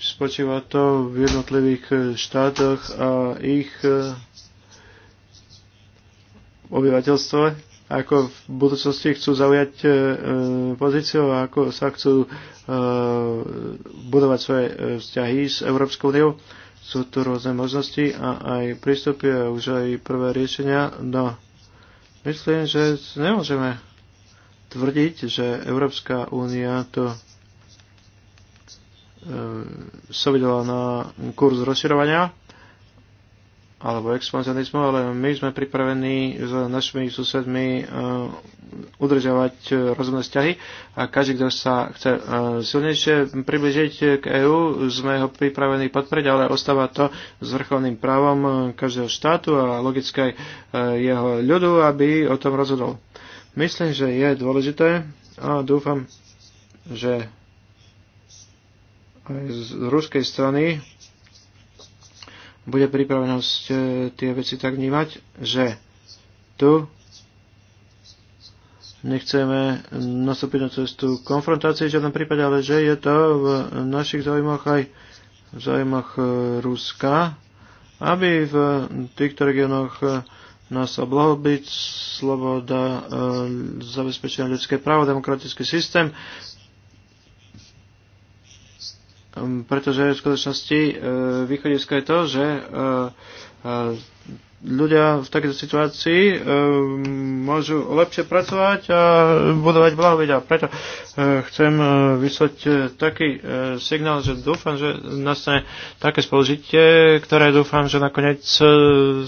spočíva to v jednotlivých uh, štátoch a ich uh, obyvateľstve ako v budúcnosti chcú zaujať e, e, pozíciu a ako sa chcú e, budovať svoje e, vzťahy s Európskou úniou. Sú tu rôzne možnosti a aj prístupy a už aj prvé riešenia. No, myslím, že nemôžeme tvrdiť, že Európska únia to e, sa videla na kurz rozširovania alebo expanzionizmu, ale my sme pripravení s našimi susedmi e, udržiavať e, rozumné vzťahy a každý, kto sa chce e, silnejšie približiť k EÚ, sme ho pripravení podporiť, ale ostáva to s vrchovným právom každého štátu a logické jeho ľudu, aby o tom rozhodol. Myslím, že je dôležité a dúfam, že aj z ruskej strany bude pripravenosť e, tie veci tak vnímať, že tu nechceme nastúpiť na cestu konfrontácie v žiadnom prípade, ale že je to v našich záujmoch aj v záujmoch e, Ruska, aby v týchto regiónoch e, nás blahobyt, sloboda, zabezpečené ľudské právo, demokratický systém, Ehm, pretože v skutočnosti ehm, východisko je to, že ehm, ľudia v takejto situácii e, môžu lepšie pracovať a budovať blahobyť. A preto e, chcem e, vyslať e, taký e, signál, že dúfam, že nastane také spoložitie, ktoré dúfam, že nakoniec e,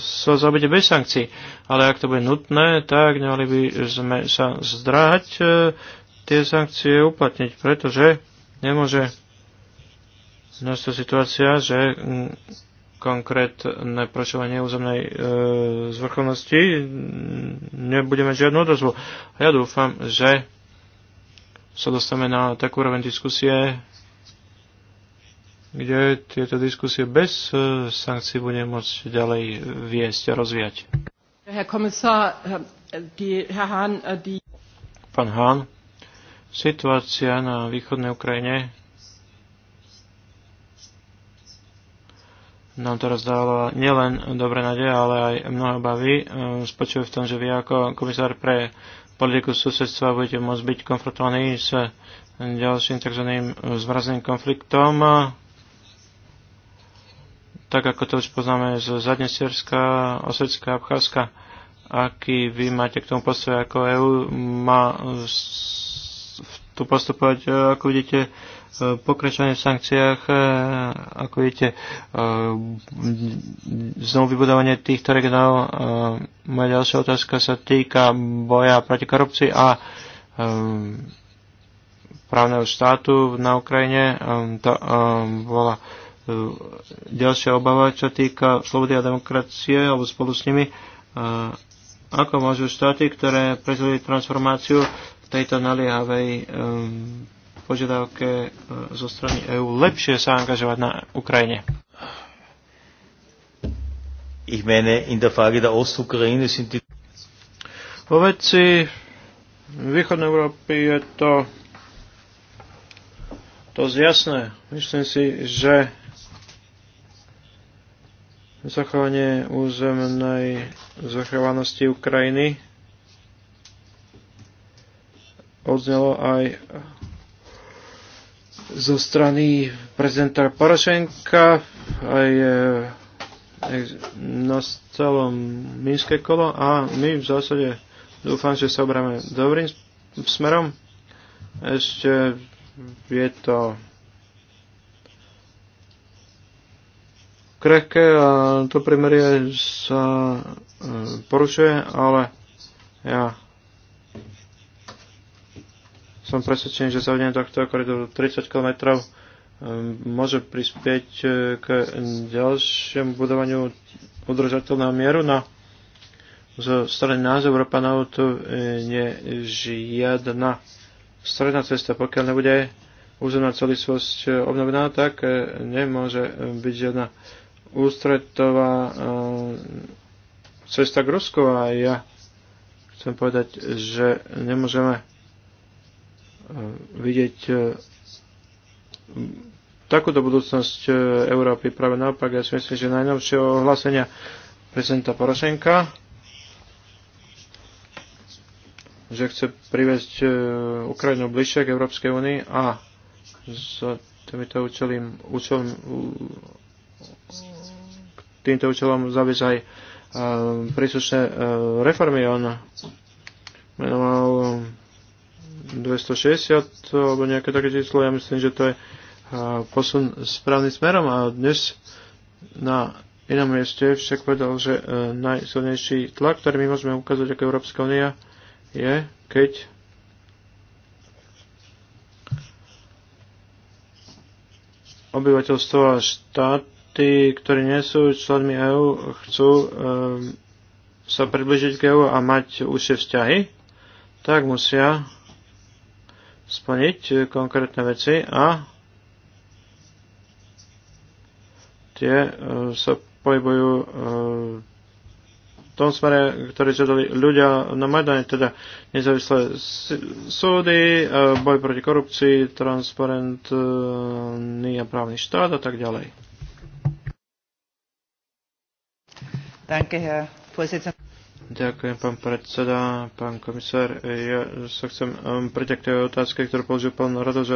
sa zabude bez sankcií. Ale ak to bude nutné, tak nemali by sme sa zdráhať e, tie sankcie uplatniť, pretože nemôže to situácia, že mm, konkrétne prošovanie územnej e, zvrchovnosti mm, nebudeme žiadnu odozvu. A ja dúfam, že sa dostame na takú úroveň diskusie, kde tieto diskusie bez e, sankcií bude môcť ďalej viesť a rozvíjať. Herr Kommissar, die, Herr Hahn, äh, die... Pán Hahn, situácia na východnej Ukrajine nám to rozdáva nielen dobré nádeje, ale aj mnohé obavy. Eh, spočívajú v tom, že vy ako komisár pre politiku susedstva budete môcť byť konfrontovaní s ďalším tzv. zmrazeným konfliktom, tak ako to už poznáme z Zadnesierska, Osecka, Abcházska. Aký vy máte k tomu postoj ako EU? Má tu postupovať, eh, ako vidíte, pokračovanie v sankciách, e, ako viete, e, znovu vybudovanie týchto regionov. E, moja ďalšia otázka sa týka boja proti korupcii a právneho štátu na Ukrajine. To bola ďalšia obava, čo týka slobody a demokracie, alebo spolu s nimi. Ako môžu štáty, ktoré prežili transformáciu v tejto naliehavej um, požiadavke e, zo strany EÚ lepšie sa angažovať na Ukrajine? Ich meine, in der Frage der Ostukraine sind die... Vo veci východnej Európy je to to jasné. Myslím si, že zachovanie územnej zachovanosti Ukrajiny odznelo aj zo strany prezidenta Porošenka aj e, na celom Minské kolo a my v zásade dúfam, že sa obráme dobrým smerom. Ešte je to krehké a to primerie sa e, porušuje, ale ja som presvedčený, že zavedenie tohto koridoru 30 km ehm, môže prispieť e, k ďalšiemu budovaniu udržateľného mieru na no, zo strany nás, Európanov, tu e, nie žiadna stredná cesta. Pokiaľ nebude územná celistvosť e, obnovená, tak nemôže byť žiadna ústretová cesta k Rusku. A ja chcem povedať, že nemôžeme E, vidieť e, takúto budúcnosť e, Európy. Práve naopak, ja si myslím, že najnovšie ohlásenia prezidenta Porošenka, že chce priviesť Ukrajinu bližšie k Európskej únii a s týmto účelím, účelom, k týmto účelom zaviesť aj príslušné reformy. On menoval 260 alebo nejaké také číslo. Ja myslím, že to je posun správnym smerom a dnes na inom mieste však povedal, že e, najsilnejší tlak, ktorý my môžeme ukázať ako Európska únia, je, keď obyvateľstvo a štáty, ktorí nie sú členmi EÚ, chcú um, sa približiť k EÚ a mať užšie vzťahy, tak musia splniť e, konkrétne veci a tie e, sa pohybujú e, v tom smere, ktorý žiadali ľudia na Majdane, teda nezávislé súdy, boj proti korupcii, transparentný a právny štát a tak ďalej. Danke, Herr Vorsitzender. Ďakujem, pán predseda, pán komisár. Ja sa chcem um, preťať k tej otázke, ktorú položil pán Rado, že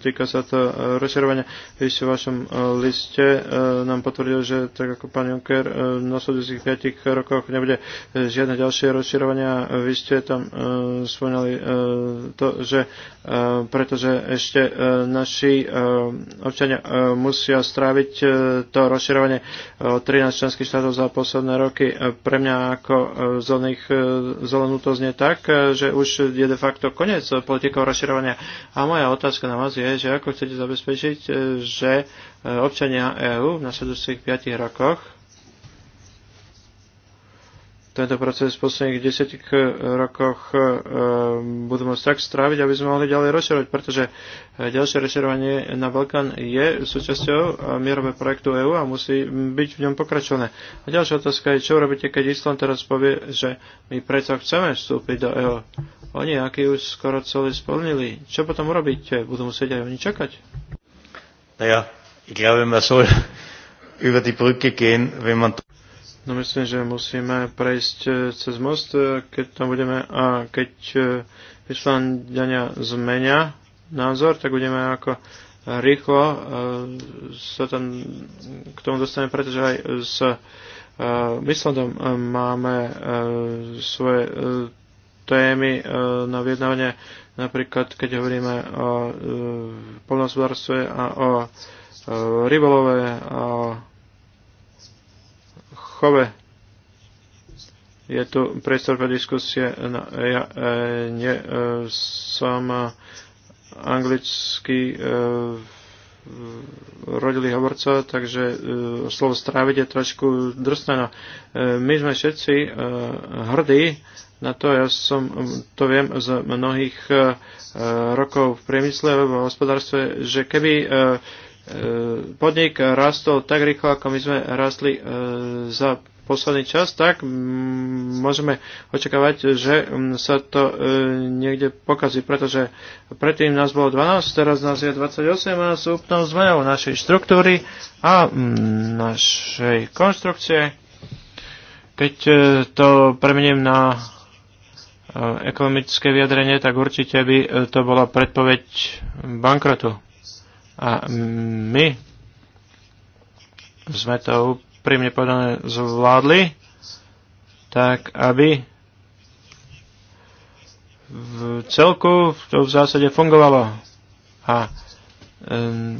týka sa to e, rozširovania. Vy ste v vašom e, liste e, nám potvrdil, že tak ako pán Juncker v nasledujúcich 5 rokoch nebude žiadne ďalšie rozširovania. Vy ste tam spomínali to, že pretože ešte naši občania musia stráviť to rozširovanie od 13 členských štátov za posledné roky. Pre mňa ako zelených, e, zelenú to znie tak, e, že už je de facto koniec politikov rozširovania. A moja otázka na vás je, že ako chcete zabezpečiť, e, že občania EÚ v nasledujúcich 5 rokoch tento proces v posledných desetich eh, rokoch eh, budú môcť tak stráviť, aby sme mohli ďalej rozširovať, pretože eh, ďalšie rozširovanie na Balkán je súčasťou mierového projektu EÚ a musí mm, byť v ňom pokračované. A ďalšia otázka je, čo robíte, keď Island teraz povie, že my predsa chceme vstúpiť do EÚ. Oni, aký už skoro celý splnili, čo potom urobíte? Budú musieť aj oni čakať? Ja, ja viem, ja soll über die Brücke gehen, wenn man... No myslím, že musíme prejsť eh, cez most, eh, keď tam budeme a keď eh, Islandiania zmenia názor, tak budeme ako rýchlo sa tam k tomu dostaneme, pretože aj s Islandom máme svoje témy na vyjednávanie, napríklad keď hovoríme o polnohospodárstve a o rybolove a o chove. Je tu priestor pre diskusie. No, ja e, nie, e, som e, anglický e, rodilý hovorca, takže e, slovo stráviť je trošku drsné. No, e, my sme všetci e, hrdí na to, ja som, to viem z mnohých e, rokov v priemysle, v hospodárstve, že keby e, E, podnik rastol tak rýchlo, ako my sme rastli e, za posledný čas, tak môžeme očakávať, že sa to e, niekde pokazí, pretože predtým nás bolo 12, teraz nás je 28 a sú úplnou zmenou našej štruktúry a našej konštrukcie. Keď to premením na ekonomické vyjadrenie, tak určite by to bola predpoveď bankrotu. A my sme to úprimne povedané zvládli, tak aby v celku to v zásade fungovalo. A um,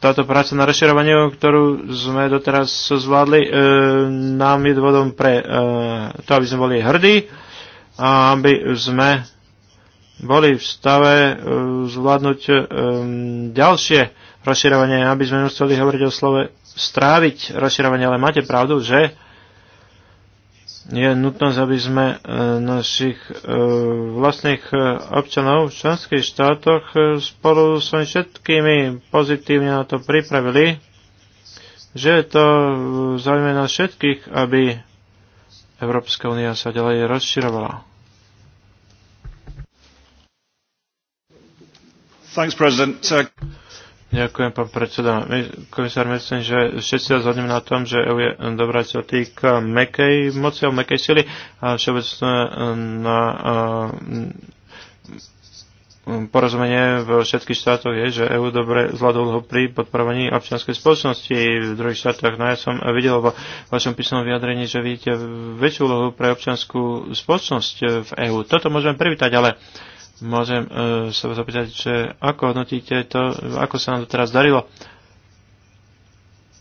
táto práca na rozširovaniu, ktorú sme doteraz zvládli, e, nám je dôvodom pre e, to, aby sme boli hrdí a aby sme boli v stave e, zvládnuť e, ďalšie rozširovanie, aby sme museli hovoriť o slove stráviť rozširovanie, ale máte pravdu, že je nutnosť, aby sme e, našich vlastných občanov v členských štátoch spolu s všetkými pozitívne na to pripravili, že je to zaujímavé na všetkých, aby Európska únia sa ďalej rozširovala. Thanks, President. Ďakujem, pán predseda. My, komisár, myslím, že všetci sa zhodneme na tom, že EU je dobrá, čo týka mekej moci a mekej sily a všeobecne eh, na eh, porozumenie v všetkých štátoch je, že EU dobre zvládol ho pri podporovaní občianskej spoločnosti v druhých štátoch. No ja som videl vo vašom písomnom vyjadrení, že vidíte väčšiu úlohu pre občianskú spoločnosť v EU. Toto môžeme privítať, ale uh, môžem uh, sa zapýtať, že ako hodnotíte to, ako sa nám to teraz darilo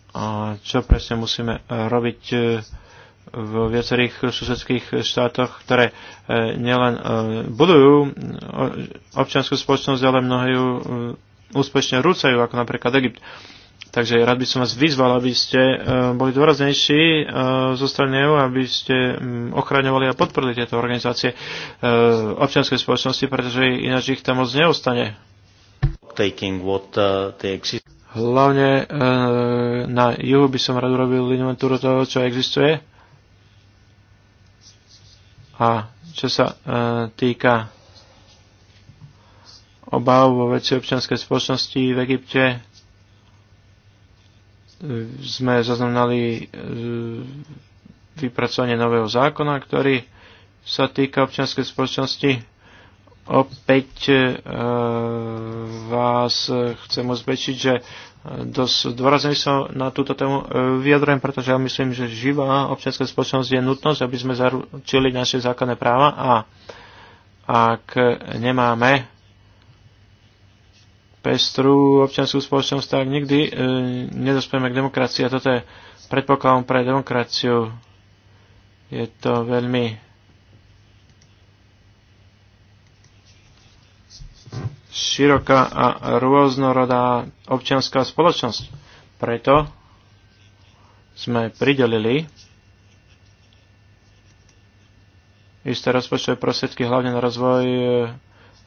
a čo presne musíme robiť e, v viacerých susedských štátoch, ktoré e, nielen budujú občianskú spoločnosť, ale mnohé ju úspešne rúcajú, ako napríklad Egypt. Takže rád by som vás vyzval, aby ste eh, boli dôraznejší eh, zo strany EU, aby ste mm, ochraňovali a podporili tieto organizácie eh, občianskej spoločnosti, pretože ináč ich tam moc neostane. Hlavne na juhu by som rád urobil inventúru toho, čo existuje. A čo sa týka obáv vo veci občianskej spoločnosti v Egypte, sme zaznamenali e, vypracovanie nového zákona, ktorý sa týka občianskej spoločnosti. Opäť e, vás chcem ozbečiť, že dosť dôrazne sa na túto tému e, vyjadrujem, pretože ja myslím, že živá občianská spoločnosť je nutnosť, aby sme zaručili naše základné práva a ak nemáme pestrú občianskú spoločnosť, tak nikdy e, nedospieme k demokracii a toto je predpokladom pre demokraciu. Je to veľmi široká a rôznorodá občianská spoločnosť. Preto sme pridelili isté rozpočtové prostriedky hlavne na rozvoj e,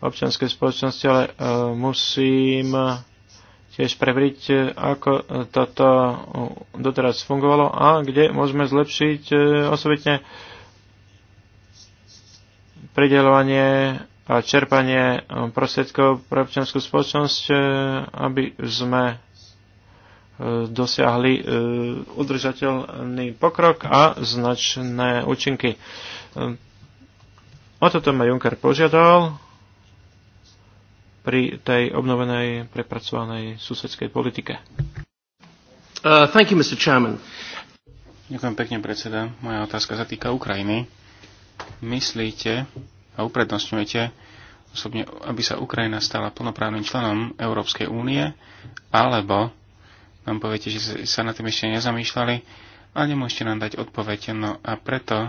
občianskej spoločnosti, ale e, musím tiež prevriť, e, ako toto e, doteraz fungovalo a kde môžeme zlepšiť osobitne pridelovanie a čerpanie prostriedkov pre občianskú spoločnosť, aby sme dosiahli udržateľný pokrok a značné účinky. O toto ma Juncker požiadal pri tej obnovenej, prepracovanej susedskej politike. Uh, thank you, Mr. Chairman. Ďakujem pekne, predseda. Moja otázka sa týka Ukrajiny. Myslíte a uprednostňujete osobne, aby sa Ukrajina stala plnoprávnym členom Európskej únie, alebo nám poviete, že sa na tým ešte nezamýšľali a nemôžete nám dať odpoveď. No a preto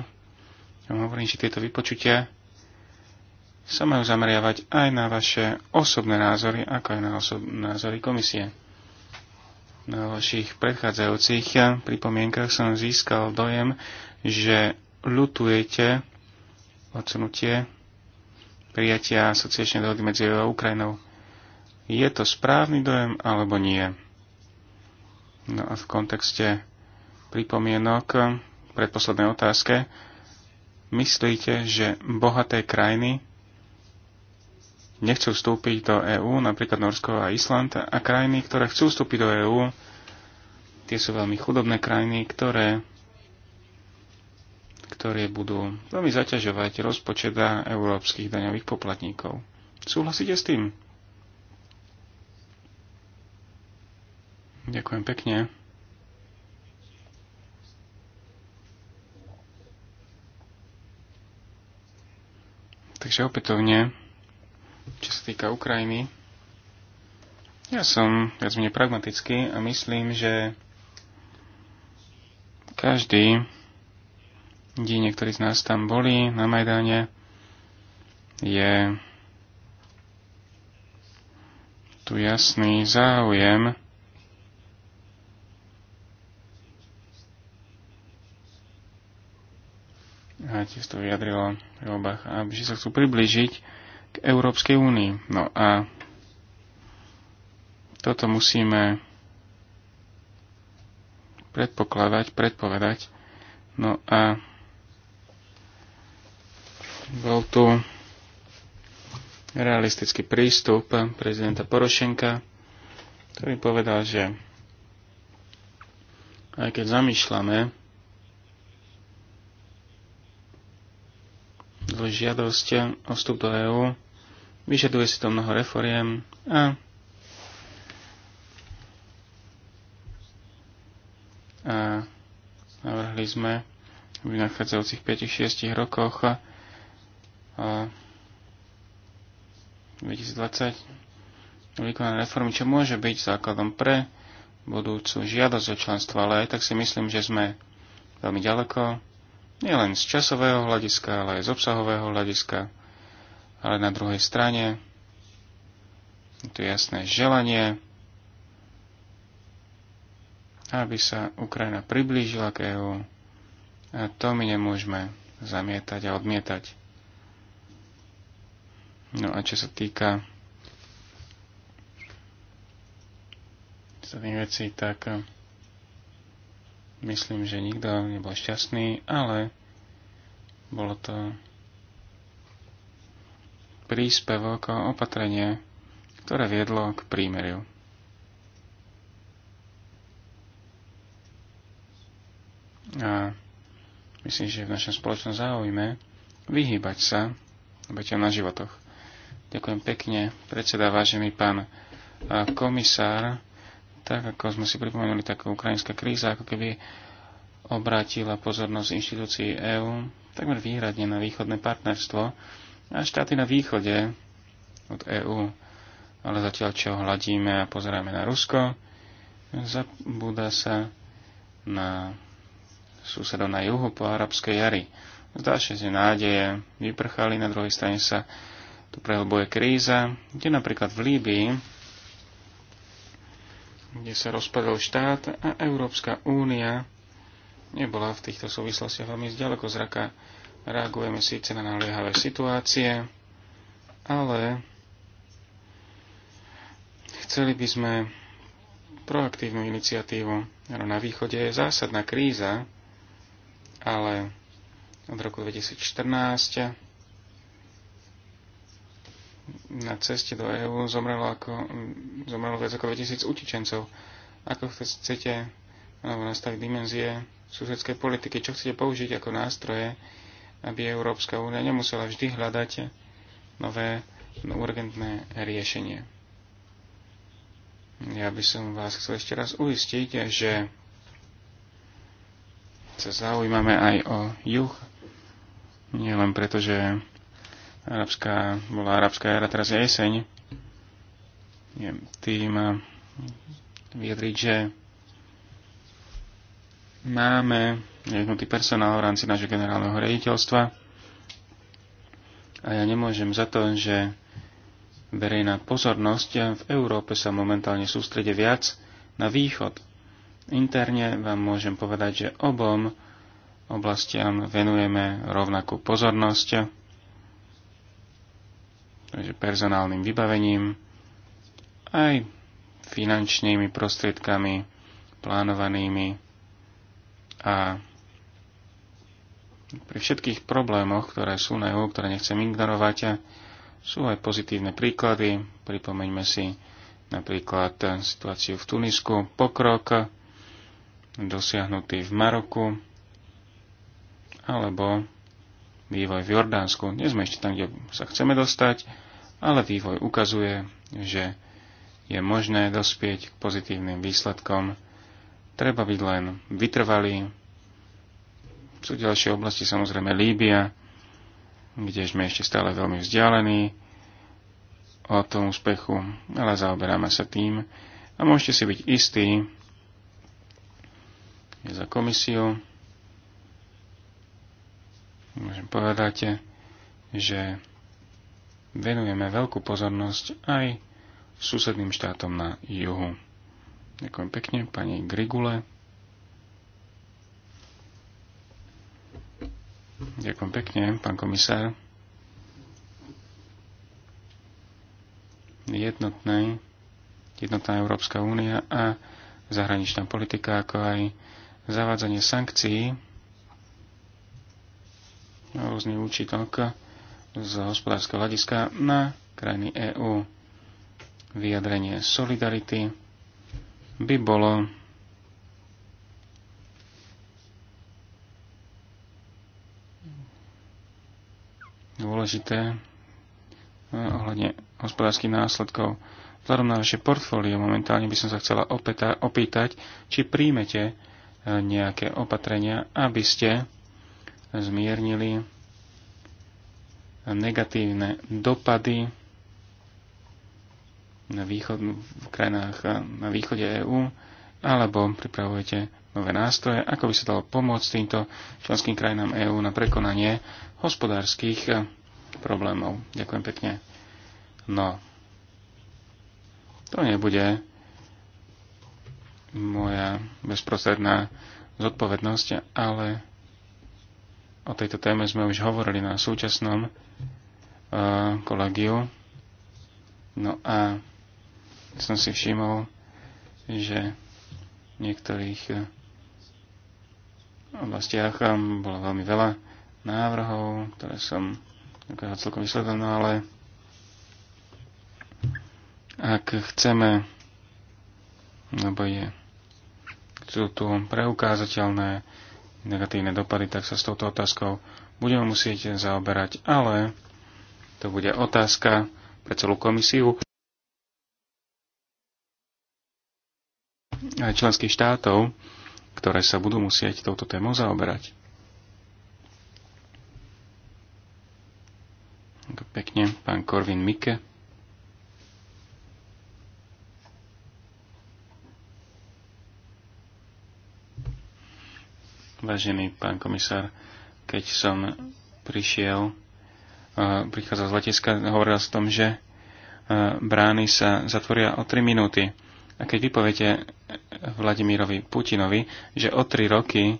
ja vám hovorím, že tieto vypočutia sa majú zameriavať aj na vaše osobné názory, ako aj na osobné názory komisie. Na vašich predchádzajúcich pripomienkach som získal dojem, že ľutujete odsunutie prijatia asociačnej dohody medzi EU a Ukrajinou. Je to správny dojem alebo nie? No a v kontexte pripomienok predposlednej otázke, myslíte, že bohaté krajiny nechcú vstúpiť do EÚ, napríklad Norsko a Island, a krajiny, ktoré chcú vstúpiť do EÚ, tie sú veľmi chudobné krajiny, ktoré, ktoré budú veľmi zaťažovať rozpočet európskych daňových poplatníkov. Súhlasíte s tým? Ďakujem pekne. Takže opätovne čo sa týka Ukrajiny, ja som viac menej pragmatický a myslím, že každý, kde niektorí z nás tam boli na Majdane, je tu jasný záujem a tiež to vyjadrilo v obách, že sa chcú priblížiť k Európskej únii. No a toto musíme predpokladať, predpovedať. No a bol tu realistický prístup prezidenta Porošenka, ktorý povedal, že aj keď zamýšľame žiadosť o vstup do EÚ. Vyžaduje si to mnoho reforiem a, a navrhli sme v nachádzajúcich 5-6 rokoch a 2020 vykonané reformy, čo môže byť základom pre budúcu žiadosť o členstvo, ale aj tak si myslím, že sme veľmi ďaleko nielen z časového hľadiska, ale aj z obsahového hľadiska, ale na druhej strane je to jasné želanie, aby sa Ukrajina priblížila k EÚ. A to my nemôžeme zamietať a odmietať. No a čo sa týka ostatných vecí, tak Myslím, že nikto nebol šťastný, ale bolo to príspevok a opatrenie, ktoré viedlo k prímeriu. A myslím, že v našom spoločnom záujme vyhýbať sa obeťom na životoch. Ďakujem pekne, predseda, vážený pán komisár tak ako sme si pripomenuli, tak ukrajinská kríza ako keby obrátila pozornosť inštitúcií EÚ takmer výhradne na východné partnerstvo a štáty na východe od EÚ. Ale zatiaľ, čo hľadíme a pozeráme na Rusko, zabúda sa na susedov na juhu po arabskej jari. Zdá si nádeje vyprchali, na druhej strane sa tu prehlbuje kríza, kde napríklad v Líbii kde sa rozpadol štát a Európska únia nebola v týchto súvislostiach veľmi zďaleko zraka. Reagujeme síce na naliehavé situácie, ale chceli by sme proaktívnu iniciatívu. Na východe je zásadná kríza, ale od roku 2014 na ceste do EÚ zomrelo, ako, zomrelo viac ako 2000 utečencov. Ako chcete alebo nastaviť dimenzie susedskej politiky, čo chcete použiť ako nástroje, aby Európska únia nemusela vždy hľadať nové no, urgentné riešenie. Ja by som vás chcel ešte raz uistiť, že sa zaujímame aj o juh, nie len preto, že arabská, bola arabská era, teraz je jeseň, tým eh, vyjadriť, že máme jednotý personál v rámci nášho generálneho rediteľstva a ja nemôžem za to, že verejná pozornosť v Európe sa momentálne sústrede viac na východ. Interne vám môžem povedať, že obom oblastiam venujeme rovnakú pozornosť takže personálnym vybavením, aj finančnými prostriedkami plánovanými a pri všetkých problémoch, ktoré sú na juhu, ktoré nechcem ignorovať, sú aj pozitívne príklady. Pripomeňme si napríklad situáciu v Tunisku, pokrok dosiahnutý v Maroku, alebo vývoj v Jordánsku. Nie sme ešte tam, kde sa chceme dostať, ale vývoj ukazuje, že je možné dospieť k pozitívnym výsledkom. Treba byť len vytrvalý. Sú ďalšie oblasti, samozrejme Líbia, kde sme ešte stále veľmi vzdialení od tom úspechu, ale zaoberáme sa tým a môžete si byť istí, je za komisiu, môžem povedať, že venujeme veľkú pozornosť aj susedným štátom na juhu. Ďakujem pekne, pani Grigule. Ďakujem pekne, pán komisár. Jednotné, jednotná Európska únia a zahraničná politika, ako aj zavádzanie sankcií, rôzny účitok z hospodárskeho hľadiska na krajiny EÚ. Vyjadrenie solidarity by bolo dôležité eh, ohľadne hospodárskych následkov. Vzhľadom na vaše portfólio momentálne by som sa chcela opäta, opýtať, či príjmete eh, nejaké opatrenia, aby ste zmiernili negatívne dopady na východ, v krajinách eh, na východe EÚ, alebo pripravujete nové nástroje, ako by sa dalo pomôcť týmto členským krajinám EÚ na prekonanie hospodárskych eh, problémov. Ďakujem pekne. No, to nebude moja bezprostredná zodpovednosť, ale O tejto téme sme už hovorili na súčasnom uh, kolegiu. No a som si všimol, že v niektorých e, oblastiach e, bolo veľmi veľa návrhov, ktoré som akože celkom vysvetlil, no ale ak chceme, lebo je, sú tu preukázateľné negatívne dopady, tak sa s touto otázkou budeme musieť zaoberať, ale to bude otázka pre celú komisiu aj členských štátov, ktoré sa budú musieť touto témou zaoberať. Pekne, pán Korvin Mike. Vážený pán komisár, keď som prišiel, eh, prichádzal z letiska, hovoril s tom, že eh, brány sa zatvoria o 3 minúty. A keď vy poviete Vladimirovi Putinovi, že o 3 roky eh,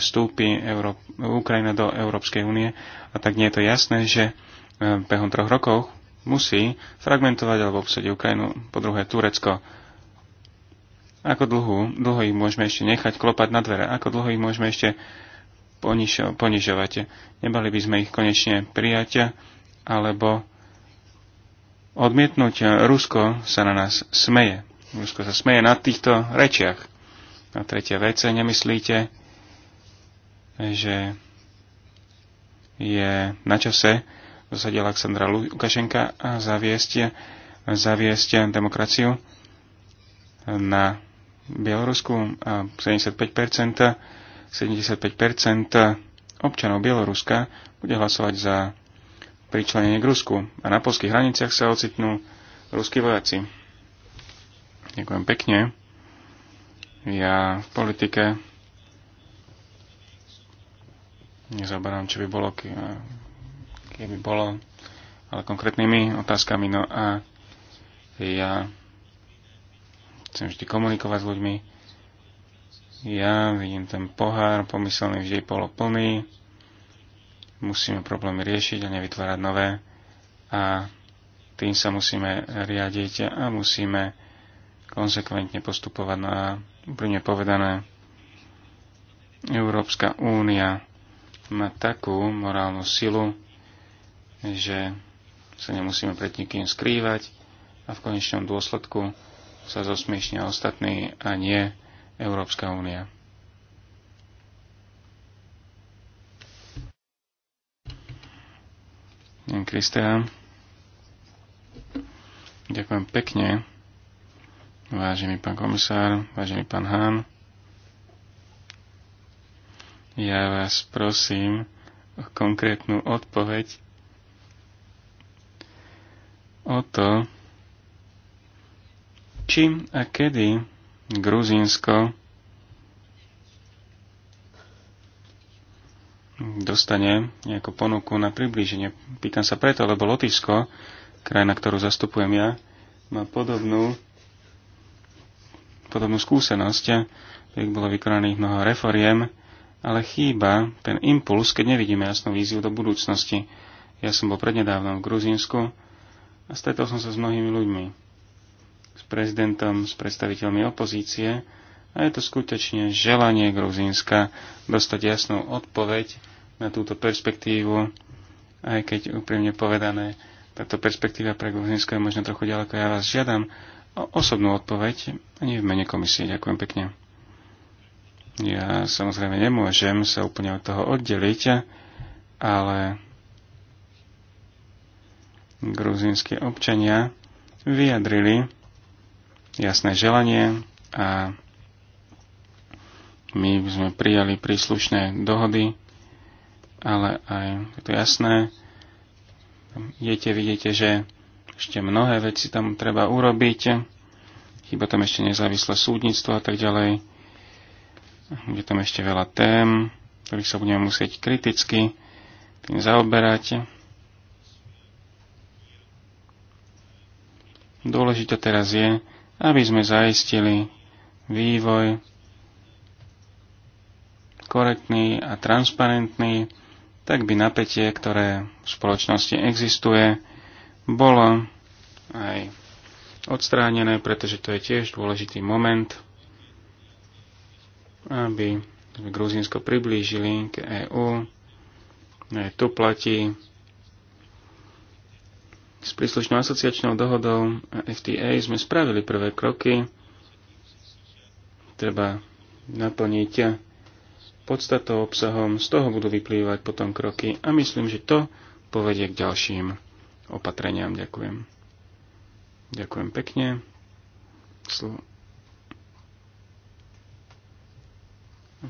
vstúpi Euró- Ukrajina do Európskej únie, a tak nie je to jasné, že behom troch rokov musí fragmentovať alebo obsadiť Ukrajinu, po druhé Turecko. Ako dlho, dlho ich môžeme ešte nechať klopať na dvere? Ako dlho ich môžeme ešte ponižo, ponižovať? Nebali by sme ich konečne prijať alebo odmietnúť? Rusko sa na nás smeje. Rusko sa smeje na týchto rečiach. A tretia vec, nemyslíte, že je na čase zasadil Aleksandra Lukašenka a zaviesť, zaviesť demokraciu na Bielorusku a 75%, 75% občanov Bieloruska bude hlasovať za pričlenenie k Rusku a na polských hraniciach sa ocitnú ruskí vojaci. Ďakujem pekne. Ja v politike nezaberám, čo by bolo, keby bolo, ale konkrétnymi otázkami. No a ja chcem vždy komunikovať s ľuďmi. Ja vidím ten pohár, pomyselný vždy poloplný. Musíme problémy riešiť a nevytvárať nové. A tým sa musíme riadiť a musíme konsekventne postupovať na úplne povedané Európska únia má takú morálnu silu, že sa nemusíme pred nikým skrývať a v konečnom dôsledku sa zosmiešnia ostatní a nie Európska únia. Kristián. Ďakujem pekne, vážený pán komisár, vážený pán Hán. Ja vás prosím o konkrétnu odpoveď o to, či a kedy Gruzínsko dostane nejakú ponuku na priblíženie. Pýtam sa preto, lebo Lotyšsko, krajina, ktorú zastupujem ja, má podobnú, podobnú skúsenosť, tak bolo vykonaných mnoho reforiem, ale chýba ten impuls, keď nevidíme jasnú víziu do budúcnosti. Ja som bol prednedávnom v Gruzínsku a stretol som sa s mnohými ľuďmi s prezidentom, s predstaviteľmi opozície a je to skutočne želanie Gruzínska dostať jasnú odpoveď na túto perspektívu, aj keď úprimne povedané, táto perspektíva pre Gruzínsko je možno trochu ďaleko. Ja vás žiadam o osobnú odpoveď, ani v mene komisie. Ďakujem pekne. Ja samozrejme nemôžem sa úplne od toho oddeliť, ale gruzínske občania vyjadrili jasné želanie a my sme prijali príslušné dohody, ale aj je to jasné, idete, vidíte, že ešte mnohé veci tam treba urobiť, chyba tam ešte nezávislé súdnictvo a tak ďalej, Je tam ešte veľa tém, ktorých sa budeme musieť kriticky tým zaoberať. Dôležité teraz je, aby sme zaistili vývoj korektný a transparentný, tak by napätie, ktoré v spoločnosti existuje, bolo aj odstránené, pretože to je tiež dôležitý moment, aby sme Gruzinsko priblížili k EÚ. E, tu platí s príslušnou asociačnou dohodou FTA sme spravili prvé kroky. Treba naplniť podstatou obsahom, z toho budú vyplývať potom kroky a myslím, že to povedie k ďalším opatreniam. Ďakujem. Ďakujem pekne. Slovo.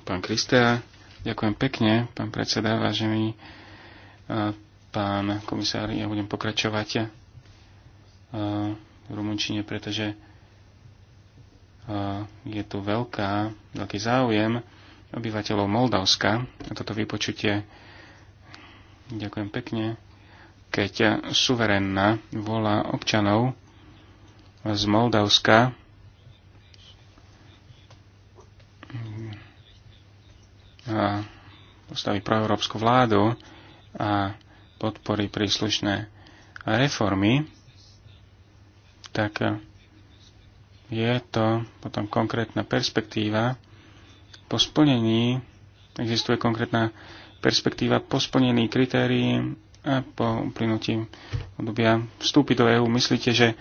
Pán Kristea, ďakujem pekne, pán predseda, vážený pán komisár, ja budem pokračovať eh, v Rumunčine, pretože eh, je tu veľká, veľký záujem obyvateľov Moldavska na toto vypočutie. Ďakujem pekne. Keď eh, suverénna volá občanov z Moldavska a postaví proeurópsku vládu a podpory príslušné reformy, tak je to potom konkrétna perspektíva po splnení, existuje konkrétna perspektíva po splnení kritérií a po uplynutí obdobia vstúpi do EÚ. Myslíte, že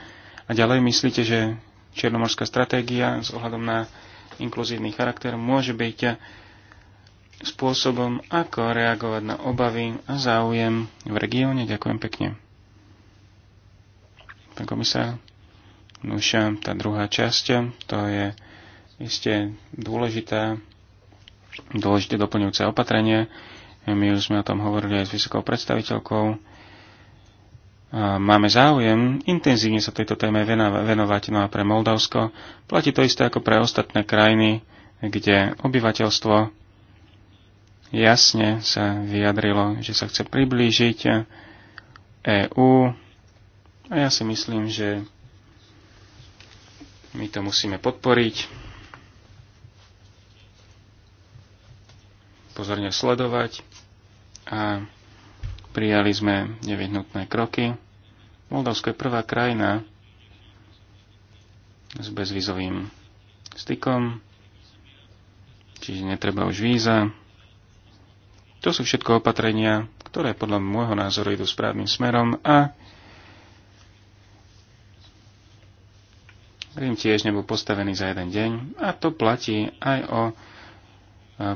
a ďalej myslíte, že černomorská stratégia s ohľadom na inkluzívny charakter môže byť spôsobom, ako reagovať na obavy a záujem v regióne. Ďakujem pekne. Pán komisár, nuša, tá druhá časť, to je isté dôležité, dôležité doplňujúce opatrenie. My už sme o tom hovorili aj s vysokou predstaviteľkou. Máme záujem intenzívne sa tejto téme venovať, no a pre Moldavsko platí to isté ako pre ostatné krajiny, kde obyvateľstvo jasne sa vyjadrilo, že sa chce priblížiť EÚ a ja si myslím, že my to musíme podporiť, pozorne sledovať a prijali sme nevyhnutné kroky. Moldavsko je prvá krajina s bezvizovým stykom, čiže netreba už víza. To sú všetko opatrenia, ktoré podľa môjho názoru idú správnym smerom a Rím tiež nebol postavený za jeden deň a to platí aj o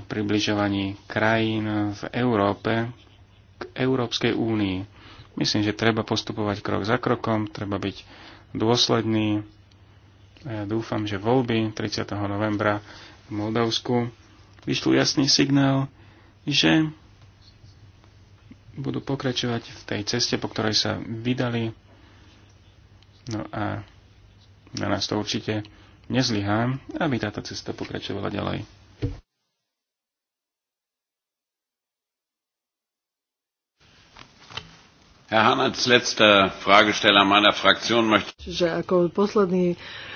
približovaní krajín v Európe k Európskej únii. Myslím, že treba postupovať krok za krokom, treba byť dôsledný. Ja dúfam, že voľby 30. novembra v Moldavsku vyšlo jasný signál, že budú pokračovať v tej ceste, po ktorej sa vydali. No a na nás to určite nezlyhá, aby táto cesta pokračovala ďalej. Herr Hannes, letzter Fragesteller meiner Fraktion möchte... Že ako posledný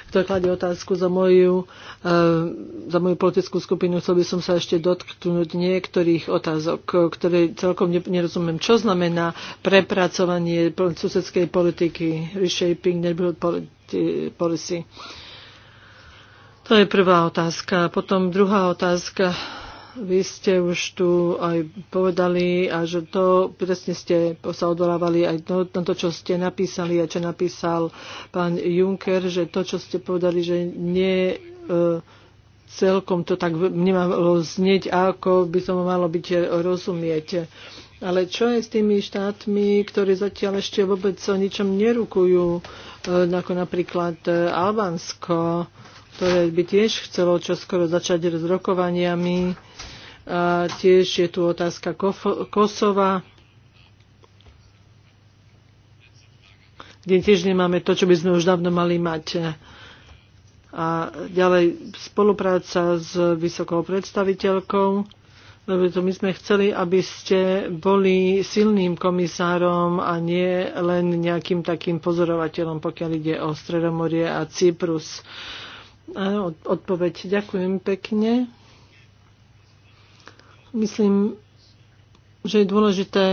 ktorý kladie otázku za moju, eh, za moju politickú skupinu. Chcel by som sa ešte dotknúť niektorých otázok, ktoré celkom nerozumiem. Čo znamená prepracovanie susedskej politiky, reshaping neighborhood policy? To je prvá otázka. Potom druhá otázka vy ste už tu aj povedali, a že to presne ste sa odvolávali aj na to, čo ste napísali a čo napísal pán Juncker, že to, čo ste povedali, že nie e, celkom to tak nemalo znieť, ako by to malo byť e, rozumieť. Ale čo je s tými štátmi, ktorí zatiaľ ešte vôbec o ničom nerukujú, e, ako napríklad Albánsko? ktoré by tiež chcelo čoskoro začať s rokovaniami. A tiež je tu otázka Kosova, kde tiež nemáme to, čo by sme už dávno mali mať. A ďalej spolupráca s vysokou predstaviteľkou lebo to my sme chceli, aby ste boli silným komisárom a nie len nejakým takým pozorovateľom, pokiaľ ide o Stredomorie a Cyprus. Áno, odpoveď. Ďakujem pekne. Myslím, že je dôležité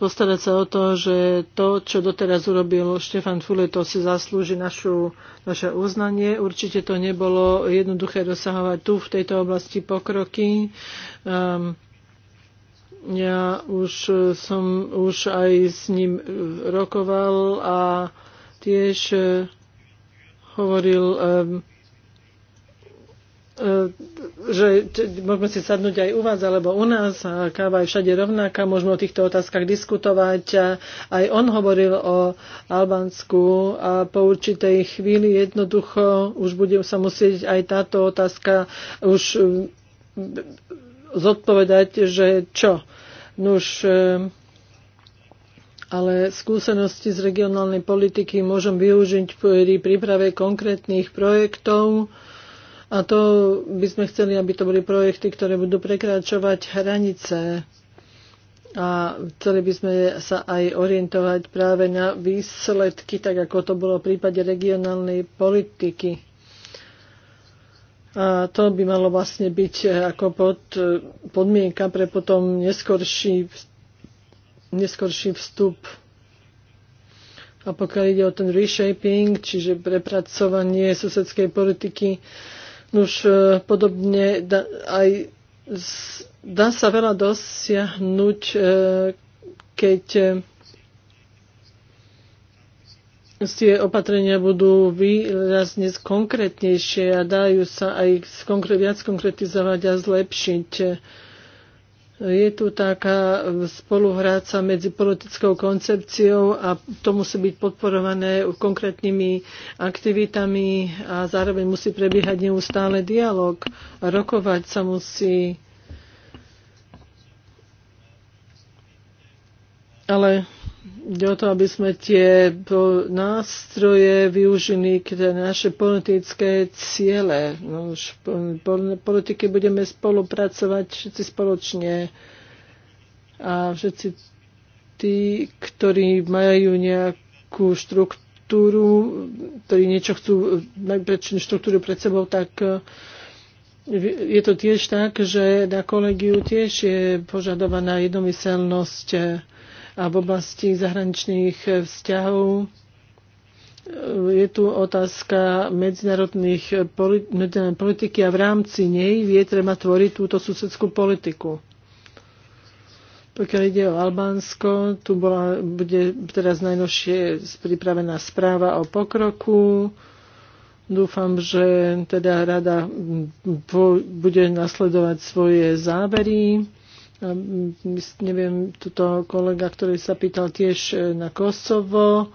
postarať sa o to, že to, čo doteraz urobil Štefan Fule, to si zaslúži našu, naše uznanie. Určite to nebolo jednoduché dosahovať tu v tejto oblasti pokroky. Um, ja už som už aj s ním rokoval a tiež hovoril, ehm, ehm, že môžeme si sadnúť aj u vás alebo u nás a káva je všade rovnaká, môžeme o týchto otázkach diskutovať. A aj on hovoril o Albánsku a po určitej chvíli jednoducho už bude sa musieť aj táto otázka už ehm, zodpovedať, že čo. Nuž, no ale skúsenosti z regionálnej politiky môžem využiť pri príprave konkrétnych projektov. A to by sme chceli, aby to boli projekty, ktoré budú prekračovať hranice. A chceli by sme sa aj orientovať práve na výsledky, tak ako to bolo v prípade regionálnej politiky. A to by malo vlastne byť ako pod, podmienka pre potom neskorší neskorší vstup. A pokiaľ ide o ten reshaping, čiže prepracovanie susedskej politiky, no už e, podobne da, aj z, dá sa veľa dosiahnuť, e, keď e, tie opatrenia budú výrazne konkrétnejšie a dajú sa aj viac konkretizovať a zlepšiť je tu taká spoluhráca medzi politickou koncepciou a to musí byť podporované konkrétnymi aktivitami a zároveň musí prebiehať neustále dialog. rokovať sa musí. Ale o to, aby sme tie nástroje využili k naše politické ciele. No už politike budeme spolupracovať všetci spoločne a všetci tí, ktorí majú nejakú štruktúru, ktorí niečo chcú, najprečnú štruktúru pred sebou, tak e, je to tiež tak, že na kolegiu tiež je požadovaná jednomyselnosť e, a v oblasti zahraničných vzťahov. Je tu otázka medzinárodných politiky a v rámci nej vie treba tvoriť túto susedskú politiku. Pokiaľ ide o Albánsko, tu bola, bude teraz najnovšie pripravená správa o pokroku. Dúfam, že teda rada bude nasledovať svoje závery neviem, tuto kolega, ktorý sa pýtal tiež e, na Kosovo,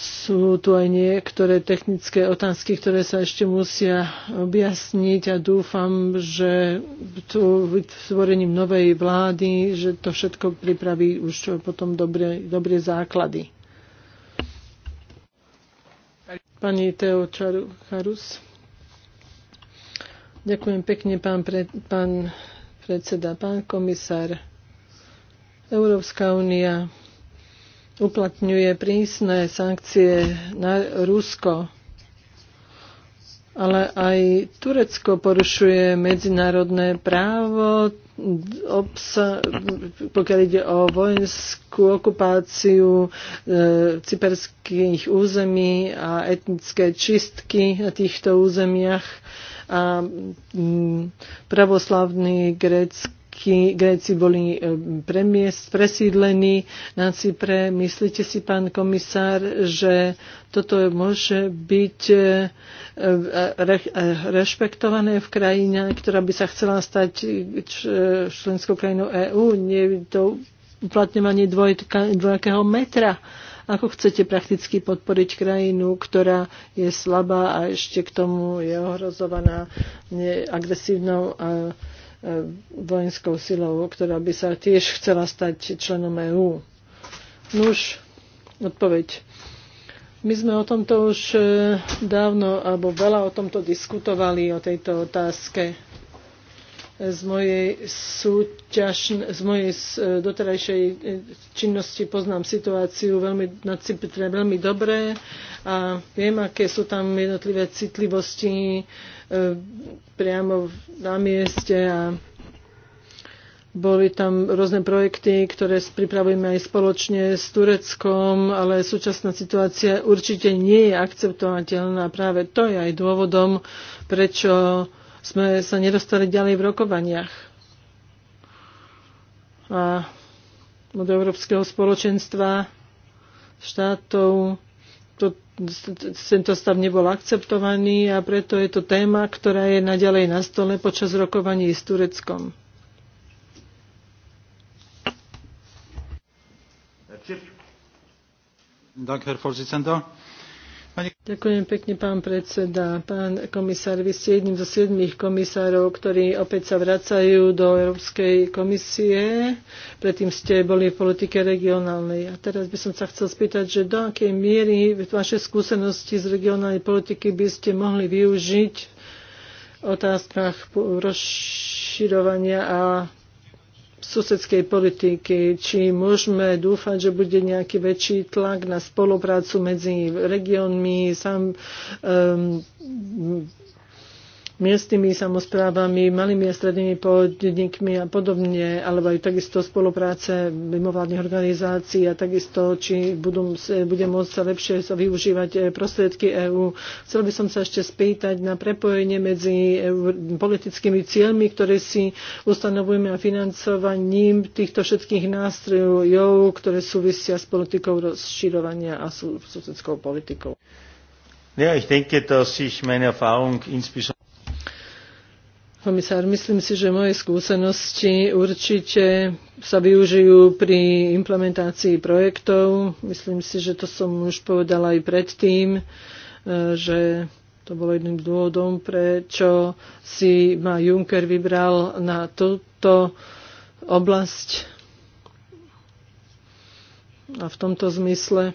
sú tu aj niektoré technické otázky, ktoré sa ešte musia objasniť a dúfam, že tu vytvorením novej vlády, že to všetko pripraví už potom dobré dobré základy. Pani Teo Charus. Ďakujem pekne, pán, pre, pán predseda, pán komisár. Európska únia uplatňuje prísne sankcie na Rusko ale aj Turecko porušuje medzinárodné právo, obsa, pokiaľ ide o vojenskú okupáciu e, cyperských území a etnické čistky na týchto územiach a mm, pravoslavný grécky Gréky, Gréci boli e, premiest, presídlení na Cypre. Myslíte si, pán komisár, že toto môže byť e, e, rešpektované v krajine, ktorá by sa chcela stať členskou krajinou EÚ? Nie je to uplatňovanie dvojakého metra ako chcete prakticky podporiť krajinu, ktorá je slabá a ešte k tomu je ohrozovaná agresívnou a E, vojenskou silou, ktorá by sa tiež chcela stať členom EÚ. Nuž, odpoveď. My sme o tomto už e, dávno, alebo veľa o tomto diskutovali, o tejto otázke z mojej, súťaž, z mojej e, doterajšej e, činnosti poznám situáciu veľmi, na Cypre veľmi dobre a viem, aké sú tam jednotlivé citlivosti e, priamo na mieste a boli tam rôzne projekty, ktoré pripravujeme aj spoločne s Tureckom, ale súčasná situácia určite nie je akceptovateľná. Práve to je aj dôvodom, prečo sme sa nedostali ďalej v rokovaniach. A od Európskeho spoločenstva štátov to, tento stav nebol akceptovaný a preto je to téma, ktorá je naďalej na stole počas rokovaní s Tureckom. Dank, Herr Vorsitzender. Pani... Ďakujem pekne, pán predseda. Pán komisár, vy ste jedným zo siedmých komisárov, ktorí opäť sa vracajú do Európskej komisie. Predtým ste boli v politike regionálnej. A teraz by som sa chcel spýtať, že do akej miery vaše skúsenosti z regionálnej politiky by ste mohli využiť v otázkach rozširovania a susedskej politiky, či môžeme dúfať, že bude nejaký väčší tlak na spoluprácu medzi regiónmi, sám um, ehm, miestnymi samozprávami, malými a strednými podnikmi a podobne, alebo aj takisto spolupráce mimovládnych organizácií a takisto, či budú, bude môcť sa lepšie sa využívať eh, prostriedky EÚ. Chcel by som sa ešte spýtať na prepojenie medzi eh, politickými cieľmi, ktoré si ustanovujeme a financovaním týchto všetkých nástrojov, ktoré súvisia s politikou rozširovania a susedskou politikou. Ja, ich denke, dass ich meine Erfahrung insbesondere komisár, myslím si, že moje skúsenosti určite sa využijú pri implementácii projektov. Myslím si, že to som už povedala aj predtým, e, že to bolo jedným dôvodom, prečo si ma Juncker vybral na túto oblasť. A v tomto zmysle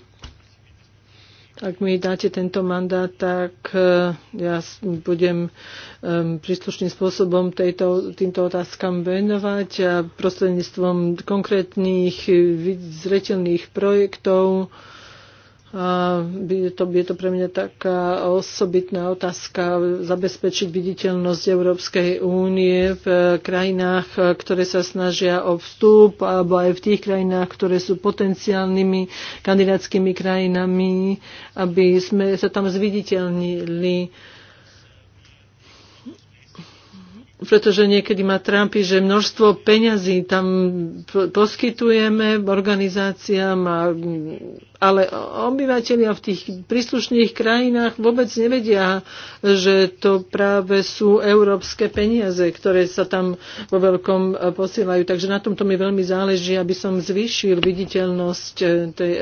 ak mi dáte tento mandát, tak eh, ja budem ehm, príslušným spôsobom tejto, týmto otázkam venovať a prostredníctvom konkrétnych eh, zreteľných projektov je to, je to pre mňa taká osobitná otázka zabezpečiť viditeľnosť Európskej únie v krajinách, ktoré sa snažia o vstup, alebo aj v tých krajinách, ktoré sú potenciálnymi kandidátskymi krajinami, aby sme sa tam zviditeľnili pretože niekedy ma trápi, že množstvo peňazí tam poskytujeme organizáciám a ale obyvateľia v tých príslušných krajinách vôbec nevedia, že to práve sú európske peniaze, ktoré sa tam vo veľkom e, posielajú. Takže na tomto mi veľmi záleží, aby som zvýšil viditeľnosť e, tej e,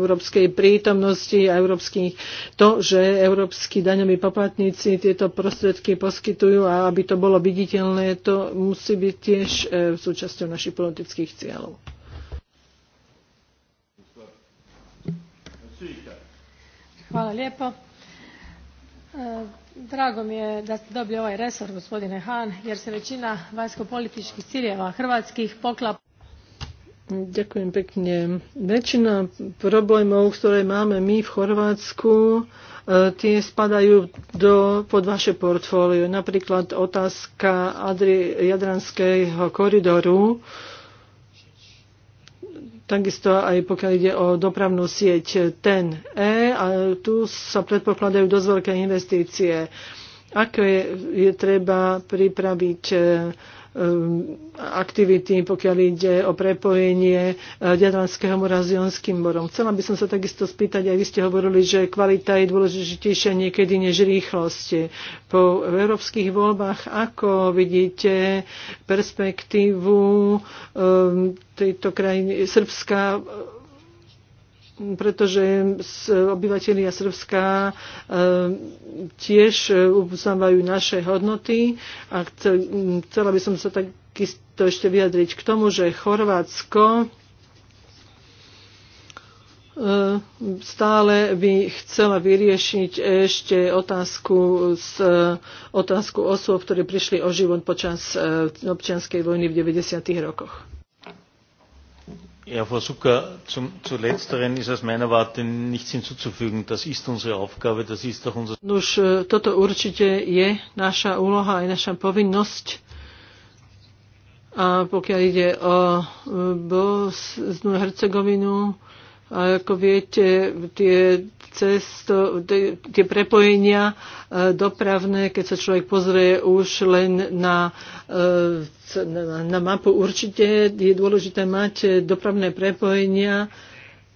európskej prítomnosti a európskych, to, že európsky daňoví poplatníci tieto prostriedky poskytujú a aby to bolo viditeľné, to musí byť tiež súčasťou našich politických cieľov. E, drago mi je da ste dobili ovaj resor gospodine hahn jer se većina vanjskopolitičkih ciljeva hrvatskih poklapa Ďakujem pekne. Väčšina problémov, ktoré máme my v Chorvátsku, e, tie spadajú do, pod vaše portfólio. Napríklad otázka Adri, Jadranského koridoru, Takisto aj pokiaľ ide o dopravnú sieť TEN-E, a tu sa predpokladajú dosť veľké investície. Ako je, je treba pripraviť e, Um, aktivity, pokiaľ ide o prepojenie Ďadlanského uh, mora s Jonským morom. Chcela by som sa takisto spýtať, aj vy ste hovorili, že kvalita je dôležitejšia niekedy než rýchlosť. Po európskych voľbách ako vidíte perspektívu um, tejto krajiny Srbska pretože obyvateľia Srbska eh, tiež eh, uznávajú naše hodnoty a mm, chcela by som sa takisto ešte vyjadriť k tomu, že Chorvátsko eh, stále by chcela vyriešiť ešte otázku, z, otázku osôb, ktoré prišli o život počas občianskej vojny v 90. rokoch. Ja, Frau Zucker, zum, zu letzteren ist aus meiner Warte nichts hinzuzufügen. Das ist unsere Aufgabe, das ist doch unser... Nuž, e, toto určite je naša úloha aj naša povinnosť. A pokiaľ ide o e, Bosnu Hercegovinu, a ako viete, tie, cesto, tie prepojenia e, dopravné, keď sa človek pozrie už len e, na, na mapu, určite je dôležité mať dopravné prepojenia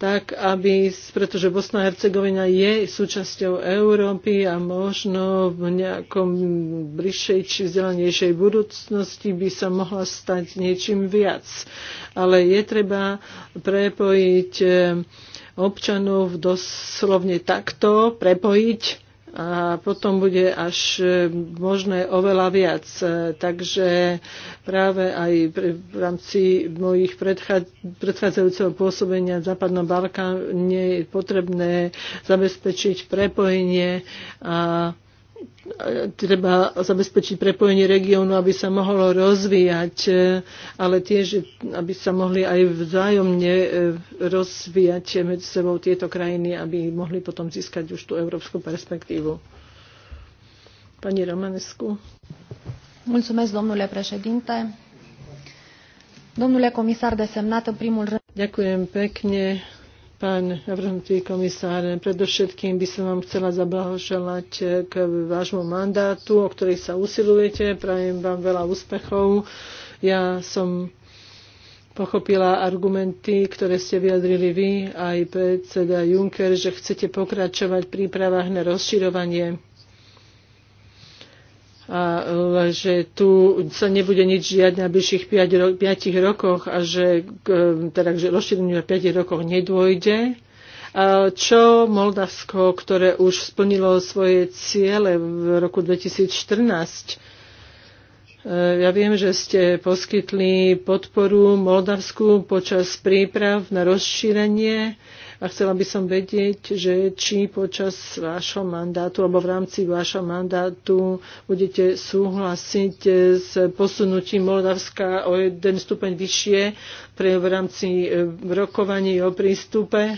tak aby, pretože Bosna a Hercegovina je súčasťou Európy a možno v nejakom bližšej či vzdelanejšej budúcnosti by sa mohla stať niečím viac. Ale je treba prepojiť eh, občanov doslovne takto, prepojiť a potom bude až e, možné oveľa viac. E, takže práve aj v rámci mojich predchádzajúceho pôsobenia v Západnom Balkáne je potrebné zabezpečiť prepojenie a treba zabezpečiť prepojenie regiónu, aby sa mohlo rozvíjať, e, ale tiež, aby sa mohli aj vzájomne e, rozvíjať medzi sebou tieto krajiny, aby mohli potom získať už tú európsku perspektívu. Pani Romanescu. Mulțumesc, domnule președinte. Domnule comisar desemnat, în primul rând... Ďakujem pekne, pán navrhnutý komisár, predovšetkým by som vám chcela zablahoželať k vášmu mandátu, o ktorý sa usilujete. Prajem vám veľa úspechov. Ja som pochopila argumenty, ktoré ste vyjadrili vy, aj predseda Juncker, že chcete pokračovať v prípravách na rozširovanie a že tu sa nebude nič žiadne na bližších 5, ro- 5 rokoch a že k teda, rozšíreniu na 5 rokoch nedôjde. A čo Moldavsko, ktoré už splnilo svoje ciele v roku 2014, ja viem, že ste poskytli podporu Moldavsku počas príprav na rozšírenie a chcela by som vedieť, že či počas vášho mandátu alebo v rámci vášho mandátu budete súhlasiť s posunutím Moldavska o jeden stupeň vyššie pre v rámci eh, rokovaní o prístupe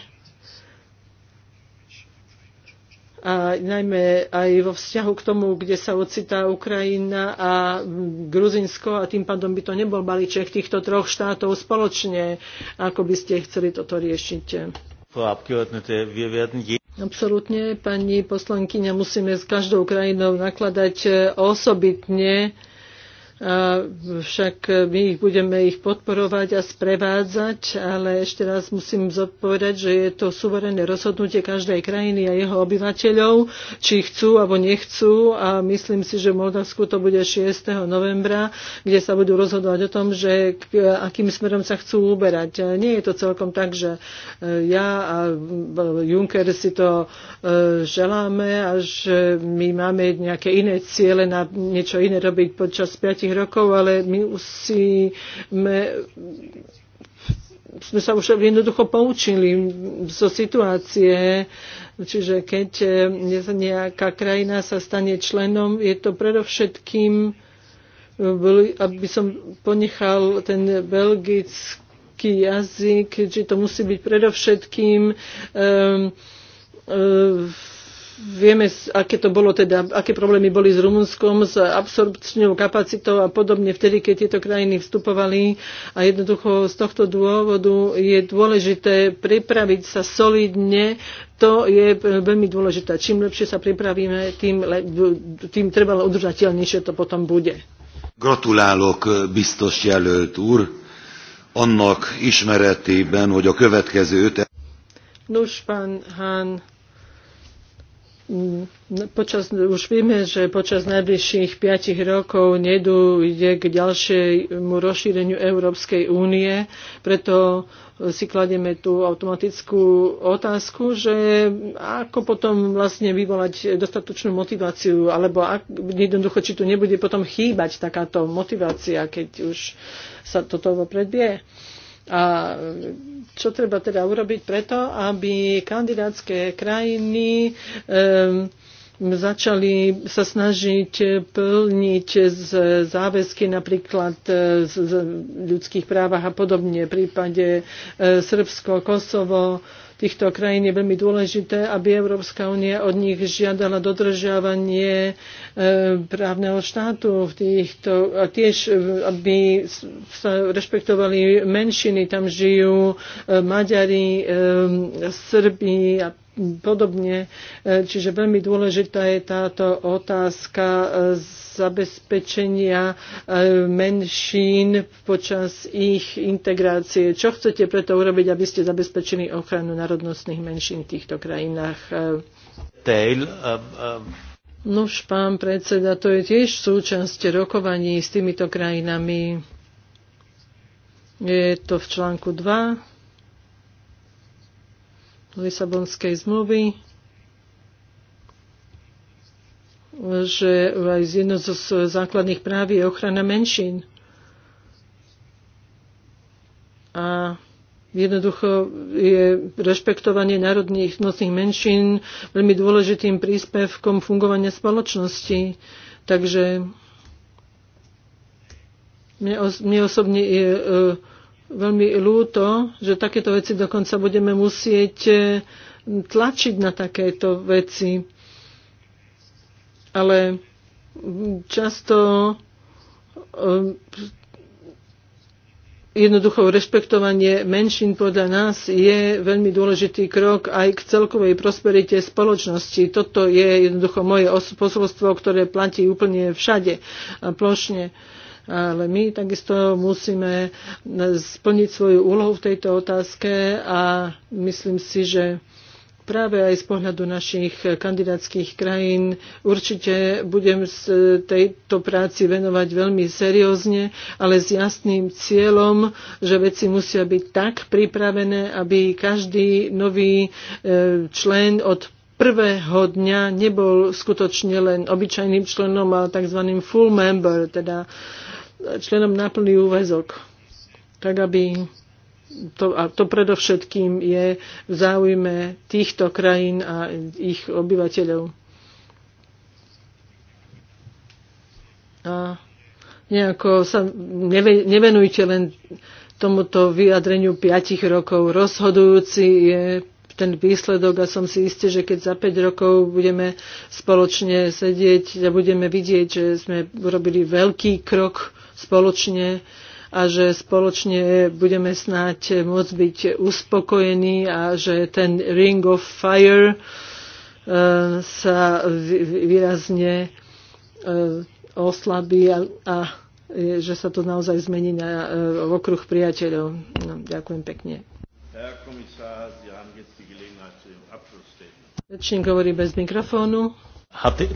a najmä aj vo vzťahu k tomu, kde sa ocitá Ukrajina a Gruzinsko a tým pádom by to nebol balíček týchto troch štátov spoločne, ako by ste chceli toto riešiť. Absolútne, pani poslankyňa, musíme s každou krajinou nakladať eh, osobitne však my ich budeme ich podporovať a sprevádzať, ale ešte raz musím zodpovedať, že je to suverénne rozhodnutie každej krajiny a jeho obyvateľov, či chcú alebo nechcú a myslím si, že v Moldavsku to bude 6. novembra, kde sa budú rozhodovať o tom, že akým smerom sa chcú uberať. Nie je to celkom tak, že e, ja a Juncker si to e, želáme a že my máme nejaké iné ciele na niečo iné robiť počas 5 rokov, ale my musíme sme sa už jednoducho poučili zo situácie. Čiže keď nejaká krajina sa stane členom, je to predovšetkým, aby som ponechal ten belgický jazyk, či to musí byť predovšetkým um, um, vieme, aké to bolo teda, aké problémy boli s Rumunskom, s absorpčnou kapacitou a podobne vtedy, keď tieto krajiny vstupovali. A jednoducho z tohto dôvodu je dôležité pripraviť sa solidne. To je veľmi dôležité. Čím lepšie sa pripravíme, tým, tým trebalo udržateľnejšie to potom bude. Gratulálok, biztos jelölt úr, annak ismeretében, hogy a következő öt... Nos, pán Hán, Mm, no, počas, už vieme, že počas najbližších 5 rokov ide k ďalšiemu rozšíreniu Európskej únie, preto e, si kladieme tú automatickú otázku, že ako potom vlastne vyvolať dostatočnú motiváciu, alebo ak, jednoducho, či tu nebude potom chýbať takáto motivácia, keď už sa toto predbie. A čo treba teda urobiť preto, aby kandidátske krajiny um, začali sa snažiť plniť z záväzky napríklad e, z ľudských právach a podobne. V prípade e, Srbsko, Kosovo, týchto krajín je veľmi dôležité, aby Európska únia od nich žiadala dodržiavanie e, právneho štátu v týchto, a tiež, e, aby sa rešpektovali menšiny, tam žijú e, Maďari, Srbi a podobne. Čiže veľmi dôležitá je táto otázka z zabezpečenia e, menšín počas ich integrácie. Čo chcete preto urobiť, aby ste zabezpečili ochranu národnostných menšín v týchto krajinách? No, um, um. pán predseda, to je tiež súčasť rokovaní s týmito krajinami. Je to v článku 2 Lisabonskej zmluvy že aj z jedno zo základných práv je ochrana menšín. A jednoducho je rešpektovanie národných nocných menšín veľmi dôležitým príspevkom fungovania spoločnosti. Takže mne, os- mne osobne je e, veľmi ľúto, že takéto veci dokonca budeme musieť e, tlačiť na takéto veci ale často um, jednoducho rešpektovanie menšín podľa nás je veľmi dôležitý krok aj k celkovej prosperite spoločnosti. Toto je jednoducho moje posolstvo, ktoré platí úplne všade a plošne. Ale my takisto musíme eh, splniť svoju úlohu v tejto otázke a myslím si, že práve aj z pohľadu našich kandidátskych krajín. Určite budem z e, tejto práci venovať veľmi seriózne, ale s jasným cieľom, že veci musia byť tak pripravené, aby každý nový e, člen od prvého dňa nebol skutočne len obyčajným členom, ale tzv. full member, teda členom na plný úvezok. Tak aby to, a to predovšetkým je v záujme týchto krajín a ich obyvateľov. A nejako sa nevenujte len tomuto vyjadreniu 5 rokov. Rozhodujúci je ten výsledok a som si istý, že keď za 5 rokov budeme spoločne sedieť a budeme vidieť, že sme urobili veľký krok spoločne, a že spoločne budeme snáď môcť byť uspokojení a že ten Ring of Fire e, sa výrazne e, oslabí a, a že sa to naozaj zmení na e, okruh priateľov. No, ďakujem pekne. Rečník hovorí bez mikrofónu.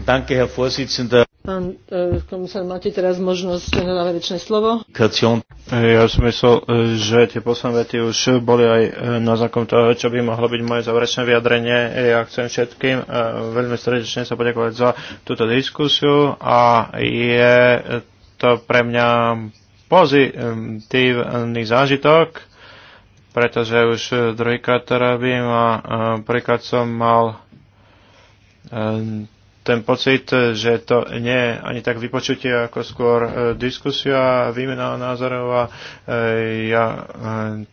Danke, Herr Vorsitzender. Pán e, komisár, máte teraz možnosť na záverečné slovo? E, ja som myslel, e, že tie posledné vety už boli aj na zákon toho, čo by mohlo byť moje záverečné vyjadrenie. Ja chcem všetkým veľmi srdečne sa poďakovať za túto diskusiu a je to pre mňa pozitívny zážitok, pretože už druhýkrát to robím a prvýkrát som mal ten pocit, že to nie je ani tak vypočutie, ako skôr e, diskusia, výmena názorov a e, ja e,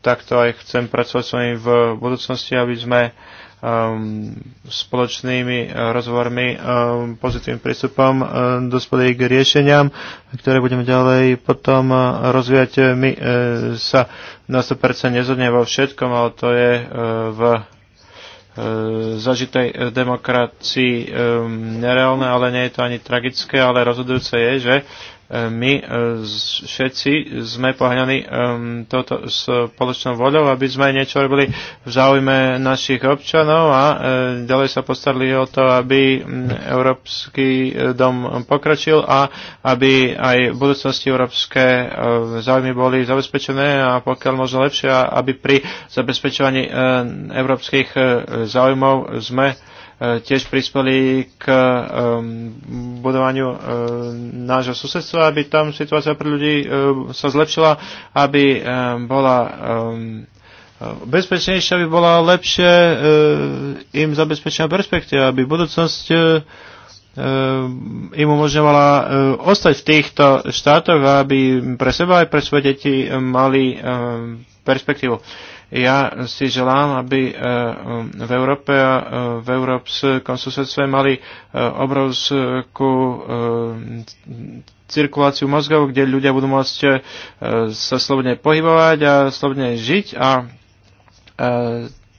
takto aj chcem pracovať s vami v budúcnosti, aby sme um, spoločnými rozhovormi, um, pozitívnym prístupom um, dospeli k riešeniam, ktoré budeme ďalej potom rozvíjať. My sa na 100% nezhodneme vo všetkom, ale to je v E, zažitej e, demokracii e, nereálne, ale nie je to ani tragické, ale rozhodujúce je, že E, my e, všetci sme poháňaní e, toto spoločnou voľou, aby sme niečo robili v záujme našich občanov a ďalej sa postarili o to, aby Európsky dom pokračil a aby aj v budúcnosti európske záujmy boli zabezpečené a pokiaľ možno lepšie, aby pri zabezpečovaní európskych záujmov sme tiež prispeli k um, budovaniu uh, nášho susedstva, aby tam situácia pre ľudí uh, sa zlepšila, aby um, bola um, bezpečnejšia, aby bola lepšie uh, im zabezpečená perspektíva, aby budúcnosť im umožňovala ostať v týchto štátoch, aby pre seba aj pre svoje deti mali perspektívu. Ja si želám, aby e, v Európe a e, v európskom susedstve mali e, obrovskú cirkuláciu mozgov, kde ľudia budú môcť sa slobodne pohybovať a slobodne žiť a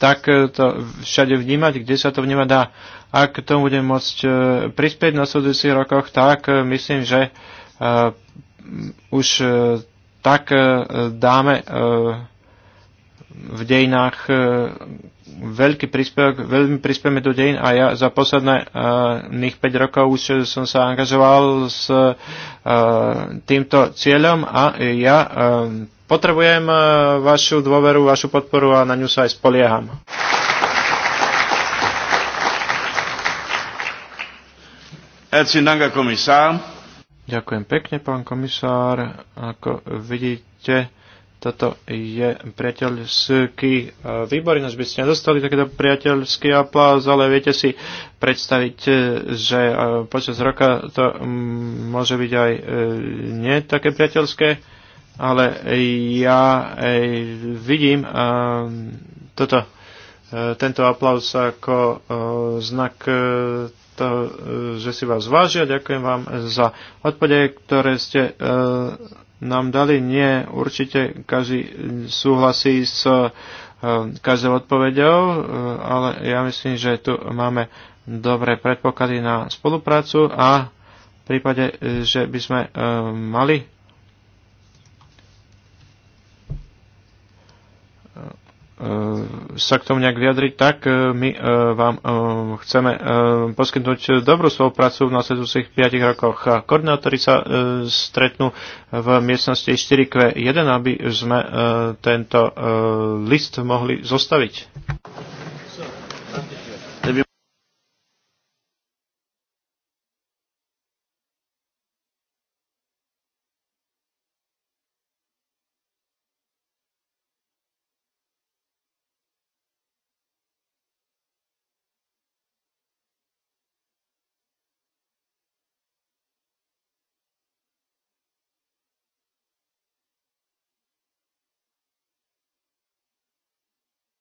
tak to všade vnímať, kde sa to vnímať dá. Ak k tomu budem môcť prispieť na sledujúcich rokoch, tak myslím, že už tak dáme v dejinách e, veľký príspevok, veľmi prispieme do dejin a ja za e, nich 5 rokov už som sa angažoval s e, týmto cieľom a ja potrebujem vašu dôveru, vašu podporu a na ňu sa aj spolieham. Ďakujem pekne, pán komisár. Ako vidíte, toto je priateľský e, výbor, ináč by ste nedostali takýto priateľský aplauz, ale viete si predstaviť, e, že e, počas roka to môže byť aj nie také priateľské, ale ja vidím toto, tento aplauz ako znak to, že si vás vážia. Ďakujem vám za odpovede, ktoré ste nám dali. Nie, určite každý súhlasí s eh, každou odpovedou, eh, ale ja myslím, že tu máme dobré predpoklady na spoluprácu a v prípade, eh, že by sme mali Ehm, sa k tomu nejak vyjadriť, tak e, my e, vám e, chceme poskytnúť dobrú spoluprácu v následujúcich 5 rokoch. Koordinátori sa stretnú v miestnosti 4Q1, aby sme tento list mohli zostaviť.